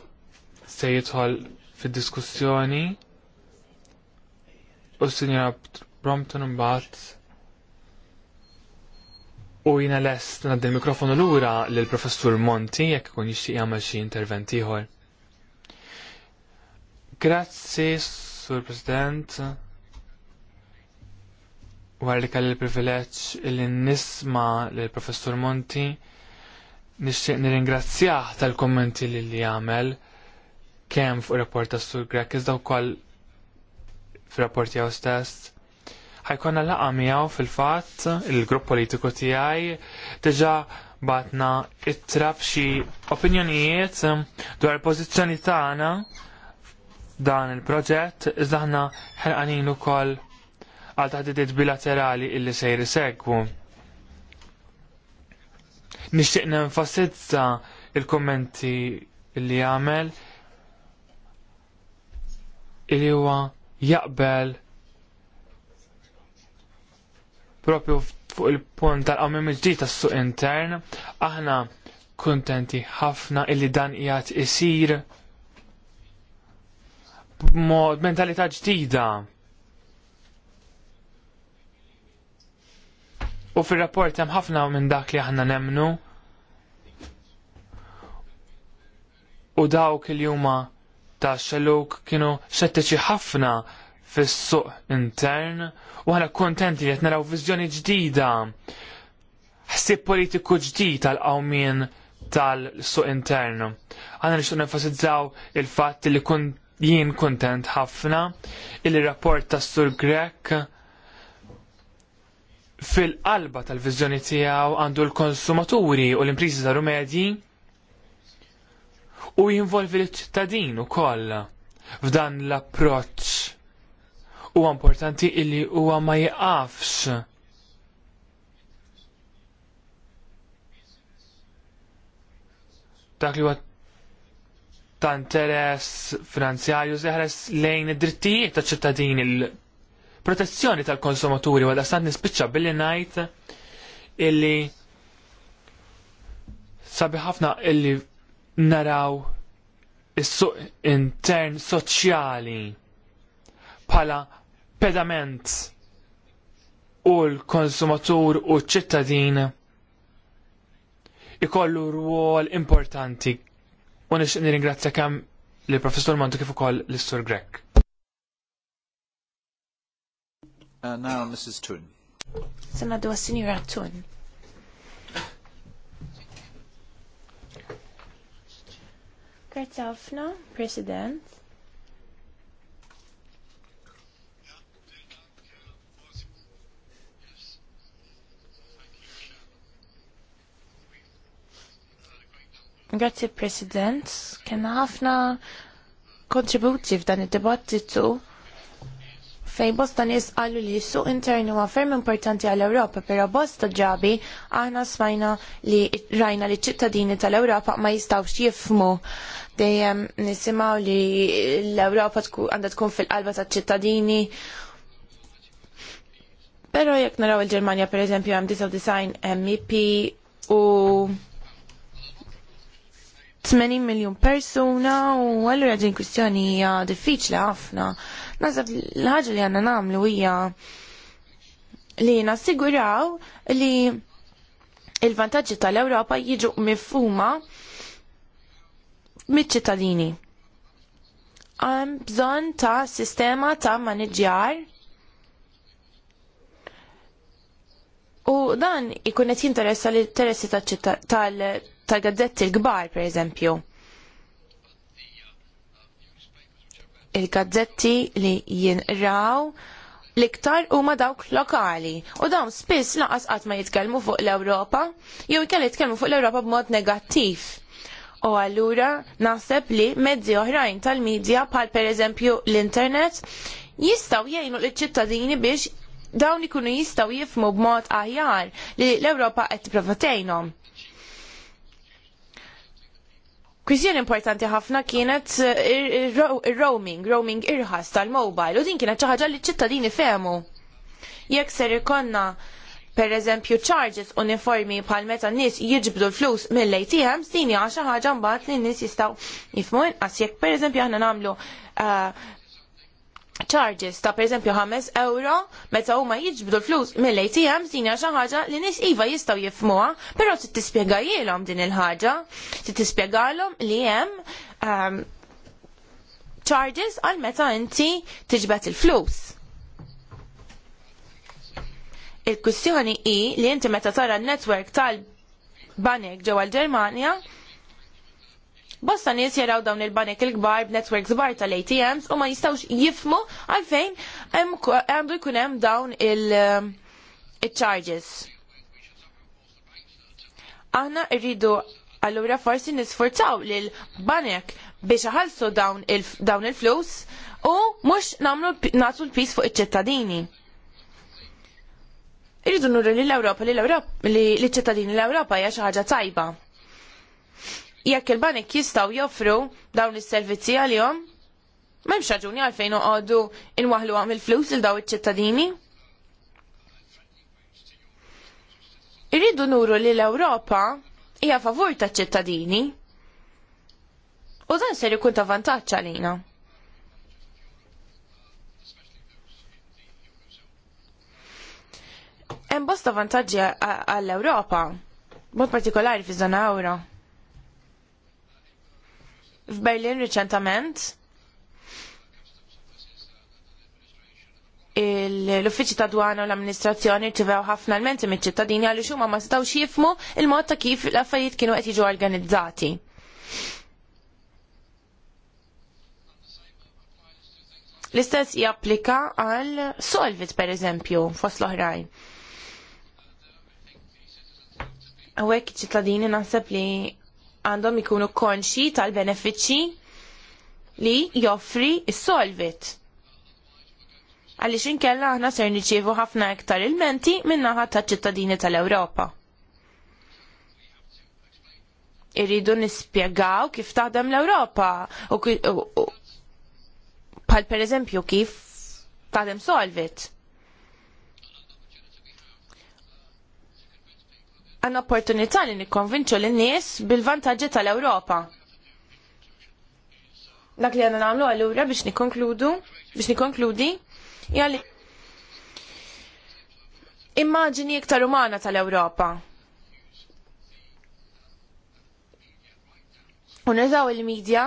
se jidħol fid-diskussjoni u s-sinjora Brompton umbat u jina lest naddi l-mikrofonu l-ura l-professur Monti jekk kun jixtieq jagħmel xi intervent ieħor. Grazzi, Sur President. War li kalli il-privileġġ il nisma l-Professur Monti nixtieq nirringrazzjah tal-kommenti li li jagħmel kemm fuq rapport ta' Sur Grek iżda wkoll fir-rapport jew stess. Ħajkonna laqa miegħu fil-fatt il-grupp politiku tiegħi diġà batna it-trab xi opinjonijiet dwar il-pożizzjoni tagħna dan il-proġett iżda aħna ħerqanin ukoll għal taħdidiet bilaterali illi sejri segwu. Nixtieq nenfasizza il-kommenti li għamel li huwa jaqbel propju fuq il-punt tal-qawmim il-ġdid tas-suq intern, aħna kuntenti ħafna illi dan qiegħed isir b'mod mentalità ġdida U fir-rapport hemm ħafna minn dak li aħna nemnu. U dawk il huma ta' xeluk kienu xettiċi ħafna fis-suq intern u ħana kontenti li qed naraw viżjoni ġdida ħsieb politiku ġdid tal-qawmien tal-suq intern. Għana nixtuq nenfasizzaw il-fatt li kun jien kontent ħafna il-rapport tas sur Grek fil-qalba tal-vizjoni tiegħu għandu l-konsumaturi u l-imprizi ta' rumedji u jinvolvi l-ċittadin u koll f'dan l-approċ u importanti illi huwa ma jqafx dak li huwa ta' interess finanzjarju zeħres lejn id-drittijiet ta' ċittadin protezzjoni tal-konsumaturi għadha sant nispiċċa billi ngħid illi sabi ħafna illi naraw is-suq intern soċjali bħala pedament u l-konsumatur u ċ-ċittadin ikollu rwol importanti u nixtieq nirringrazzja kemm lill professur Mantu kif ukoll l-Istur Grek. Uh, now, Mrs. Tun. Sena dwa Signora Tun. Grazie President. Grazie President, kena ħafna kontributi f'dan id-dibattitu fej bosta nies qalu li s-suq intern huwa ferm importanti għall ewropa però bosta ġabi aħna smajna li rajna li ċittadini tal-Ewropa ma jistawx jifmu dejjem nisimgħu li l-Ewropa għandha tkun fil-qalba taċ-ċittadini Pero jekk naraw il-Ġermanja pereżempju hemm design MEP u 80 miljon persuna u għallura din kwistjoni hija diffiċli ħafna. Nasab l-ħaġa li għanna namlu hija li nassiguraw li il-vantaġġi tal-Ewropa jiġu mifhuma mit-ċittadini. Għam bżon ta' sistema ta' maniġjar U dan ikun qed jinteressa l-interessi tal-ċittadini tal-gazzetti l-kbar, per eżempju. Il-gazzetti li jinraw l-iktar huma dawk lokali u dawn spiss laqas qatt ma jitkellmu fuq l-Ewropa jew ikelli jitkellmu fuq l-Ewropa b'mod negattiv. U allura naħseb li mezzi oħrajn tal-medja bħal pereżempju l-internet jistgħu jgħinu l-ċittadini biex dawn ikunu jistgħu jifmu b'mod aħjar li l-Ewropa qed tipprovatejhom. Kwizjoni importanti ħafna kienet eh, roaming roaming irħas tal-mobile, u din kienet xi ħaġa li ċittadini fehmu. Jekk ser ikonna per eżempju charges uniformi bħal meta n-nies jiġbdu l-flus mill atm din hija xi ħaġa mbagħad li n-nies jistgħu jifmu inqas jekk per eżempju aħna nagħmlu eh, charges ta' per esempio 5 euro meta huma jiġbdu l-flus mill-ATM din hija xi ħaġa li nies iva jistgħu jifhmuha, però trid tispjegajilhom din il-ħaġa, trid tispjegalhom li hemm ehm, charges għal meta inti tiġbed il-flus. Il-kwistjoni hi li inti meta tara n netwerk tal-banek ġewwa l-Ġermanja Bosta nies jaraw dawn il-banek il-kbar b'networks kbar tal-ATMs u ma jistawx jifmu għalfejn għandu jkunem hemm dawn um, il-charges. Aħna rridu allura forsi nisforzaw lil banek biex ħalsu dawn il-flus u mux namlu nasu l-pis fuq iċ-ċittadini. Irridu nurru l-Europa li l-Europa ċittadini l-Europa hija xi ħaġa tajba jekk il-banek jistgħu joffru dawn is-servizzi għalihom, m'hemmx raġuni għalfejn noqogħdu inwaħlu għam il-flus il daw iċ-ċittadini. Irridu nuru li l-Ewropa hija favur taċ-ċittadini u dan ser ikun ta' vantaġġ għalina. Hemm bosta vantaġġi għall-Ewropa, mod partikolari fi żona euro f'Berlin riċentament l-uffiċi ta' dwana u l-amministrazzjoni rċivew ħafna l-menti mit-ċittadini għaliex huma ma setgħux jifmu il-mod ta' kif l-affarijiet kienu qed jiġu organizzati. L-istess japplika għal Solvit per eżempju, fost l-oħrajn. Għawek ċittadini naħseb li għandhom ikunu konxi tal-benefiċċji li joffri is-solvit. Għaliex inkella aħna ser niċievu ħafna iktar ilmenti min-naħa taċ ċittadini tal-Ewropa. Irridu nispjegaw kif taħdem l-Ewropa u per pereżempju kif taħdem solvit għanna opportunità li nikkonvinċu l-nies bil-vantagġi tal-Ewropa. Dak li għanna namlu għallura biex nikonkludu, biex nikonkludi, jgħalli immaġini iktar umana tal-Ewropa. Uneżaw il-medja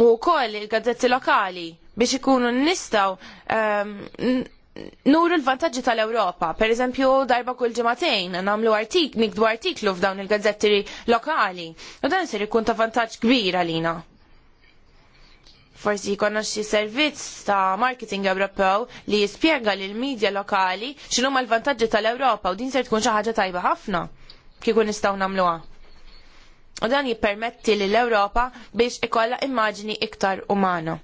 u koll il-gazzetti lokali biex ikunu nistaw um, nuru l-vantaġġi tal-Ewropa. Per eżempju, darba kull ġematejn namlu artik, nikdu artiklu f'dawn il-gazzetti lokali. U dan jisir ikun ta' vantaġġ kbir għalina. Forsi jkollna xi servizz ta' marketing Ewropew li jispjega lil media lokali x'inhuma l-vantaġġi tal-Ewropa u din ser tkun xi ħaġa tajba ħafna kieku nistgħu nagħmluha. U dan jippermetti lill-Ewropa biex ikollha immaġni iktar umana.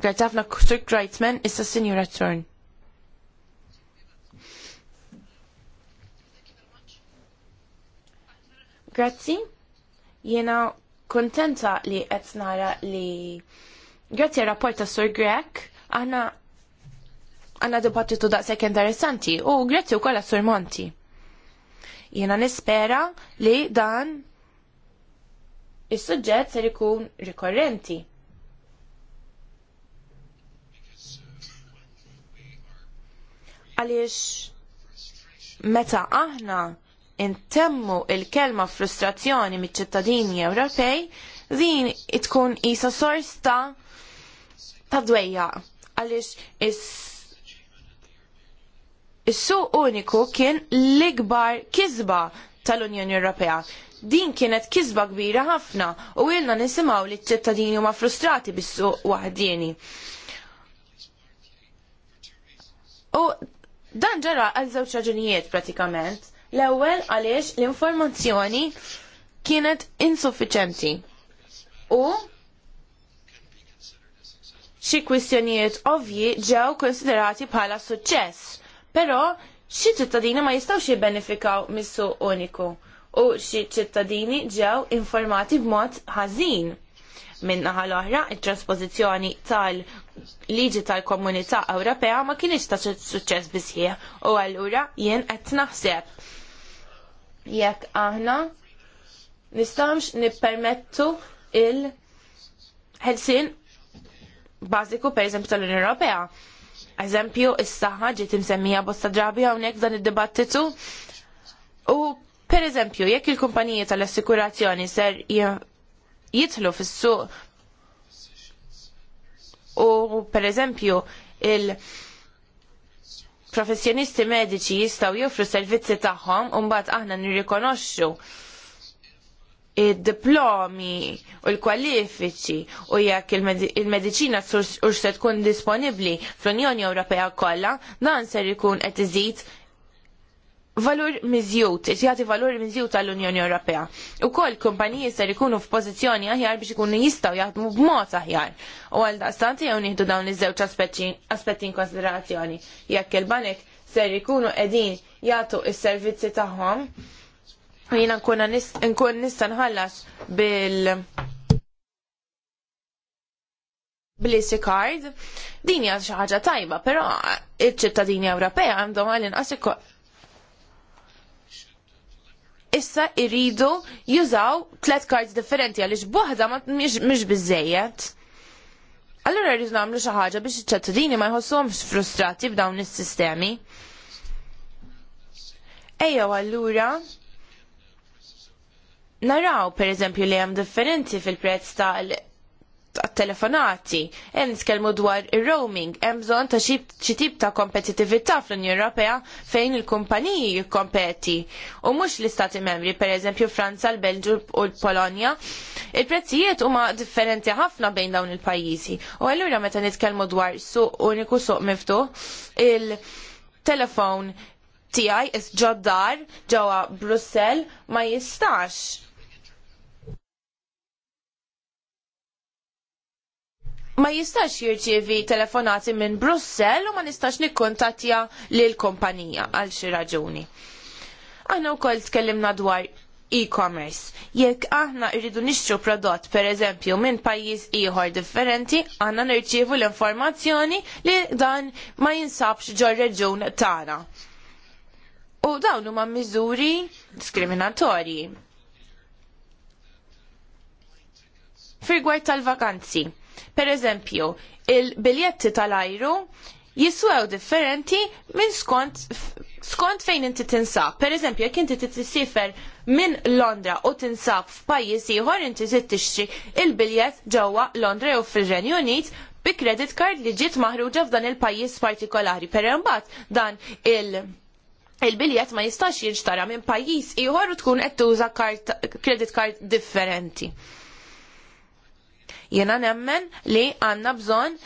Grazie ħafna Reitzman, Kreitzman, issa Signora Thorn. Grazzi, jena kontenta li qed nara li grazzi rapport ta' Sur Grek, aħna għanna dibattitu daqshekk interessanti u grazzi wkoll għas-Sur Monti. Jena nispera li dan is-suġġett ser ikun rikorrenti. Għaliex meta aħna intemmu il-kelma frustrazzjoni miċ ċittadini Ewropej, din itkun isa sors ta' ta' dwejja. Għaliex is-suq uniku kien l-ikbar kizba tal-Unjoni Ewropea. Din kienet kizba kbira ħafna u ilna nisimaw li ċittadini huma frustrati bis su waħdieni. U Dan ġara għal żewġ raġunijiet pratikament. L-ewwel għaliex l-informazzjoni kienet insuffiċenti u xi kwistjonijiet ovvji ġew konsiderati bħala suċċess, però xi ċittadini ma jistgħux jibbenefikaw mis-suq uniku u xi ċittadini ġew informati b'mod ħażin Minn naħa l-oħra, it-traspożizzjoni tal-liġi tal-Komunità Ewropea ma kienx ta' suċċess bisħieħ u allura jien qed naħseb jekk aħna nistgħux nippermettu il- ħelsin bażiku pereżempju tal-Unjoni Ewropea. Eżempju, is-saħħa ġiet imsemmija bosta drabi hawnhekk dan id-dibattitu. U pereżempju, jekk il-kumpaniji tal-assikurazzjoni ser jitlu fis-suq u per eżempju il- professjonisti mediċi jistaw joffru servizzi tagħhom u mbagħad aħna nirrikonoxxu id-diplomi u l-kwalifiċi u jekk il-mediċina sur se tkun disponibbli fl-Unjoni Ewropea kollha, dan ser ikun qed iżid valur mizjut, jagħti valur mizjut għall-Unjoni Ewropea. Ukoll kumpaniji ser ikunu f'pożizzjoni aħjar biex ikunu jistgħu jaħdmu b'mod aħjar. U għal daqstanti jew nieħdu dawn iż-żewġ aspetti in konsiderazzjoni jekk il-banek ser ikunu qegħdin jagħtu s-servizzi tagħhom u jiena nkun nista' nħallas bil blissi card, din hija xi ħaġa tajba, però iċ-ċittadini Ewropea għandhom għal inqas issa iridu jużaw tlet cards differenti għaliex boħda mhix biżejjed. Allora rridu nagħmlu xi ħaġa biex iċ-ċattadini ma jħossuhomx frustrati b'dawn is-sistemi. Ejja allura naraw per eżempju li hemm differenti fil-prezz tal telefonati hemm nitkellmu dwar ir-roaming, hemm bżonn ta' xi tip ta' kompetittività fl-Unjoni Ewropea fejn il-kumpaniji jikkompeti u mhux l-istati membri, pereżempju Franza, l-Belġu u l-Polonja. Il-prezzijiet huma differenti ħafna bejn dawn il-pajjiżi. U allura meta nitkellmu dwar suq uniku suq miftuħ, il-telefon tiegħi is ġoddar ġewwa Brussell ma jistax ma jistax jirċievi telefonati minn Brussell u ma nistax nikkontatja lil kumpanija għal xi raġuni. Aħna wkoll tkellimna dwar e-commerce. Jekk aħna rridu nixtru prodott per eżempju minn pajjiż ieħor differenti, aħna nirċievu l-informazzjoni li dan ma jinsabx ġol reġun tagħna. U dawn huma miżuri diskriminatorji. Firgwar tal-vakanzi Per eżempju, il-biljetti tal-ajru jiswew differenti minn skont, skont fejn inti tinsab. Per eżempju, jekk inti tisifer minn Londra u tinsab f'pajjiż ieħor inti se tixtri il-biljett ġewwa Londra jew fir-Renju Unit bi credit card li ġiet maħruġa f'dan il-pajjiż partikolari. Per imbagħad dan il- il biljet ma jistax jinxtara minn pajjiż ieħor u tkun qed tuża credit card differenti. Jena nemmen li għanna bżon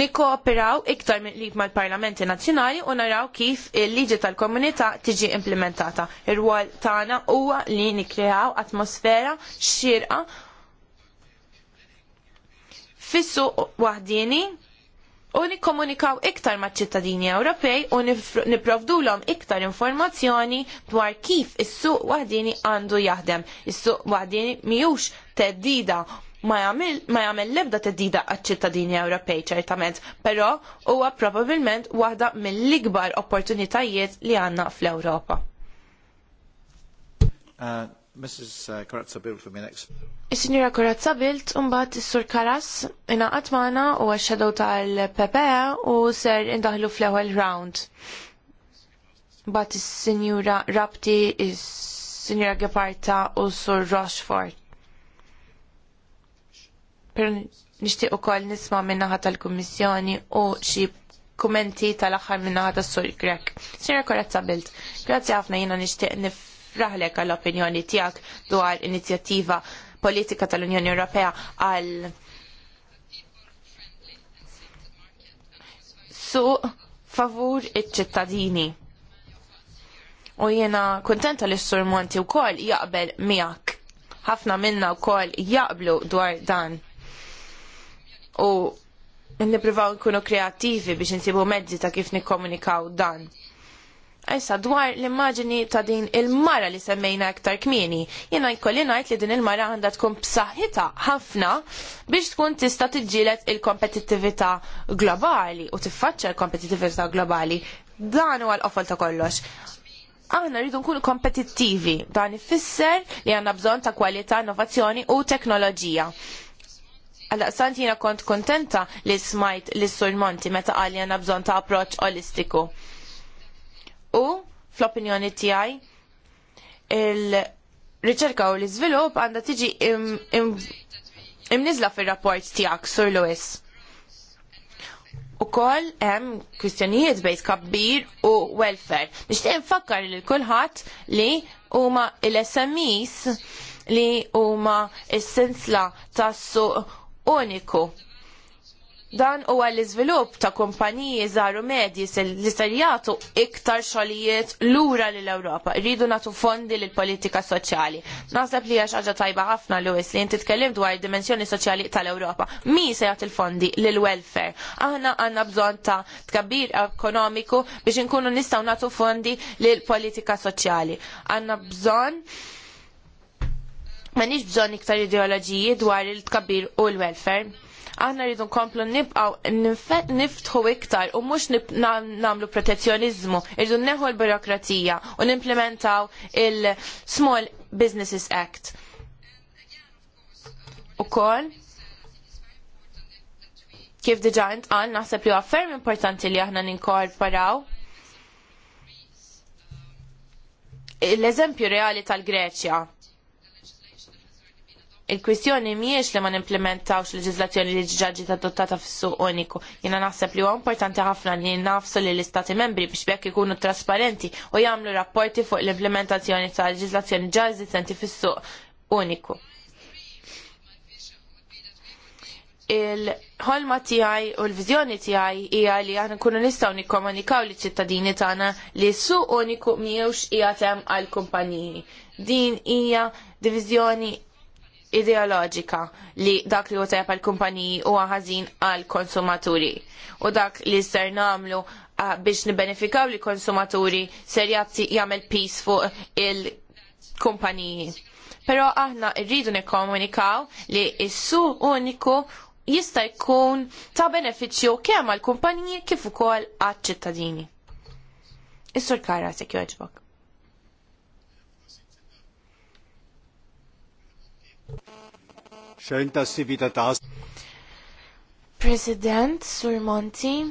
nikkooperaw iktar mill-lib mal-parlamenti nazzjonali u naraw kif il-liġi tal-komunità tiġi implementata. Ir-rwol tagħna huwa li nikkreaw atmosfera xirqa fissu waħdini u nikkomunikaw iktar maċ-ċittadini Ewropej u niprovdulhom iktar informazzjoni dwar kif is-suq waħdini għandu jaħdem. Is-suq waħdini miħux teddida ma jagħmel l-ebda teddida għaċ-ċittadini Ewropej ċertament, però huwa probabbilment waħda mill-ikbar opportunitajiet li għandna fl-Ewropa. Uh, Mrs. Uh, Corazza Bilt for me next. Is-Sinjura Corazza Bilt imbagħad is-Sur Karas ingħaqad magħna u għax-shadow tal-PPE u ser indaħlu fl-ewwel round. Mbagħad is-Sinjura Rabti, is-Sinjura Geparta u Sur Rochefort. Per u ukoll nisma' minnaħa tal-Kummissjoni u xi kumenti tal-aħħar minnaħa tas-Sur Grek. Sinra Korezza Bilt, grazzi ħafna jiena nixtieq nifraħlek għall-opinjoni tiegħek dwar inizjattiva politika tal-Unjoni Ewropea għal su favur iċ-ċittadini. U jiena kuntenta li s-Sur Monti wkoll jaqbel miegħek. Ħafna minna wkoll jaqblu dwar dan u nipprivaw nkunu kreativi biex nsibu mezzi ta' kif nikkomunikaw dan. Issa dwar l-immaġini ta' din il-mara li semmejna aktar kmieni, jiena jkolli ngħid li din il-mara għandha tkun b'saħħitha ħafna biex tkun tista' tiġġieled il-kompetittività globali u tiffaċċa l-kompetittività globali. Dan huwa l-qofol ta' kollox aħna rridu nkunu kompetittivi. Dan ifisser li għandna bżonn ta' kwalità, innovazzjoni u teknoloġija. Għal-daqsant jina kont kontenta li smajt li s-surmonti meta għalli għanna bżon ta' approċ olistiku. U, fl-opinjoni tijaj, il-riċerka u l-izvilup għanda tiġi imnizla fil-rapport tijak, Sur Lewis. U kol hemm kwistjonijiet bejt kabbir u welfare. Nixtieq infakkar lil kulħadd li huma l-SMEs li huma s-sinsla tas-suq uniku. Dan huwa l-iżvilupp ta' kumpaniji żaru medji li ser jagħtu iktar xogħlijiet lura l Ewropa. Rridu nagħtu fondi l politika soċjali. Naħseb li hija ħaġa tajba ħafna Lewis li inti tkellim dwar id-dimensjoni soċjali tal-Ewropa. Min se jagħti l-fondi lil welfare. Aħna għandna bżonn ta' tkabbir ekonomiku biex inkunu nistgħu natu fondi lil politika soċjali. Għandna bżonn Manix bżon iktar ideoloġiji dwar il-tkabbir u l-welfare. Aħna rridu nkomplu nibqaw niftħu iktar u mux namlu protezzjonizmu, rridu neħu l-burokratija u nimplementaw il-Small Businesses Act. U kol, kif diġa għal naħseb li għaffermi importanti li aħna ninkorporaw l-eżempju reali tal-Greċja il-kwistjoni miex li ma nimplementawx leġizlazzjoni li ġaġi adottata fis-suq uniku. Jiena naħseb li huwa importanti ħafna li nafsu li l-istati membri biex bekk ikunu trasparenti u jagħmlu rapporti fuq l-implementazzjoni ta' leġizlazzjoni ġa eżistenti fis-suq uniku. Il-ħolma tiegħi u l-viżjoni tiegħi hija li aħna nkunu nistgħu nikkomunikaw liċ-ċittadini tagħna li s-suq uniku mhijiex qiegħed hemm għall-kumpaniji. Din hija diviżjoni ideoloġika li dak li għotajab għal kumpaniji u għahazin għal konsumaturi. U dak li ser namlu biex nibenefikaw li konsumaturi ser jabti jamel pis fuq il-kumpaniji. Pero aħna rridu nikkomunikaw li issu uniku jista' jkun ta' benefiċċju kemm għall kumpaniji kif ukoll għaċ-ċittadini. Is-sur Kara se jogħġbok. Schön, dass Sie President Sur Monti,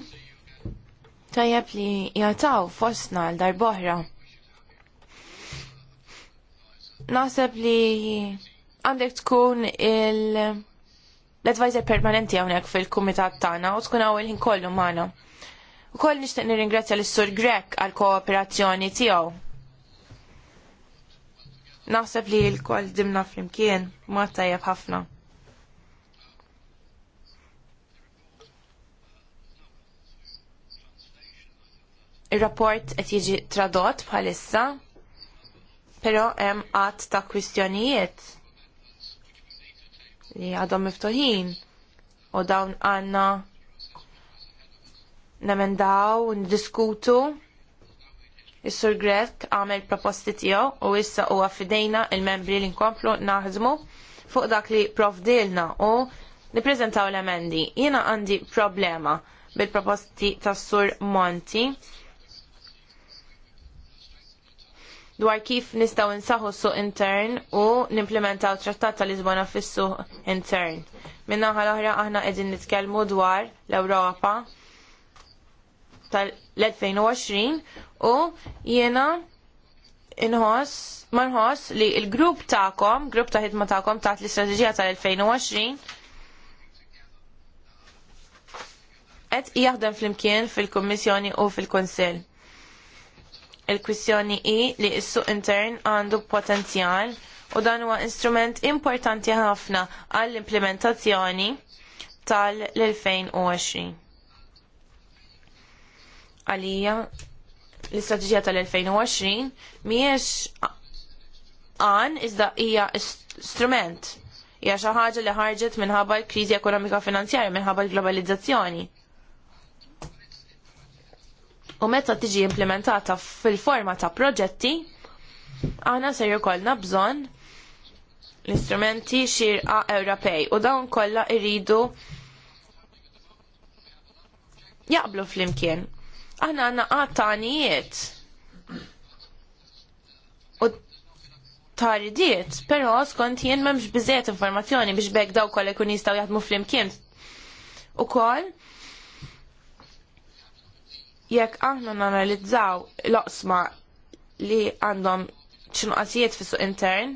tajab li jataw fostna l-darboħra. Naħseb li għandek tkun il- l-advisor permanenti għonek fil-kumitat tana u tkun il ħin kollu maħna. U koll nishtiq nirringrazzja l-Sur Grek għal kooperazzjoni tiegħu. Naħseb li l-koll dimna flimkien ma tajjeb ħafna. Il-rapport qed jiġi tradott bħalissa, però hemm qatt ta' kwistjonijiet li għadhom miftuħin u dawn għandna u ndiskutu. Is-Sur Grek għamel proposti tiegħu u issa huwa fidejna il-membri li nkomplu naħdmu fuq dak li provdilna u nippreżentaw l-emendi. Jiena għandi problema bil-proposti tas-Sur Monti dwar kif nistgħu nsaħħu suq intern u nimplementaw trattat tal Lisbona fis-suq intern. Minna ħal l-oħra aħna qegħdin nitkellmu dwar l-Ewropa tal-2020 u jiena inħoss, marħoss li il-grupp ta'kom, grupp ta' ħidma ta'kom ta' l-istrateġija tal-2020 qed jaħdem flimkien fil-Kummissjoni u fil-Kunsill. Il-kwistjoni hi li s-suq intern għandu potenzjal u dan huwa instrument importanti ħafna għall-implementazzjoni tal-2020. Għalija, l istrategija tal-2020 mhijiex għan iżda hija strument hija xi ħaġa li ħarġet minħabba l-kriżi ekonomika finanzjarja minħabba l-globalizzazzjoni u meta tiġi implementata fil-forma ta' proġetti, aħna ser jkollna bżonn l-istrumenti xirqa Ewropej u dawn kollha irridu jaqblu fl-imkien. Aħna għandna għatanijiet u taridiet, però skont jien m'hemmx biżejjed informazzjoni biex bekk daw kollha kun jistgħu jaħdmu fl-imkien. Ukoll jekk aħna nanalizzaw l-oqsma li għandhom ċinqasijiet fis suq intern,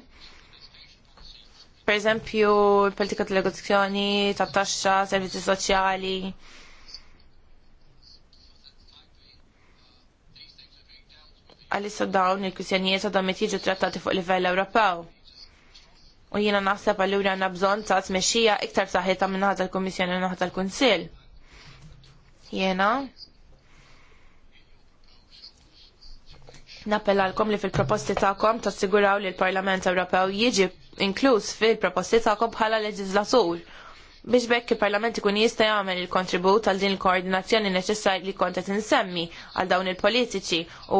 per eżempju, politika tal-edukazzjoni, tat-taxxa, servizzi soċjali, għalissa dawn il-kwistjonijiet għadhom qed jiġu trattati fuq livell Ewropew. U jiena naħseb għallura għandna bżonn ta' tmexxija iktar saħħitha minn naħa tal kummissjoni u naħa tal kunsill Jiena Napellalkom li fil-proposti tagħkom tassiguraw li l-Parlament Ewropew jiġi inkluż fil-proposti tagħkom bħala leġislatur biex bekk il-Parlament ikun jista' jagħmel il-kontribut għal din il-koordinazzjoni neċessarja li kont qed insemmi għal dawn il-politiċi u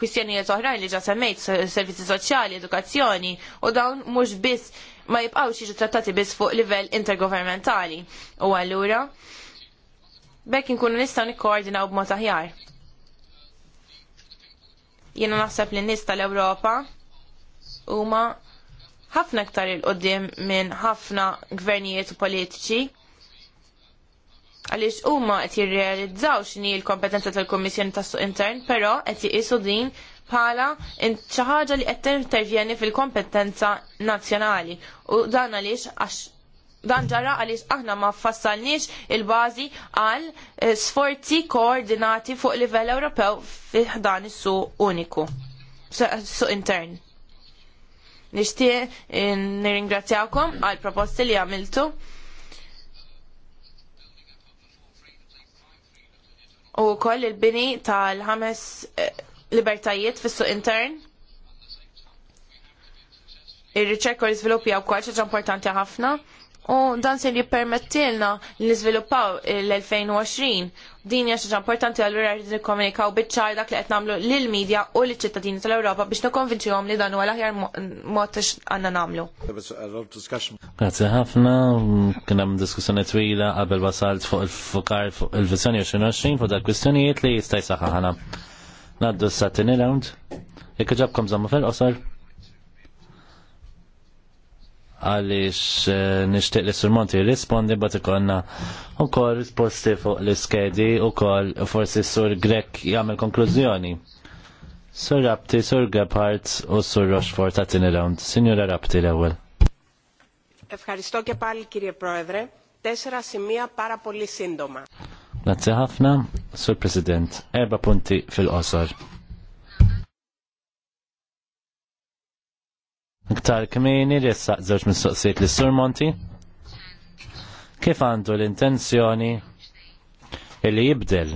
kwistjonijiet oħrajn li ġa semmejt servizzi soċjali, edukazzjoni u dawn mhux biss ma jibqgħux jiġu trattati biss fuq livell intergovernmentali. U allura bekk inkunu nistgħu nikkoordinaw b'mod aħjar. Jiena naħseb li nista nies tal-Ewropa huma ħafna iktar il-qoddim minn ħafna gvernijiet u politiċi għaliex huma qed jirrealizzaw x'inhi l-kompetenza tal-Kummissjoni tas-Suq Intern, però qed jiqisu din bħala xi ħaġa li qed tervjeni fil-kompetenza nazzjonali u dan għaliex għax dan ġara għaliex aħna ma fassalniex il-bażi għal eh, sforzi koordinati fuq livell Ewropew fi dan is suq uniku, suq intern. Nixtieq eh, nirringrazzjawkom għal proposti li għamiltu. U koll il-bini tal-ħames eh, libertajiet fis-suq intern ir-riċerka u l-iżvilupp hija wkoll xi importanti ħafna. U dan se jippermettilna li niżviluppaw l-2020. Din hija xi importanti allura rrid nikkomunikaw biċ dak li qed nagħmlu lill-medja u liċ-ċittadini tal-Ewropa biex nikkonvinċihom li dan huwa l-aħjar mod biex għandna nagħmlu. Grazzi ħafna, kien hemm diskussjoni twila qabel wasalt fuq il-fukar fuq il-Visjoni 2020 fuq dak kwistjonijiet li jista' jsaħħaħna. Naddu s-satini round. Jekk ġabkom zammu fil-qosor għalix eh, nishtiq li surmonti rispondi bat ikonna u kol risposti fuq l-iskedi u kol forsi sur grek jgħamil konklużjoni. Sur Rapti, sur Gebhardt u sur Rochefort ta' tini round. Signora Rapti l-ewel. Efkaristo και kirje κύριε Πρόεδρε. Τέσσερα σημεία πάρα πολύ Grazie ħafna, Sur President. Erba punti fil-qosor. Iktar kmini ressaq żewġ mistoqsijiet li Sur Monti. Kif għandu l-intenzjoni illi jibdel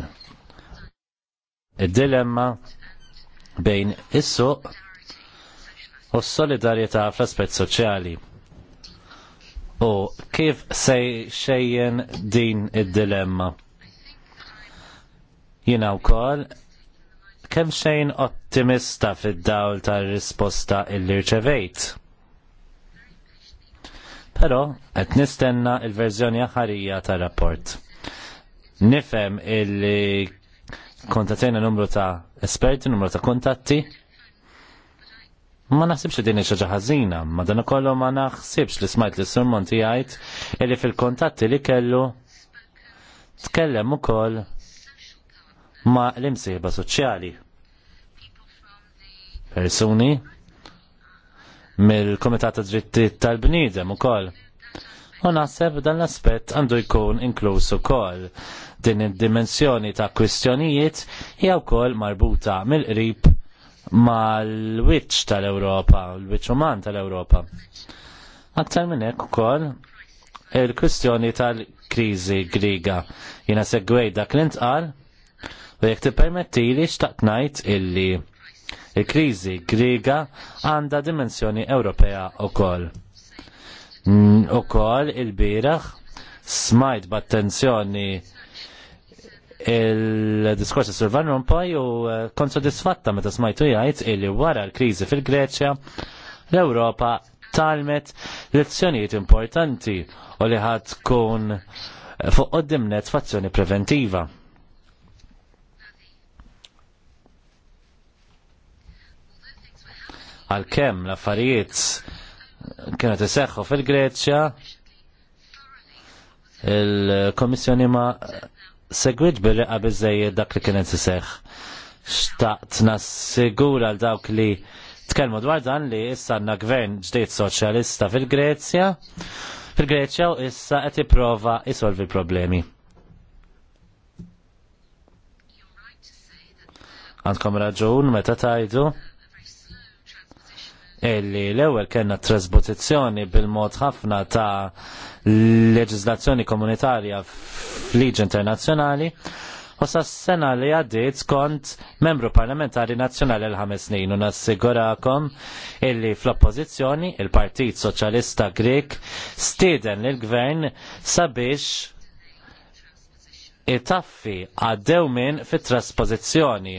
id-dilemma bejn is-suq u s-solidarjetà fl-aspett soċjali. U kif sej xejjen din id-dilemma? Jina u kol, kemm xejn ottimista fid-dawl tal risposta illi rċevejt. Però qed nistenna il-verżjoni aħarija tar-rapport. Nifhem illi kontattejna numru ta' esperti, numru ta' kontatti. Ma naħsibx li din xi ħaġa ħażina, ma dan ukoll ma naħsibx li smajt li s-surmonti jgħid illi fil-kontatti li kellu tkellem ukoll ma l-imsieba soċjali. Persuni mill-Komitat ta' Dritti tal-Bniedem ukoll. U naħseb dan l-aspett għandu jkun inkluż ukoll. Din id-dimensjoni ta' kwistjonijiet hija wkoll marbuta mill-qrib mal-wiċċ tal-Ewropa, l witx uman tal-Ewropa. Aktar minn hekk ukoll il-kwistjoni tal-kriżi griga. Jiena segwej dak l-intqal U jek permetti li xtaqt najt illi il-krizi griga għanda dimensjoni Ewropea u koll. U koll il-biraħ smajt b'attenzjoni il-diskors ta' Van Rompuy u eh, kont sodisfatta meta smajtu jgħid illi wara l-kriżi fil-Greċja l-Ewropa talmet lezzjonijiet importanti u li ħad tkun fuq qoddimnet fazzjoni preventiva. għalkemm l-affarijiet kienet iseħħu fil-Greċja il-Komissjoni ma segwit bil-reqa bizzej dak li kienet iseħħ. Xtaqt nassigura għal dawk li tkellmu dwar dan li issa għandna gvern ġdejt soċjalista fil-Greċja fil-Greċja u issa qed prova jisolvi problemi. Għandkom raġun meta tajdu illi l-ewwel kellna trasposizzjoni bil-mod ħafna ta' leġislazzjoni komunitarja f'liġi internazzjonali u sa' sena li għaddiet kont membru parlamentari nazzjonali l-ħames snin u nassigurakom illi fl-oppożizzjoni il-Partit Soċjalista Grek stieden lill-gvern sabiex itaffi għaddew minn fit-trasposizzjoni.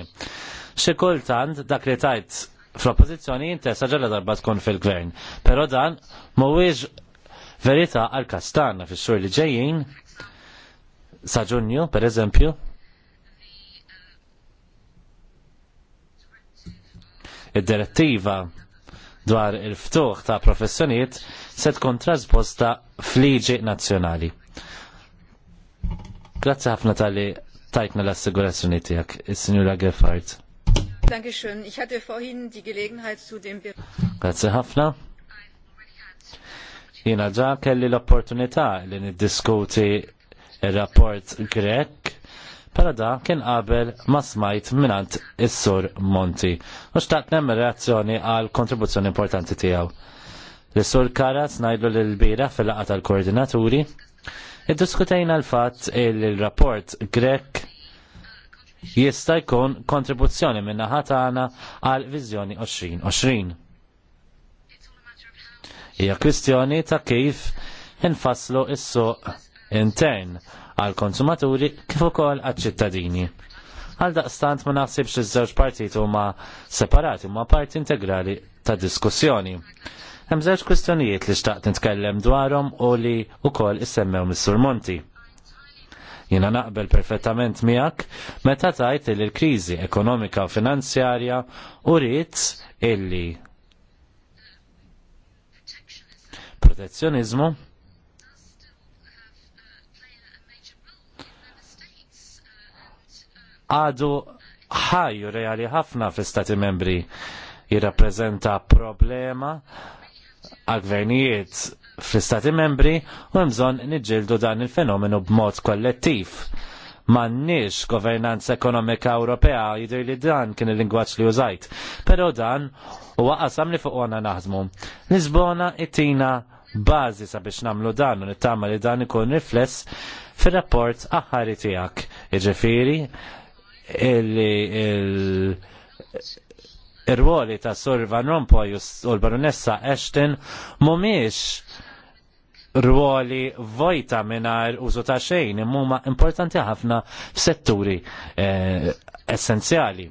Xi kultant dak li tajt fl-oppozizjoni intessa ġalla darba tkun fil-gvern. Pero dan mhuwiex verità għal kastana fix-xhur li ġejjin sa Ġunju, per eżempju. Id-direttiva dwar il-ftuħ ta' professjonijiet se tkun trasposta fliġi nazzjonali. Grazzi ħafna tal-li tajtna l-assigurazzjoni tiegħek, is signora Geffard. Grazie ħafna. Jena ġa kelli l-opportunità li niddiskuti il-rapport grek Pala da kien qabel ma smajt minant is-sur Monti. U xtaqt nemm reazzjoni għal kontribuzzjoni importanti tiegħu. L-sur Karas ngħidlu l bira fil-laqgħa tal-koordinaturi. Iddiskutajna l-fatt il-rapport Grek jista' jkun kontribuzzjoni minna ħatana għal Viżjoni 2020. Hija kwistjoni ta' kif infasslu is-suq intern għal konsumaturi kif ukoll għal ċittadini. Għal daqstant ma naħsibx iż-żewġ partit huma separati huma parti integrali ta' diskussjoni. Hemm żewġ kwistjonijiet li xtaqt nitkellem dwarhom u li wkoll issemmew mis-Sur Monti. Jina naqbel perfettament miak, meta tajt li l-kriżi ekonomika u finanzjarja u rrit illi protezzjonizmu għadu ħajju reali ħafna fi stati membri jirrapprezenta problema għal gvernijiet fl istati membri u mżon nġildu niġġieldu dan il-fenomenu b'mod kollettiv. M'għandniex governanza ekonomika Ewropea jidher li dan kien il-lingwaġġ li użajt. Però dan huwa qasam li fuq għana naħdmu. Lisbona it-tina bażi sabiex nagħmlu dan u nittama li dan ikun rifless fir-rapport aħħari tiegħek. Jiġifieri illi il-ruoli ta' Sur Van Rompuy u l-Baronessa Ashton mumiex ruoli vojta minar użu ta' xejn, imma importanti ħafna setturi eh, essenzjali.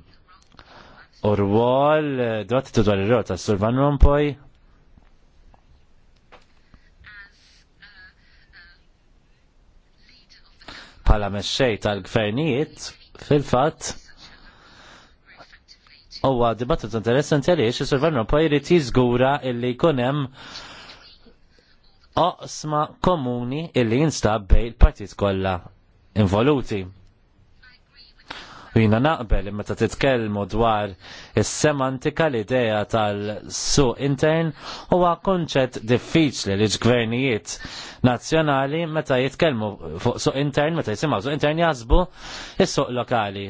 U rwol, eh, dwat dwar ir-rota, Sur Van Rompuy, bħala mexxej tal-gvernijiet fil għad dibattu t interessanti għaliex is-Sur Van Rompuy jrid illi jkun hemm oqsma komuni illi jinstab bej il-partit kollha involuti. U jina naqbel meta titkellmu dwar is-semantika l-idea tal-suq intern huwa kunċett diffiċli li ġgvernijiet nazzjonali meta jitkellmu fuq suq intern, meta jisimaw suq intern jazbu is-suq lokali.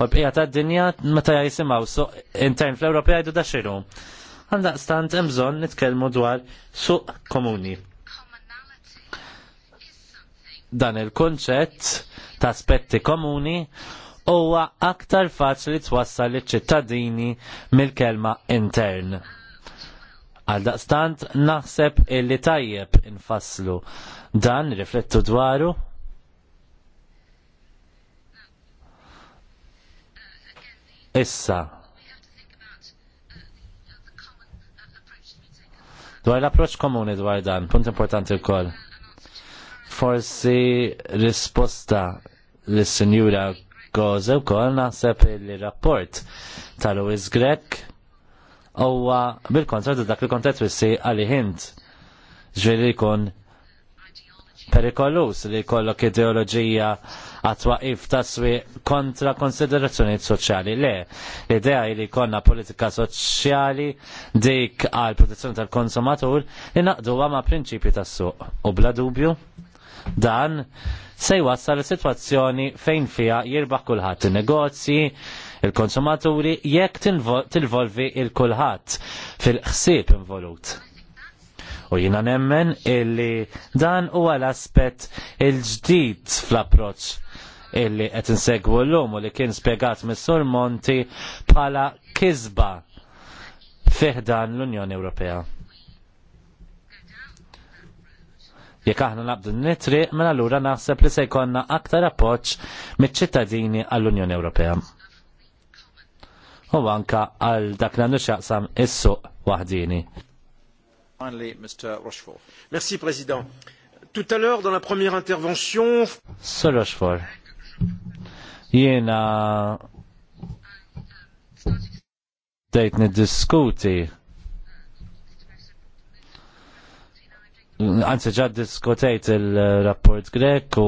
U bqija tad-dinja meta jisimaw suq intern fl-Ewropea jgħidu daxiru għal daqstant hemm bżonn nitkellmu dwar suq komuni. Dan il-konċett ta' aspetti komuni huwa aktar faċli twassal liċ-ċittadini mill-kelma intern. Għal daqstant naħseb illi tajjeb infasslu dan riflettu dwaru Issa, Dwar l-approċ komuni dwar dan, punt importanti wkoll. Forsi risposta l-Sinjura Goze wkoll naħseb il-rapport tal-Louis Grek huwa bil-kontra dak li kontet wissi għali hint ġveri jkun perikolus li jkollok ideoloġija għatwaqif ta' swieq kontra konsiderazzjonijiet soċjali. Le, l-idea li konna politika soċjali dik għal protezzjoni tal-konsumatur li naqdu għama prinċipji tas-suq. U bla dubju, dan se jwassal situazzjoni fejn fija jirbaħ kulħadd in-negozji, il-konsumaturi jekk tilvolvi il-kulħadd fil-ħsieb involut. U jina nemmen illi dan huwa l-aspett il-ġdid fl-approċċ illi qed insegwu llum u li kien spjegat mis-Sur Monti bħala kisba fiħdan l-Unjoni Ewropea. Jek aħna naqbdu nitri, mela allura naħseb li se jkollna aktar appoċ mit ċittadini għall-Unjoni Ewropea. U anka għal dak nannu xaqsam issu wahdini. Finally, Mr. Rochefort. Merci, Président. Tout à l'heure, dans la première intervention... Sir Rochefort. Jiena dejt niddiskuti Anzi ġad diskutejt il-rapport grek u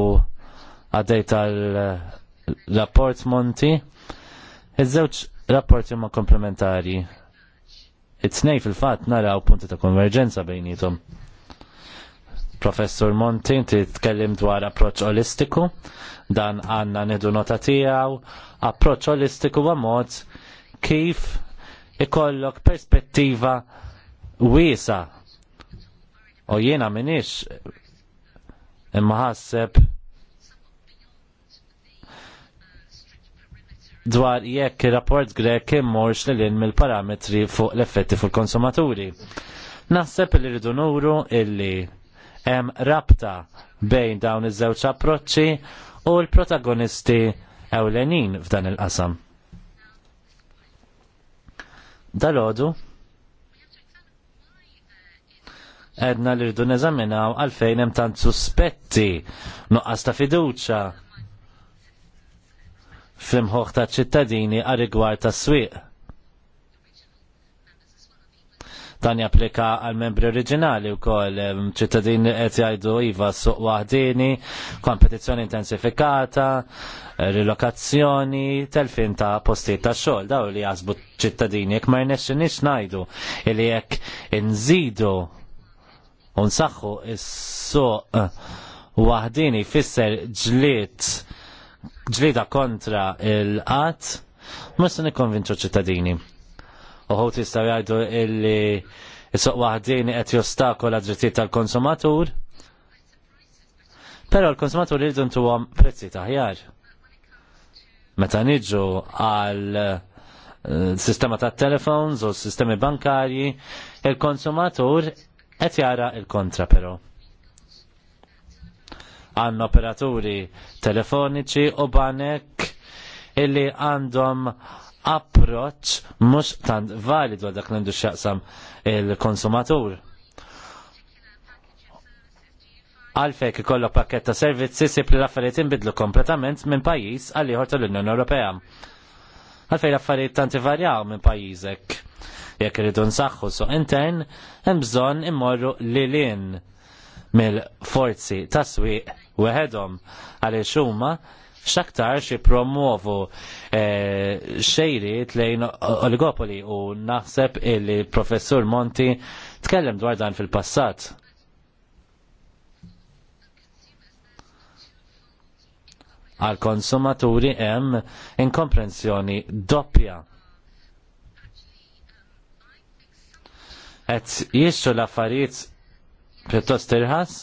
għaddejt għal-rapport Monti. Iż-żewġ rapporti ma komplementari. It-tnej fil-fatt naraw punti ta' konverġenza bejnietom. Professor Monti, inti tkellim dwar approċċ olistiku, dan għanna nidu nota tiegħu, approċċ olistiku huwa mod kif ikollok perspettiva wiesa. U jiena minix imma ħasseb dwar jekk il-rapport grek immorx li l-in mill-parametri fuq l-effetti fuq il-konsumaturi. Naħseb li rridu nuru illi hemm rabta bejn dawn iż-żewġ approċċi u l-protagonisti ewlenin f'dan il-qasam. Dalodu, edna li rridu neżaminaw għalfejn hemm tant suspetti nuqqas ta' fiduċa fl-imħoħ ta' ċittadini għal rigward ta' swieq. Dan japplika għal membri oriġinali u kol ċittadini qed jgħidu iva suq waħdini, kompetizzjoni intensifikata, eh, rilokazzjoni, telfin ta' postijiet ta' xogħol daw li jasbu ċittadini jekk ma nix ngħidu li jekk inżidu u nsaħħu is-suq eh, waħdini fisser ġlied ġlieda kontra il-qatt, ma se nikkonvinċu ċittadini uħut jistaw jgħidu illi jisuq waħdini qed jostakola drittijiet tal-konsumatur. Però l-konsumatur jridu ntuhom prezzi taħjar. Meta niġu għal eh, sistema ta' telefons u sistemi bankarji, il-konsumatur qed jara il-kontra però għan operaturi telefoniċi u banek illi għandhom approċ mux tant validu għal dak l-għandu xaqsam il-konsumatur. Għalfek ikollok pakketta servizzi si pli l-affarijiet inbidlu kompletament minn pajjiż għal ieħor tal-Unjoni Ewropea. Għalfejn l-affarijiet tant ivarjaw minn pajjiżek. Jekk iridu nsaħħu so intern, hemm bżonn immorru lilin mill-forzi u weħedhom għaliex huma xaktar xie promuovu eh, xejriet lejn oligopoli u naħseb illi professur Monti tkellem dwar dan fil-passat. għal konsumaturi hemm inkomprensjoni doppja. Et jissu l-affarijiet pjuttost irħas?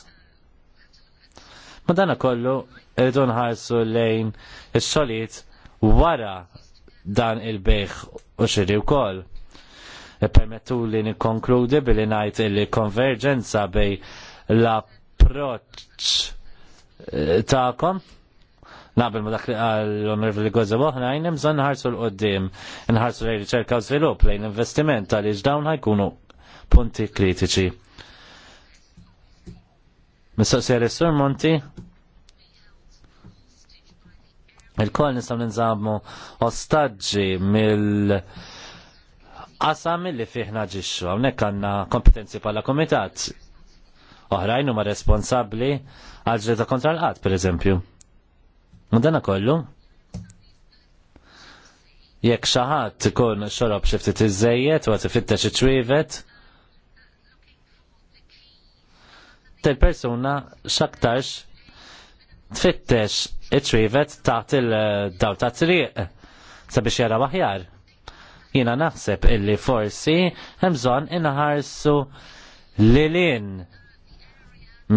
Ma kollu irridu nħarsu lejn is-solit wara dan il-beħ u u wkoll. E permettu li nikkonkludi billi ngħid il konverġenza bej l-approċċ eh, tagħkom Nabil ma dak li għal onorevoli għozza Boħna jgħin bżonn nħarsu l-qoddim, nħarsu lejn riċerka u żvilupp lejn investiment għaliex dawn ħajkunu punti kritiċi. Mistaqsija Sur Monti? il-koll nisam ninżammu ostaġġi mill- qasam li fiħna ġiċu, għamnek għanna kompetenzi pala komitat. Oħrajn huma responsabli għal ta' kontra l-qat, per eżempju. Mudana kollu? Jekk xaħat ikun xorob xiftit iż-żejjed u għat fitta xiċwivet, tel persuna xaktarx tfittex iċrivet taħt il-daw ta' triq sabiex jara waħjar. Jina naħseb illi forsi hemżon inħarsu lilin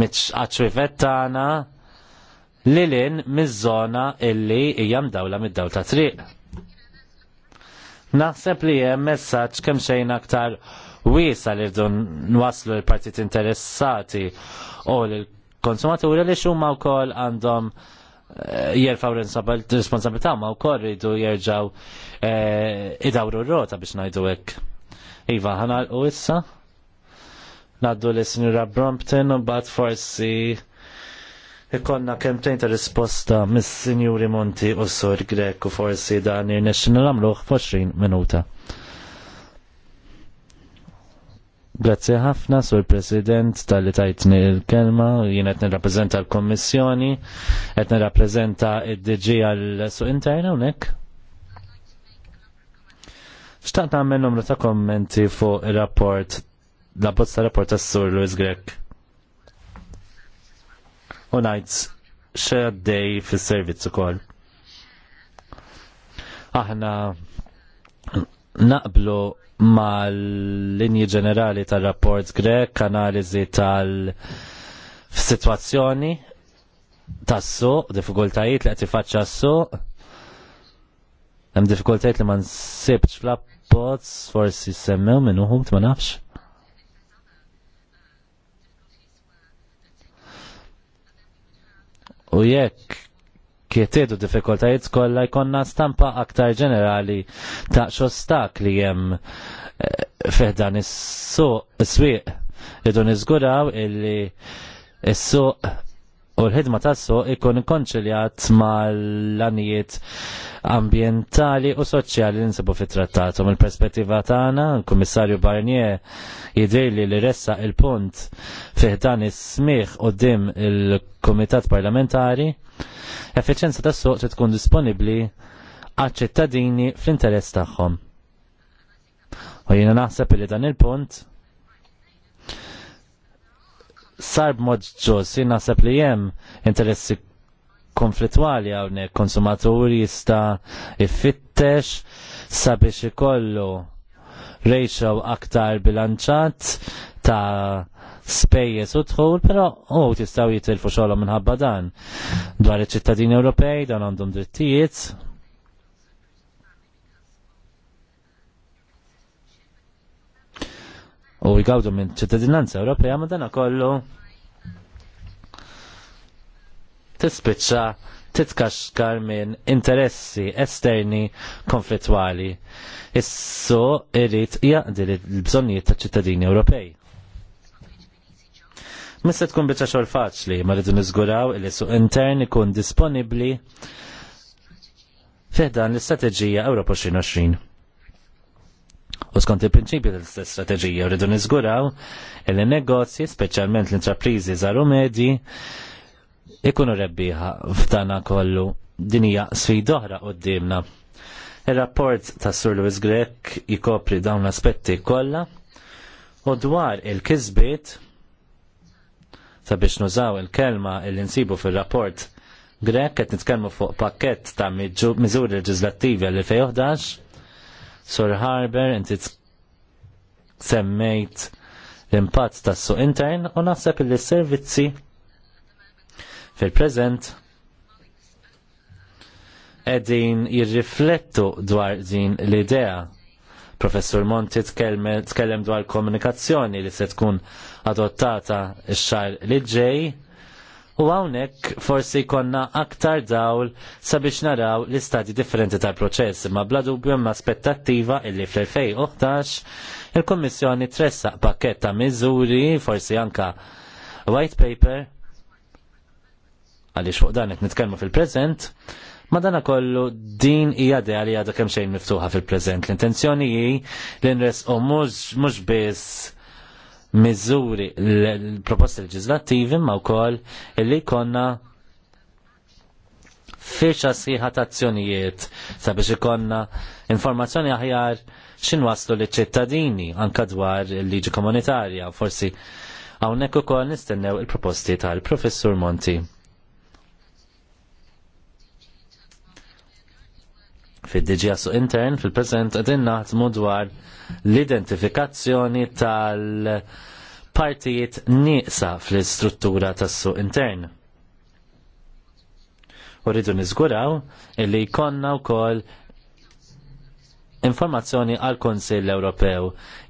mitx għatrivet tagħna lilin miż-żona illi hija dawla mid-daw ta' triq. Naħseb li hemm messaġġ kemm xejn aktar wiesa li rdu nwaslu l-partit interessati u l-konsumaturi li xumma wkoll għandhom Eh, jerfaw responsabilità ma wkoll rridu jerġaw eh, idawru r-rota biex ngħidu hekk. Iva, ħanalqu issa? Naddu li sinjura Brompton u bat forsi ikonna kemtejn ta' risposta mis-Sinjuri Monti u Sur Grek u forsi dan irnexxin l-amluħ 20 minuta. Grazzi ħafna sur President tal-li tajtni l-kelma, jien qed nirrappreżenta l-Kommissjoni, qed nirrappreżenta id-DG għall-suq interna hawnhekk. Xtaqt nagħmel numru ta' kommenti fuq ir-rapport la bozza rapport tas sur Luis Grek. U ngħid fil fis kol. ukoll. Aħna naqblu mal-linji ġenerali tal-rapport grek, analizi tal-situazzjoni tas-suq, diffikultajiet li qed ifaċċa s-suq. Hemm diffikultajiet li ma nsibx fl forsi semmew minn uħum ma nafx. U jekk fl-inkjetiet u diffikultajiet kollha jkollna stampa aktar ġenerali ta' li jem eh, fiħdan is-suq is-swieq idu niżguraw illi is-suq u l-ħidma tassu ikun konċiljat mal anijiet ambientali u soċjali li nsibu fit-trattat. mill perspettiva tagħna, l-Kummissarju Barnier jidhirli li ressa il-punt fih dan is smigħ qudiem il-Kumitat Parlamentari, effiċenza tas-suq trid tkun disponibbli għaċ-ċittadini fl-interess tagħhom. U jiena naħseb li dan il-punt sar b'mod ġus, naħseb li hemm interessi konflittwali hawnhekk konsumatur jista' iffittex sabiex ikollu ratio aktar bilanċat ta' spejjeż u dħul, però u tistgħu jitilfu xogħol minħabba dan. Dwar iċ-ċittadini Ewropej dan għandhom drittijiet, u jgawdu minn ċittadinanza Ewropea ma dana kollu tispiċċa titkaxkar minn interessi esterni konflittwali. Issu irrit jaqdi l-bżonnijiet ta' ċittadini Ewropej. Mista tkun bieċa xor faċli, ma rridu niżguraw il suq intern ikun disponibli fiħdan l-istrateġija Ewropa 2020 u skont il-prinċipju tal-istess strateġija rridu niżguraw il negozji speċjalment l-intrapriżi żaru medji, ikunu rebbieħa f'dana kollu dinija oħra qoddimna. Il-rapport ta' Sur Lewis Grek jikopri dawn l-aspetti kollha u dwar il-kisbiet sabiex nużaw il-kelma il-insibu fil-rapport Grek qed nitkellmu fuq pakkett ta' miżuri leġislattivi għall-2011 Sur Harber, inti semmejt l-impatt tas suq intern u naħseb li s-servizzi fil-preżent edin jirriflettu dwar din l-idea. Professur Monti tkellem dwar komunikazzjoni li se tkun adottata x-xar li ġej u hawnhekk forsi jkollna aktar dawl sabiex naraw l-istadji differenti tal-proċess imma bla dubju ma aspettattiva illi fl-2011 il-Kommissjoni tressaq pakketta ta' miżuri forsi anka white paper għaliex xfuq danek nitkelmu nitkellmu fil-preżent dana kollu din hija dea li għadha kemm xejn miftuħa fil-preżent. L-intenzjoni hi li nres u mhux biss miżuri l-proposti leġislattivi ma wkoll illi konna fiċa siħa ta' azzjonijiet sabiex ikonna informazzjoni aħjar xin waslu li ċittadini anka dwar il-liġi komunitarja forsi għawnek u kol nistennew il-proposti tal-professur Monti. fid-DGA su intern fil present għedin naħdmu dwar l-identifikazzjoni tal-partijiet nieqsa fl-istruttura tas-suq intern u rridu nizguraw illi konna u kol informazzjoni għal Konsill Ewropew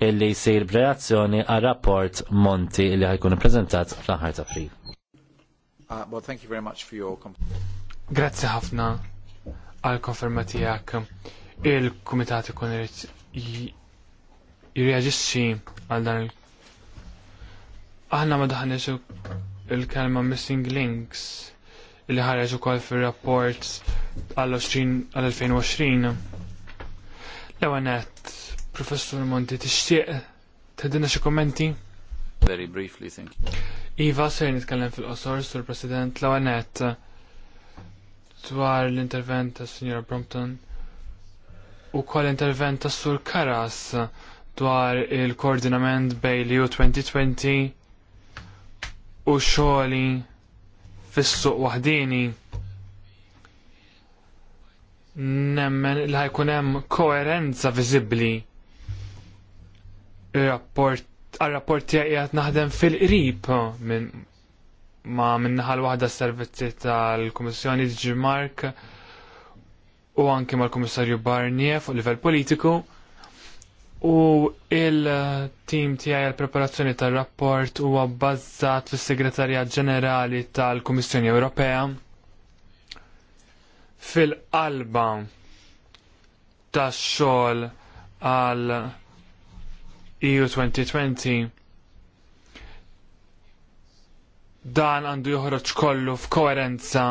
illi jisir b'reazzjoni għal rapport Monti illi ħajkun prezentat fl-aħħar ta' April. Uh, well, thank you very much for your Grazie ħafna għal konferma tiegħek il komitati ikun irid jirreaġixxi għal dan il- Aħna ma daħniex il-kelma missing links li ħareġ ukoll fir-rapport għal-2020. L-ewenet, Professur Monti, tixtieq tedina xi kommenti? Very briefly, thank you. Iva, ser nitkellem fil-qosor, sur President, l-ewenet, dwar l-intervent tas Signora Brompton u kol intervent tas Sur Karas dwar il-koordinament bej li u 2020 u xoħli fis-suq ħdini? Nemmen li ħajkun hemm koerenza viżibbli rapport għal-rapport tiegħi qed naħdem fil-qrib minn ma minnaħal waħda s-servizzi tal-Komissjoni DG Mark u anke mal-Komissarju Barnier fuq livell politiku u il-tim tiegħi għal preparazzjoni tal-rapport huwa bbażat fis-Segretarjat Ġenerali tal-Kummissjoni Ewropea fil-qalba tax-xogħol għal EU 2020 dan għandu joħroġ kollu f'koerenza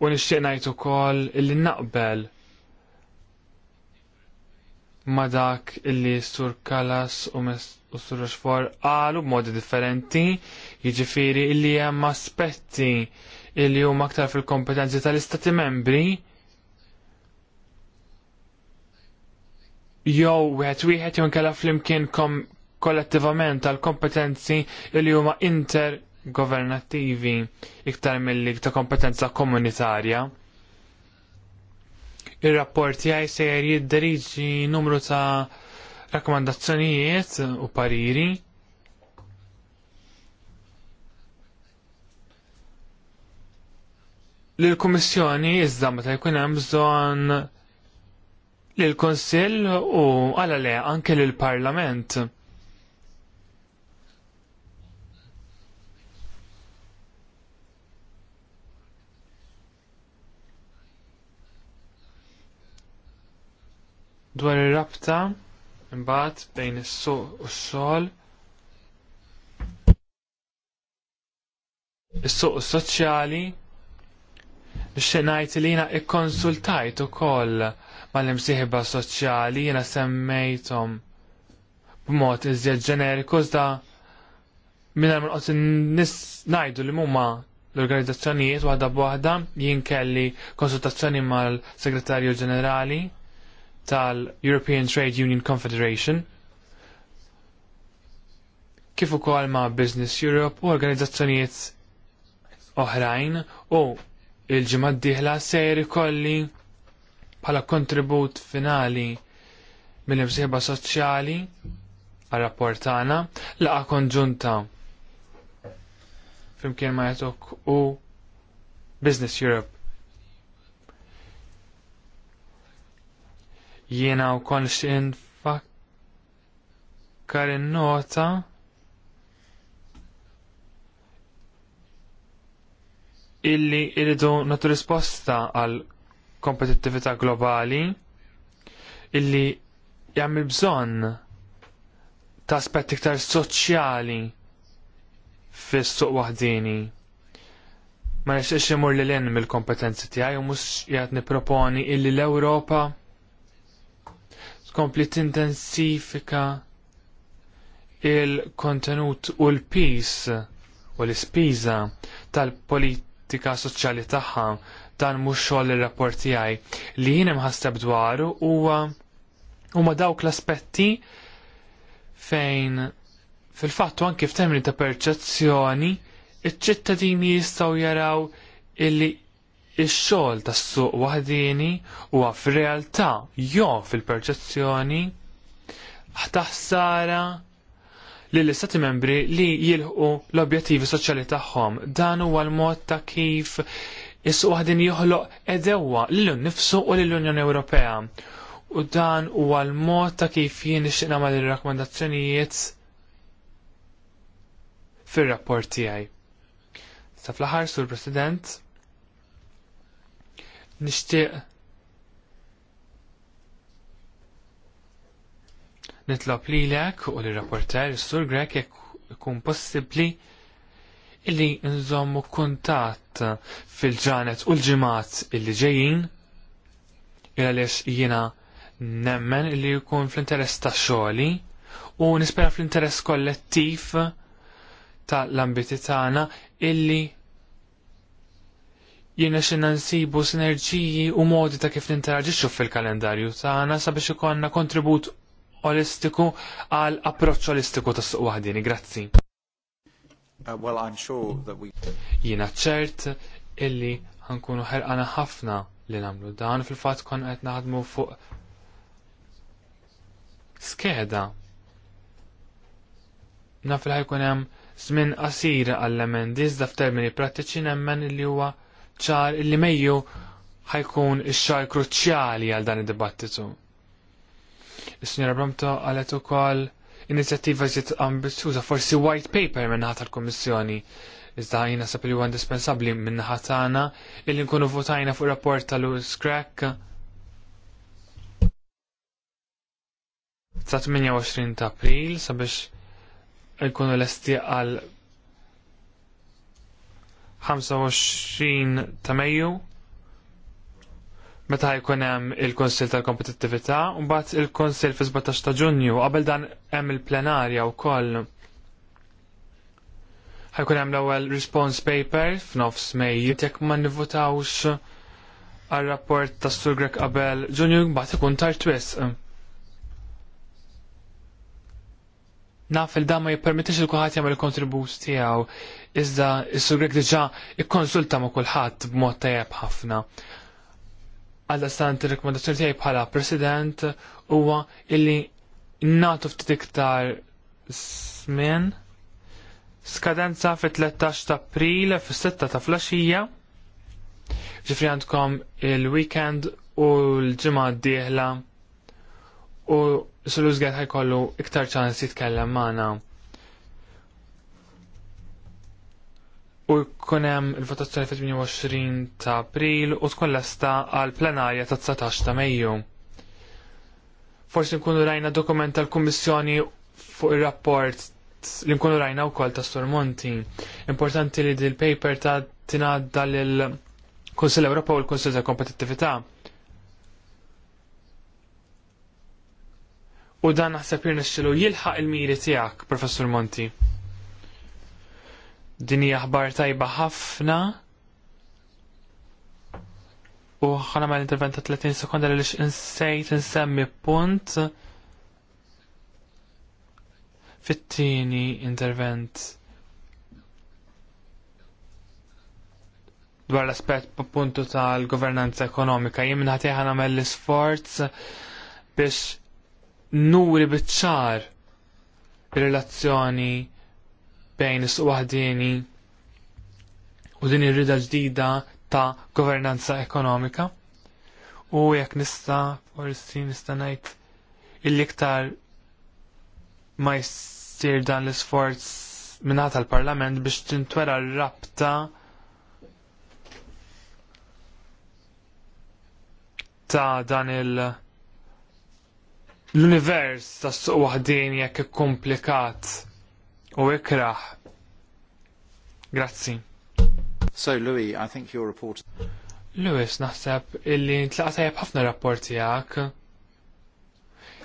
u nixtieq ngħid ukoll illi naqbel ma dak illi sur Kalas u u sur Roxfor qalu b'modi differenti, jiġifieri illi hemm aspetti illi huma aktar fil-kompetenzi tal-istati membri jew wieħed wieħed jonkela flimkien kollettivament għal kompetenzi li huma intergovernattivi iktar mill-li ta' kompetenza komunitarja. Ir-rapport jgħaj sejjer jidderiġi numru ta' rakkomandazzjonijiet u pariri l-Kummissjoni iżda meta jkun hemm bżonn lill kunsill u għal le anke lill parlament dwar ir-rabta imbagħad bejn is-suq u x-xogħol. Is-suq soċjali biex ngħid li jiena ikkonsultajt ukoll mal-imsieħba soċjali jiena semmejthom b'mod iżjed ġeneriku iżda minn ma nqos nis ngħidu li huma l-organizzazzjonijiet waħda b'waħda jien kelli konsultazzjoni mal-Segretarju Ġenerali tal-European Trade Union Confederation kif ukoll ma' Business Europe u organizzazzjonijiet oħrajn u il-ġimgħa d-dieħla sejr ikolli bħala kontribut finali mill-imsieħba soċjali għal tagħna laqa konġunta flimkien ma' jatok u Business Europe Jiena u koll xin fakkar nota illi iridu natu risposta għal kompetittività globali illi jagħmel bżonn ta' aspetti iktar soċjali fis-suq waħdini. Ma nixtiex imur lil il kompetenzi tiegħi u mhux qed nipproponi illi l-Ewropa tkompli tintensifika il-kontenut u l-pis u l-ispiża tal-politika soċjali tagħha dan mhux xogħol ir-rapport tiegħi li jien imħasseb dwaru huwa huma dawk l-aspetti fejn fil-fattu anke f'temni ta' perċezzjoni iċ-ċittadini jistgħu jaraw illi Ix-xogħol tas-suq waħdini huwa f'realtà jew fil-perċezzjoni ħtaħsara li l-istati membri li jilħqu l-objettivi soċjali tagħhom. Dan huwa l-mod ta' kif is-suq waħdini joħloq edewwa lil nifsu u lill-Unjoni Ewropea. U dan huwa l-mod ta' kif jien nixtieq nagħmel ir-rakkomandazzjonijiet fir-rapport tiegħi. Sa fl-aħħar sur President, nixtieq nitlob lilek u l-rapporter Sur Grek jekk ikun possibbli illi nżommu kuntat fil-ġanet u l-ġimat illi ġejjin il għaliex jiena nemmen illi jkun fl-interess ta' xogħli u nispera fl-interess kollettiv ta' l-ambiti tagħna illi jiena xinna nsibu sinerġiji u modi ta' kif ninteraġixxu fil-kalendarju tagħna sabiex ikonna kontribut olistiku għal approċċ olistiku tas suq wahdini. Grazzi. Uh, well, I'm sure that we... Jiena ċert illi ħankunu ħerqana ħafna li nagħmlu dan fil-fatt kon qed naħdmu fuq skeda. Naf li ħajkun hemm żmien qasir għall-emendi iżda f'termini prattiċi nemmen li huwa ċar li Mejju ħajkun ix-xar kruċjali għal dan id-dibattitu. Is-Sinjora Bramto qalet ukoll inizjattiva ġiet ambizjuża forsi white paper minn naħa tal-Kummissjoni. Iżda jina sab li huwa indispensabbli minn naħa tagħna illi nkunu votajna fuq rapport tal-Lewis Crack sa' 28 ta' April sabiex nkunu l-esti għal 25 ta' Mejju meta jkun hemm il-Kunsill tal-Kompetittività u mbagħad il-Kunsill fi 17 ta' Ġunju qabel dan hemm il-plenarja wkoll. Ħajkun hemm l-ewwel response paper f'nofs Mejju jekk ma nivvutawx għal-rapport ta' Sur Grek qabel Ġunju mbagħad ikun tar twisq. Naf il-dam ma jippermettix il-kuħat jagħmel il-kontribut tiegħu iżda is-sugrek diġà ikkonsulta ma' kulħadd b'mod tajjeb ħafna. Għalla stant il-rekomendazzjoni tiegħi bħala President huwa illi natu ftit iktar żmien skadenza fit-13 ta' April fis-6 ta' flaxija. Ġifri għandkom il-weekend u l-ġimgħa d-dieħla u sulużgħet ħajkollu iktar ċans jitkellem magħna. u jkunem il-votazzjoni fil 28 ta' april u tkun l-esta għal plenarja ta' 19 ta' Mejju. Forsi nkunu rajna dokument tal-Kummissjoni fuq ir-rapport li nkunu rajna wkoll ta' Stormonti. Importanti li dil paper ta' tingħadda lil Kunsill Ewropa u l-Kunsill ta' Kompetittività. U dan naħseb jirnexxilu jilħaq il-miri tiegħek, Professur Monti. Din hija aħbar tajba ħafna. U ħana ma l-intervent ta' 30 sekonda li insejt insemmi punt. Fit-tieni intervent. dwar l-aspet puntu tal-governanza ekonomika. Jien ħati ħana l isforz biex nuri bitċar relazzjoni bejn is waħdini u din ir-rida ġdida ta' governanza ekonomika. U jekk nista' forsi nista' ngħid il iktar ma jsir dan l-isforz minnata tal-Parlament biex tintwera r-rabta ta' dan il- l-univers tas suq waħdin jekk komplikat u ikraħ. Grazzi. So Louis, I think your report Lewis, naħseb illi tlaqta jab ħafna rapporti għak.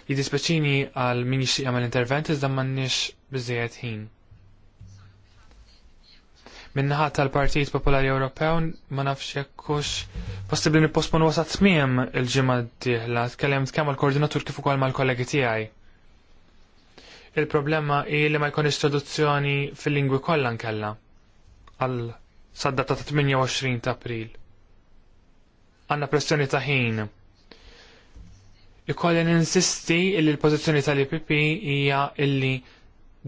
Jidispeċini għal min jixtieq għamil intervent iżda m'għandniex biżejjed ħin. Minnaħa tal-Partit Popolari Ewropew ma nafx jekkux possibbli nipposponu wasat tmiem il-ġimgħa d-dieħla, tkellimt kemm mal-koordinatur kif ukoll mal-kollegi tiegħi. Il-problema hi li ma jkunx traduzzjoni fil-lingwi kollha nkella għal sad-data ta' 28 ta' April. Għandna pressjoni ta' ħin. Ikolli ninsisti li l-pożizzjoni tal-IPP hija illi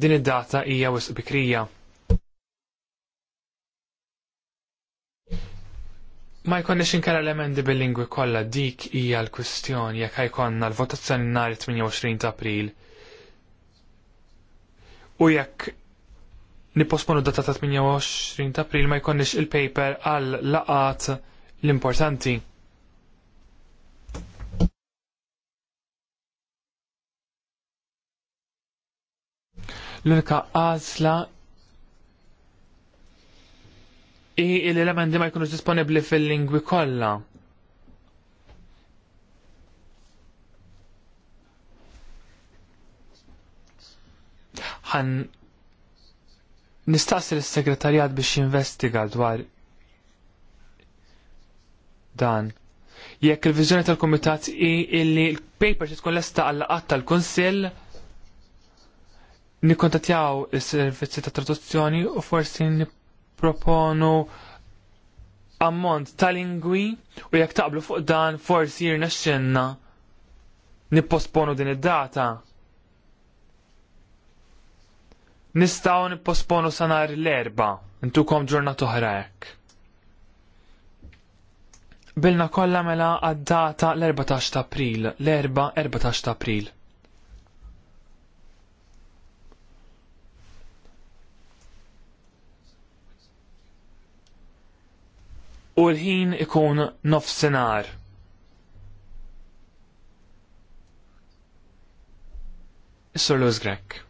din id-data hija wisq bikrija. Ma jkonniex l-emendi bil-lingwi kollha dik hija l-kwistjoni jekk ħajkonna l-votazzjoni nhar 28 ta' April u jekk niposponu data ta' 28 ta' april ma jkonniex il-paper għal laqat l-importanti. L-unika għazla i l-elementi ma jkunux disponibli fil-lingwi kollha. għan nistaqsi l-segretarjat biex jinvestiga dwar dan. Jekk il-vizjoni tal-Kumitat i illi l-paper tkun lesta għall qatt tal-Kunsill, nikkontattjaw is-servizzi ta' traduzzjoni u forsi nipproponu ammont ta' lingwi u jekk taqblu fuq dan forsi xenna nipposponu din id-data. Nistaw nipposponu sanar l-erba, intukom ġurnat oħra hekk. Bilna kollha mela għad-data l-14 ta' April, l-erba 14 ta' April. U l-ħin ikun nofsinhar. Is-Sur Grek.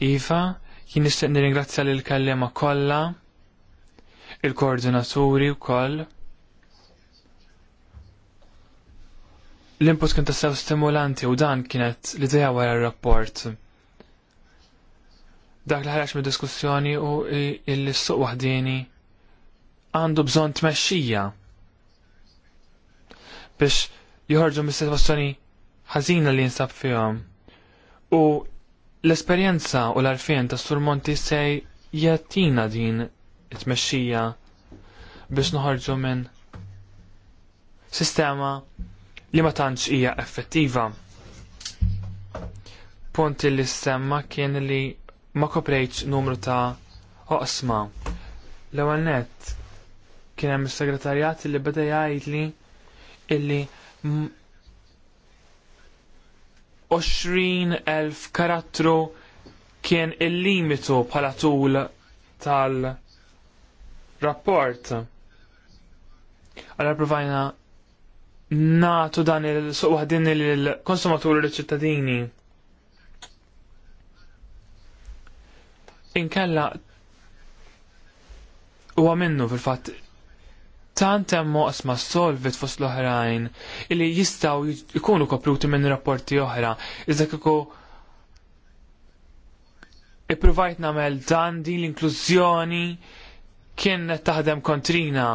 Iva, jien nistaq nirringrazzja lil kallema kollha, il-koordinaturi wkoll. L-input kien tassew stimulanti u dan kienet l-idea wara r-rapport. Dak li ħareġ mid-diskussjoni u il-suq waħdini għandu bżonn tmexxija biex joħorġu mis-sitwazzjoni ħażina li jinsab fihom. U L-esperjenza u l-arfien ta' surmonti sej jattina din it-mexxija biex noħorġu minn sistema li ma tantx hija effettiva. Punt li semma kien li ma koprejtx numru ta' oqsma. L-ewwel nett kien hemm is-segretarjat li beda jgħidli illi 20,000 karattru kien il-limitu bħala tul tal-rapport. Għalla provajna natu dan il-suqwaħdin il-konsumaturi l-ċittadini. Inkella u minnu fil-fat tant hemm oqsma solvit fost l-oħrajn illi jistgħu jkunu kopruti minn rapporti oħra. Iżda kieku ippruvajt nagħmel dan din l-inklużjoni kien taħdem kontrina.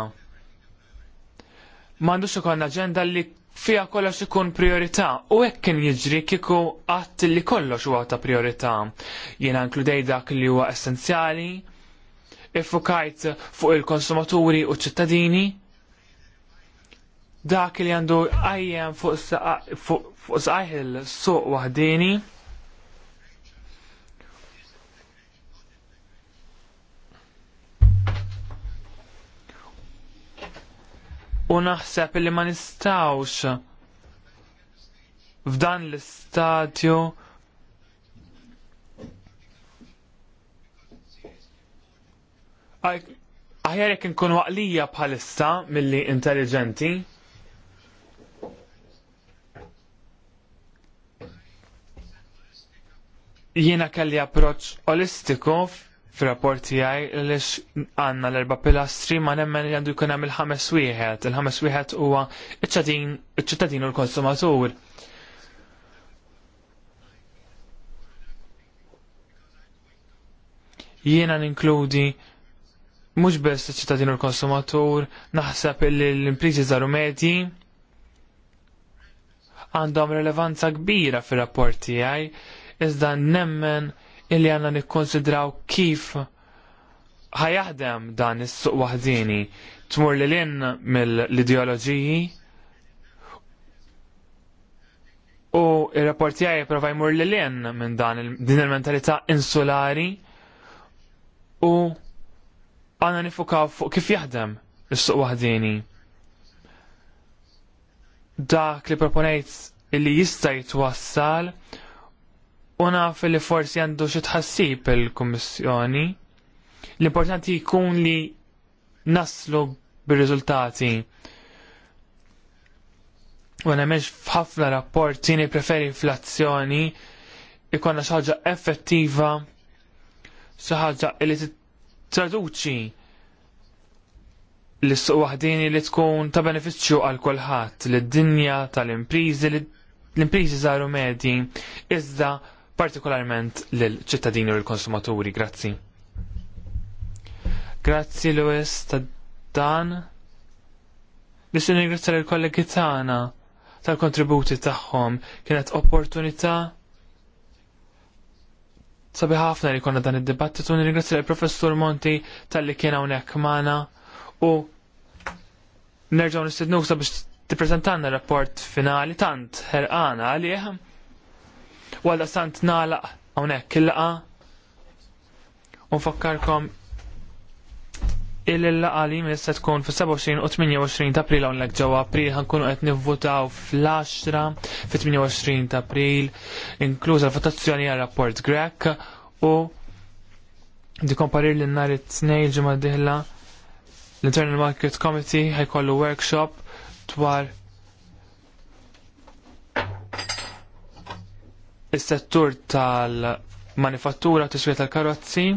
M'għandux ukoll aġenda li fija kollox ikun priorità u hekk kien jiġri kieku qatt li kollox huwa ta' priorità. Jiena inkludej dak li huwa essenzjali iffukajt fuq il-konsumaturi u ċittadini dak li għandu għajjem fuq saħil suq wahdini u naħseb li ma nistawx f'dan l-istadju Aħjar jekk nkun waqlija bħalissa milli intelligenti. Jiena kelli approċċ olistiku fir-rapport tiegħi għaliex għandna l-erba' pilastri ma nemmen li għandu jkun hemm il-ħames wieħed. Il-ħames wieħed huwa iċ-ċittadin u l-konsumatur. Jiena ninkludi mhux biss ċittadin u l-konsumatur, naħseb li l-imprizi żaru medji għandhom relevanza kbira fir-rapport tiegħi, iżda nemmen illi għandna nikkonsidraw kif ħajaħdem dan is-suq wahdini tmur li l-in mill-ideoloġiji u il-rapport tiegħi jipprova jmur li l-in minn dan din il-mentalità insulari u għana nifukaw fuq kif jaħdem is-suq wahdini. Dak li proponejt li jista' jitwassal u naf li forsi għandu xi tħassib il-Kummissjoni. L-importanti jkun li naslu bir-riżultati. U nemmenx f'ħafna rapporti ni preferi fl-azzjoni ikonna xaġa effettiva xi ħaġa li traduċi l-suq waħdini li tkun ta' benefiċċju għal kulħadd lid-dinja tal-imprizi l-imprizi żaru medji iżda partikolarment lill-ċittadini u l-konsumaturi. Grazzi. Grazzi Luis ta' dan. Nissi ringrazzjare l-kollegi tagħna tal-kontributi tagħhom kienet opportunità Sabi ħafna li konna dan id-dibattitu, nirringrazzja l-professur Monti tal-li kien hawnhekk maħna u nerġgħu nistednuk sabiex prezentanna rapport finali tant ħerqana għalieħ. Walla sant nalaq hawnhekk il-laqa u il-laqali se tkun fil-27 u 28 ta' april għonlek ġewwa april ħankunu qed nivvotaw fl-10 fit-28 ta' april inkluża l-votazzjoni għal rapport Grek u di komparir l nhar it-tnej ġimgħa diħla l-Internal Market Committee ħajkollu workshop dwar is-settur tal-manifattura u tiswiet tal-karozzi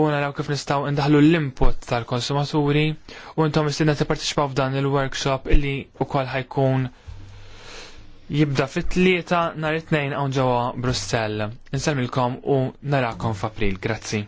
u naraw kif nistgħu ndaħlu l-input tal-konsumaturi u intom istinna tipparteċipaw f'dan il-workshop illi kol ħajkun jibda fit-tlieta nhar it-tnejn hawn ġewwa Brussell. Insemmilkom u narakom f'April. Grazzi.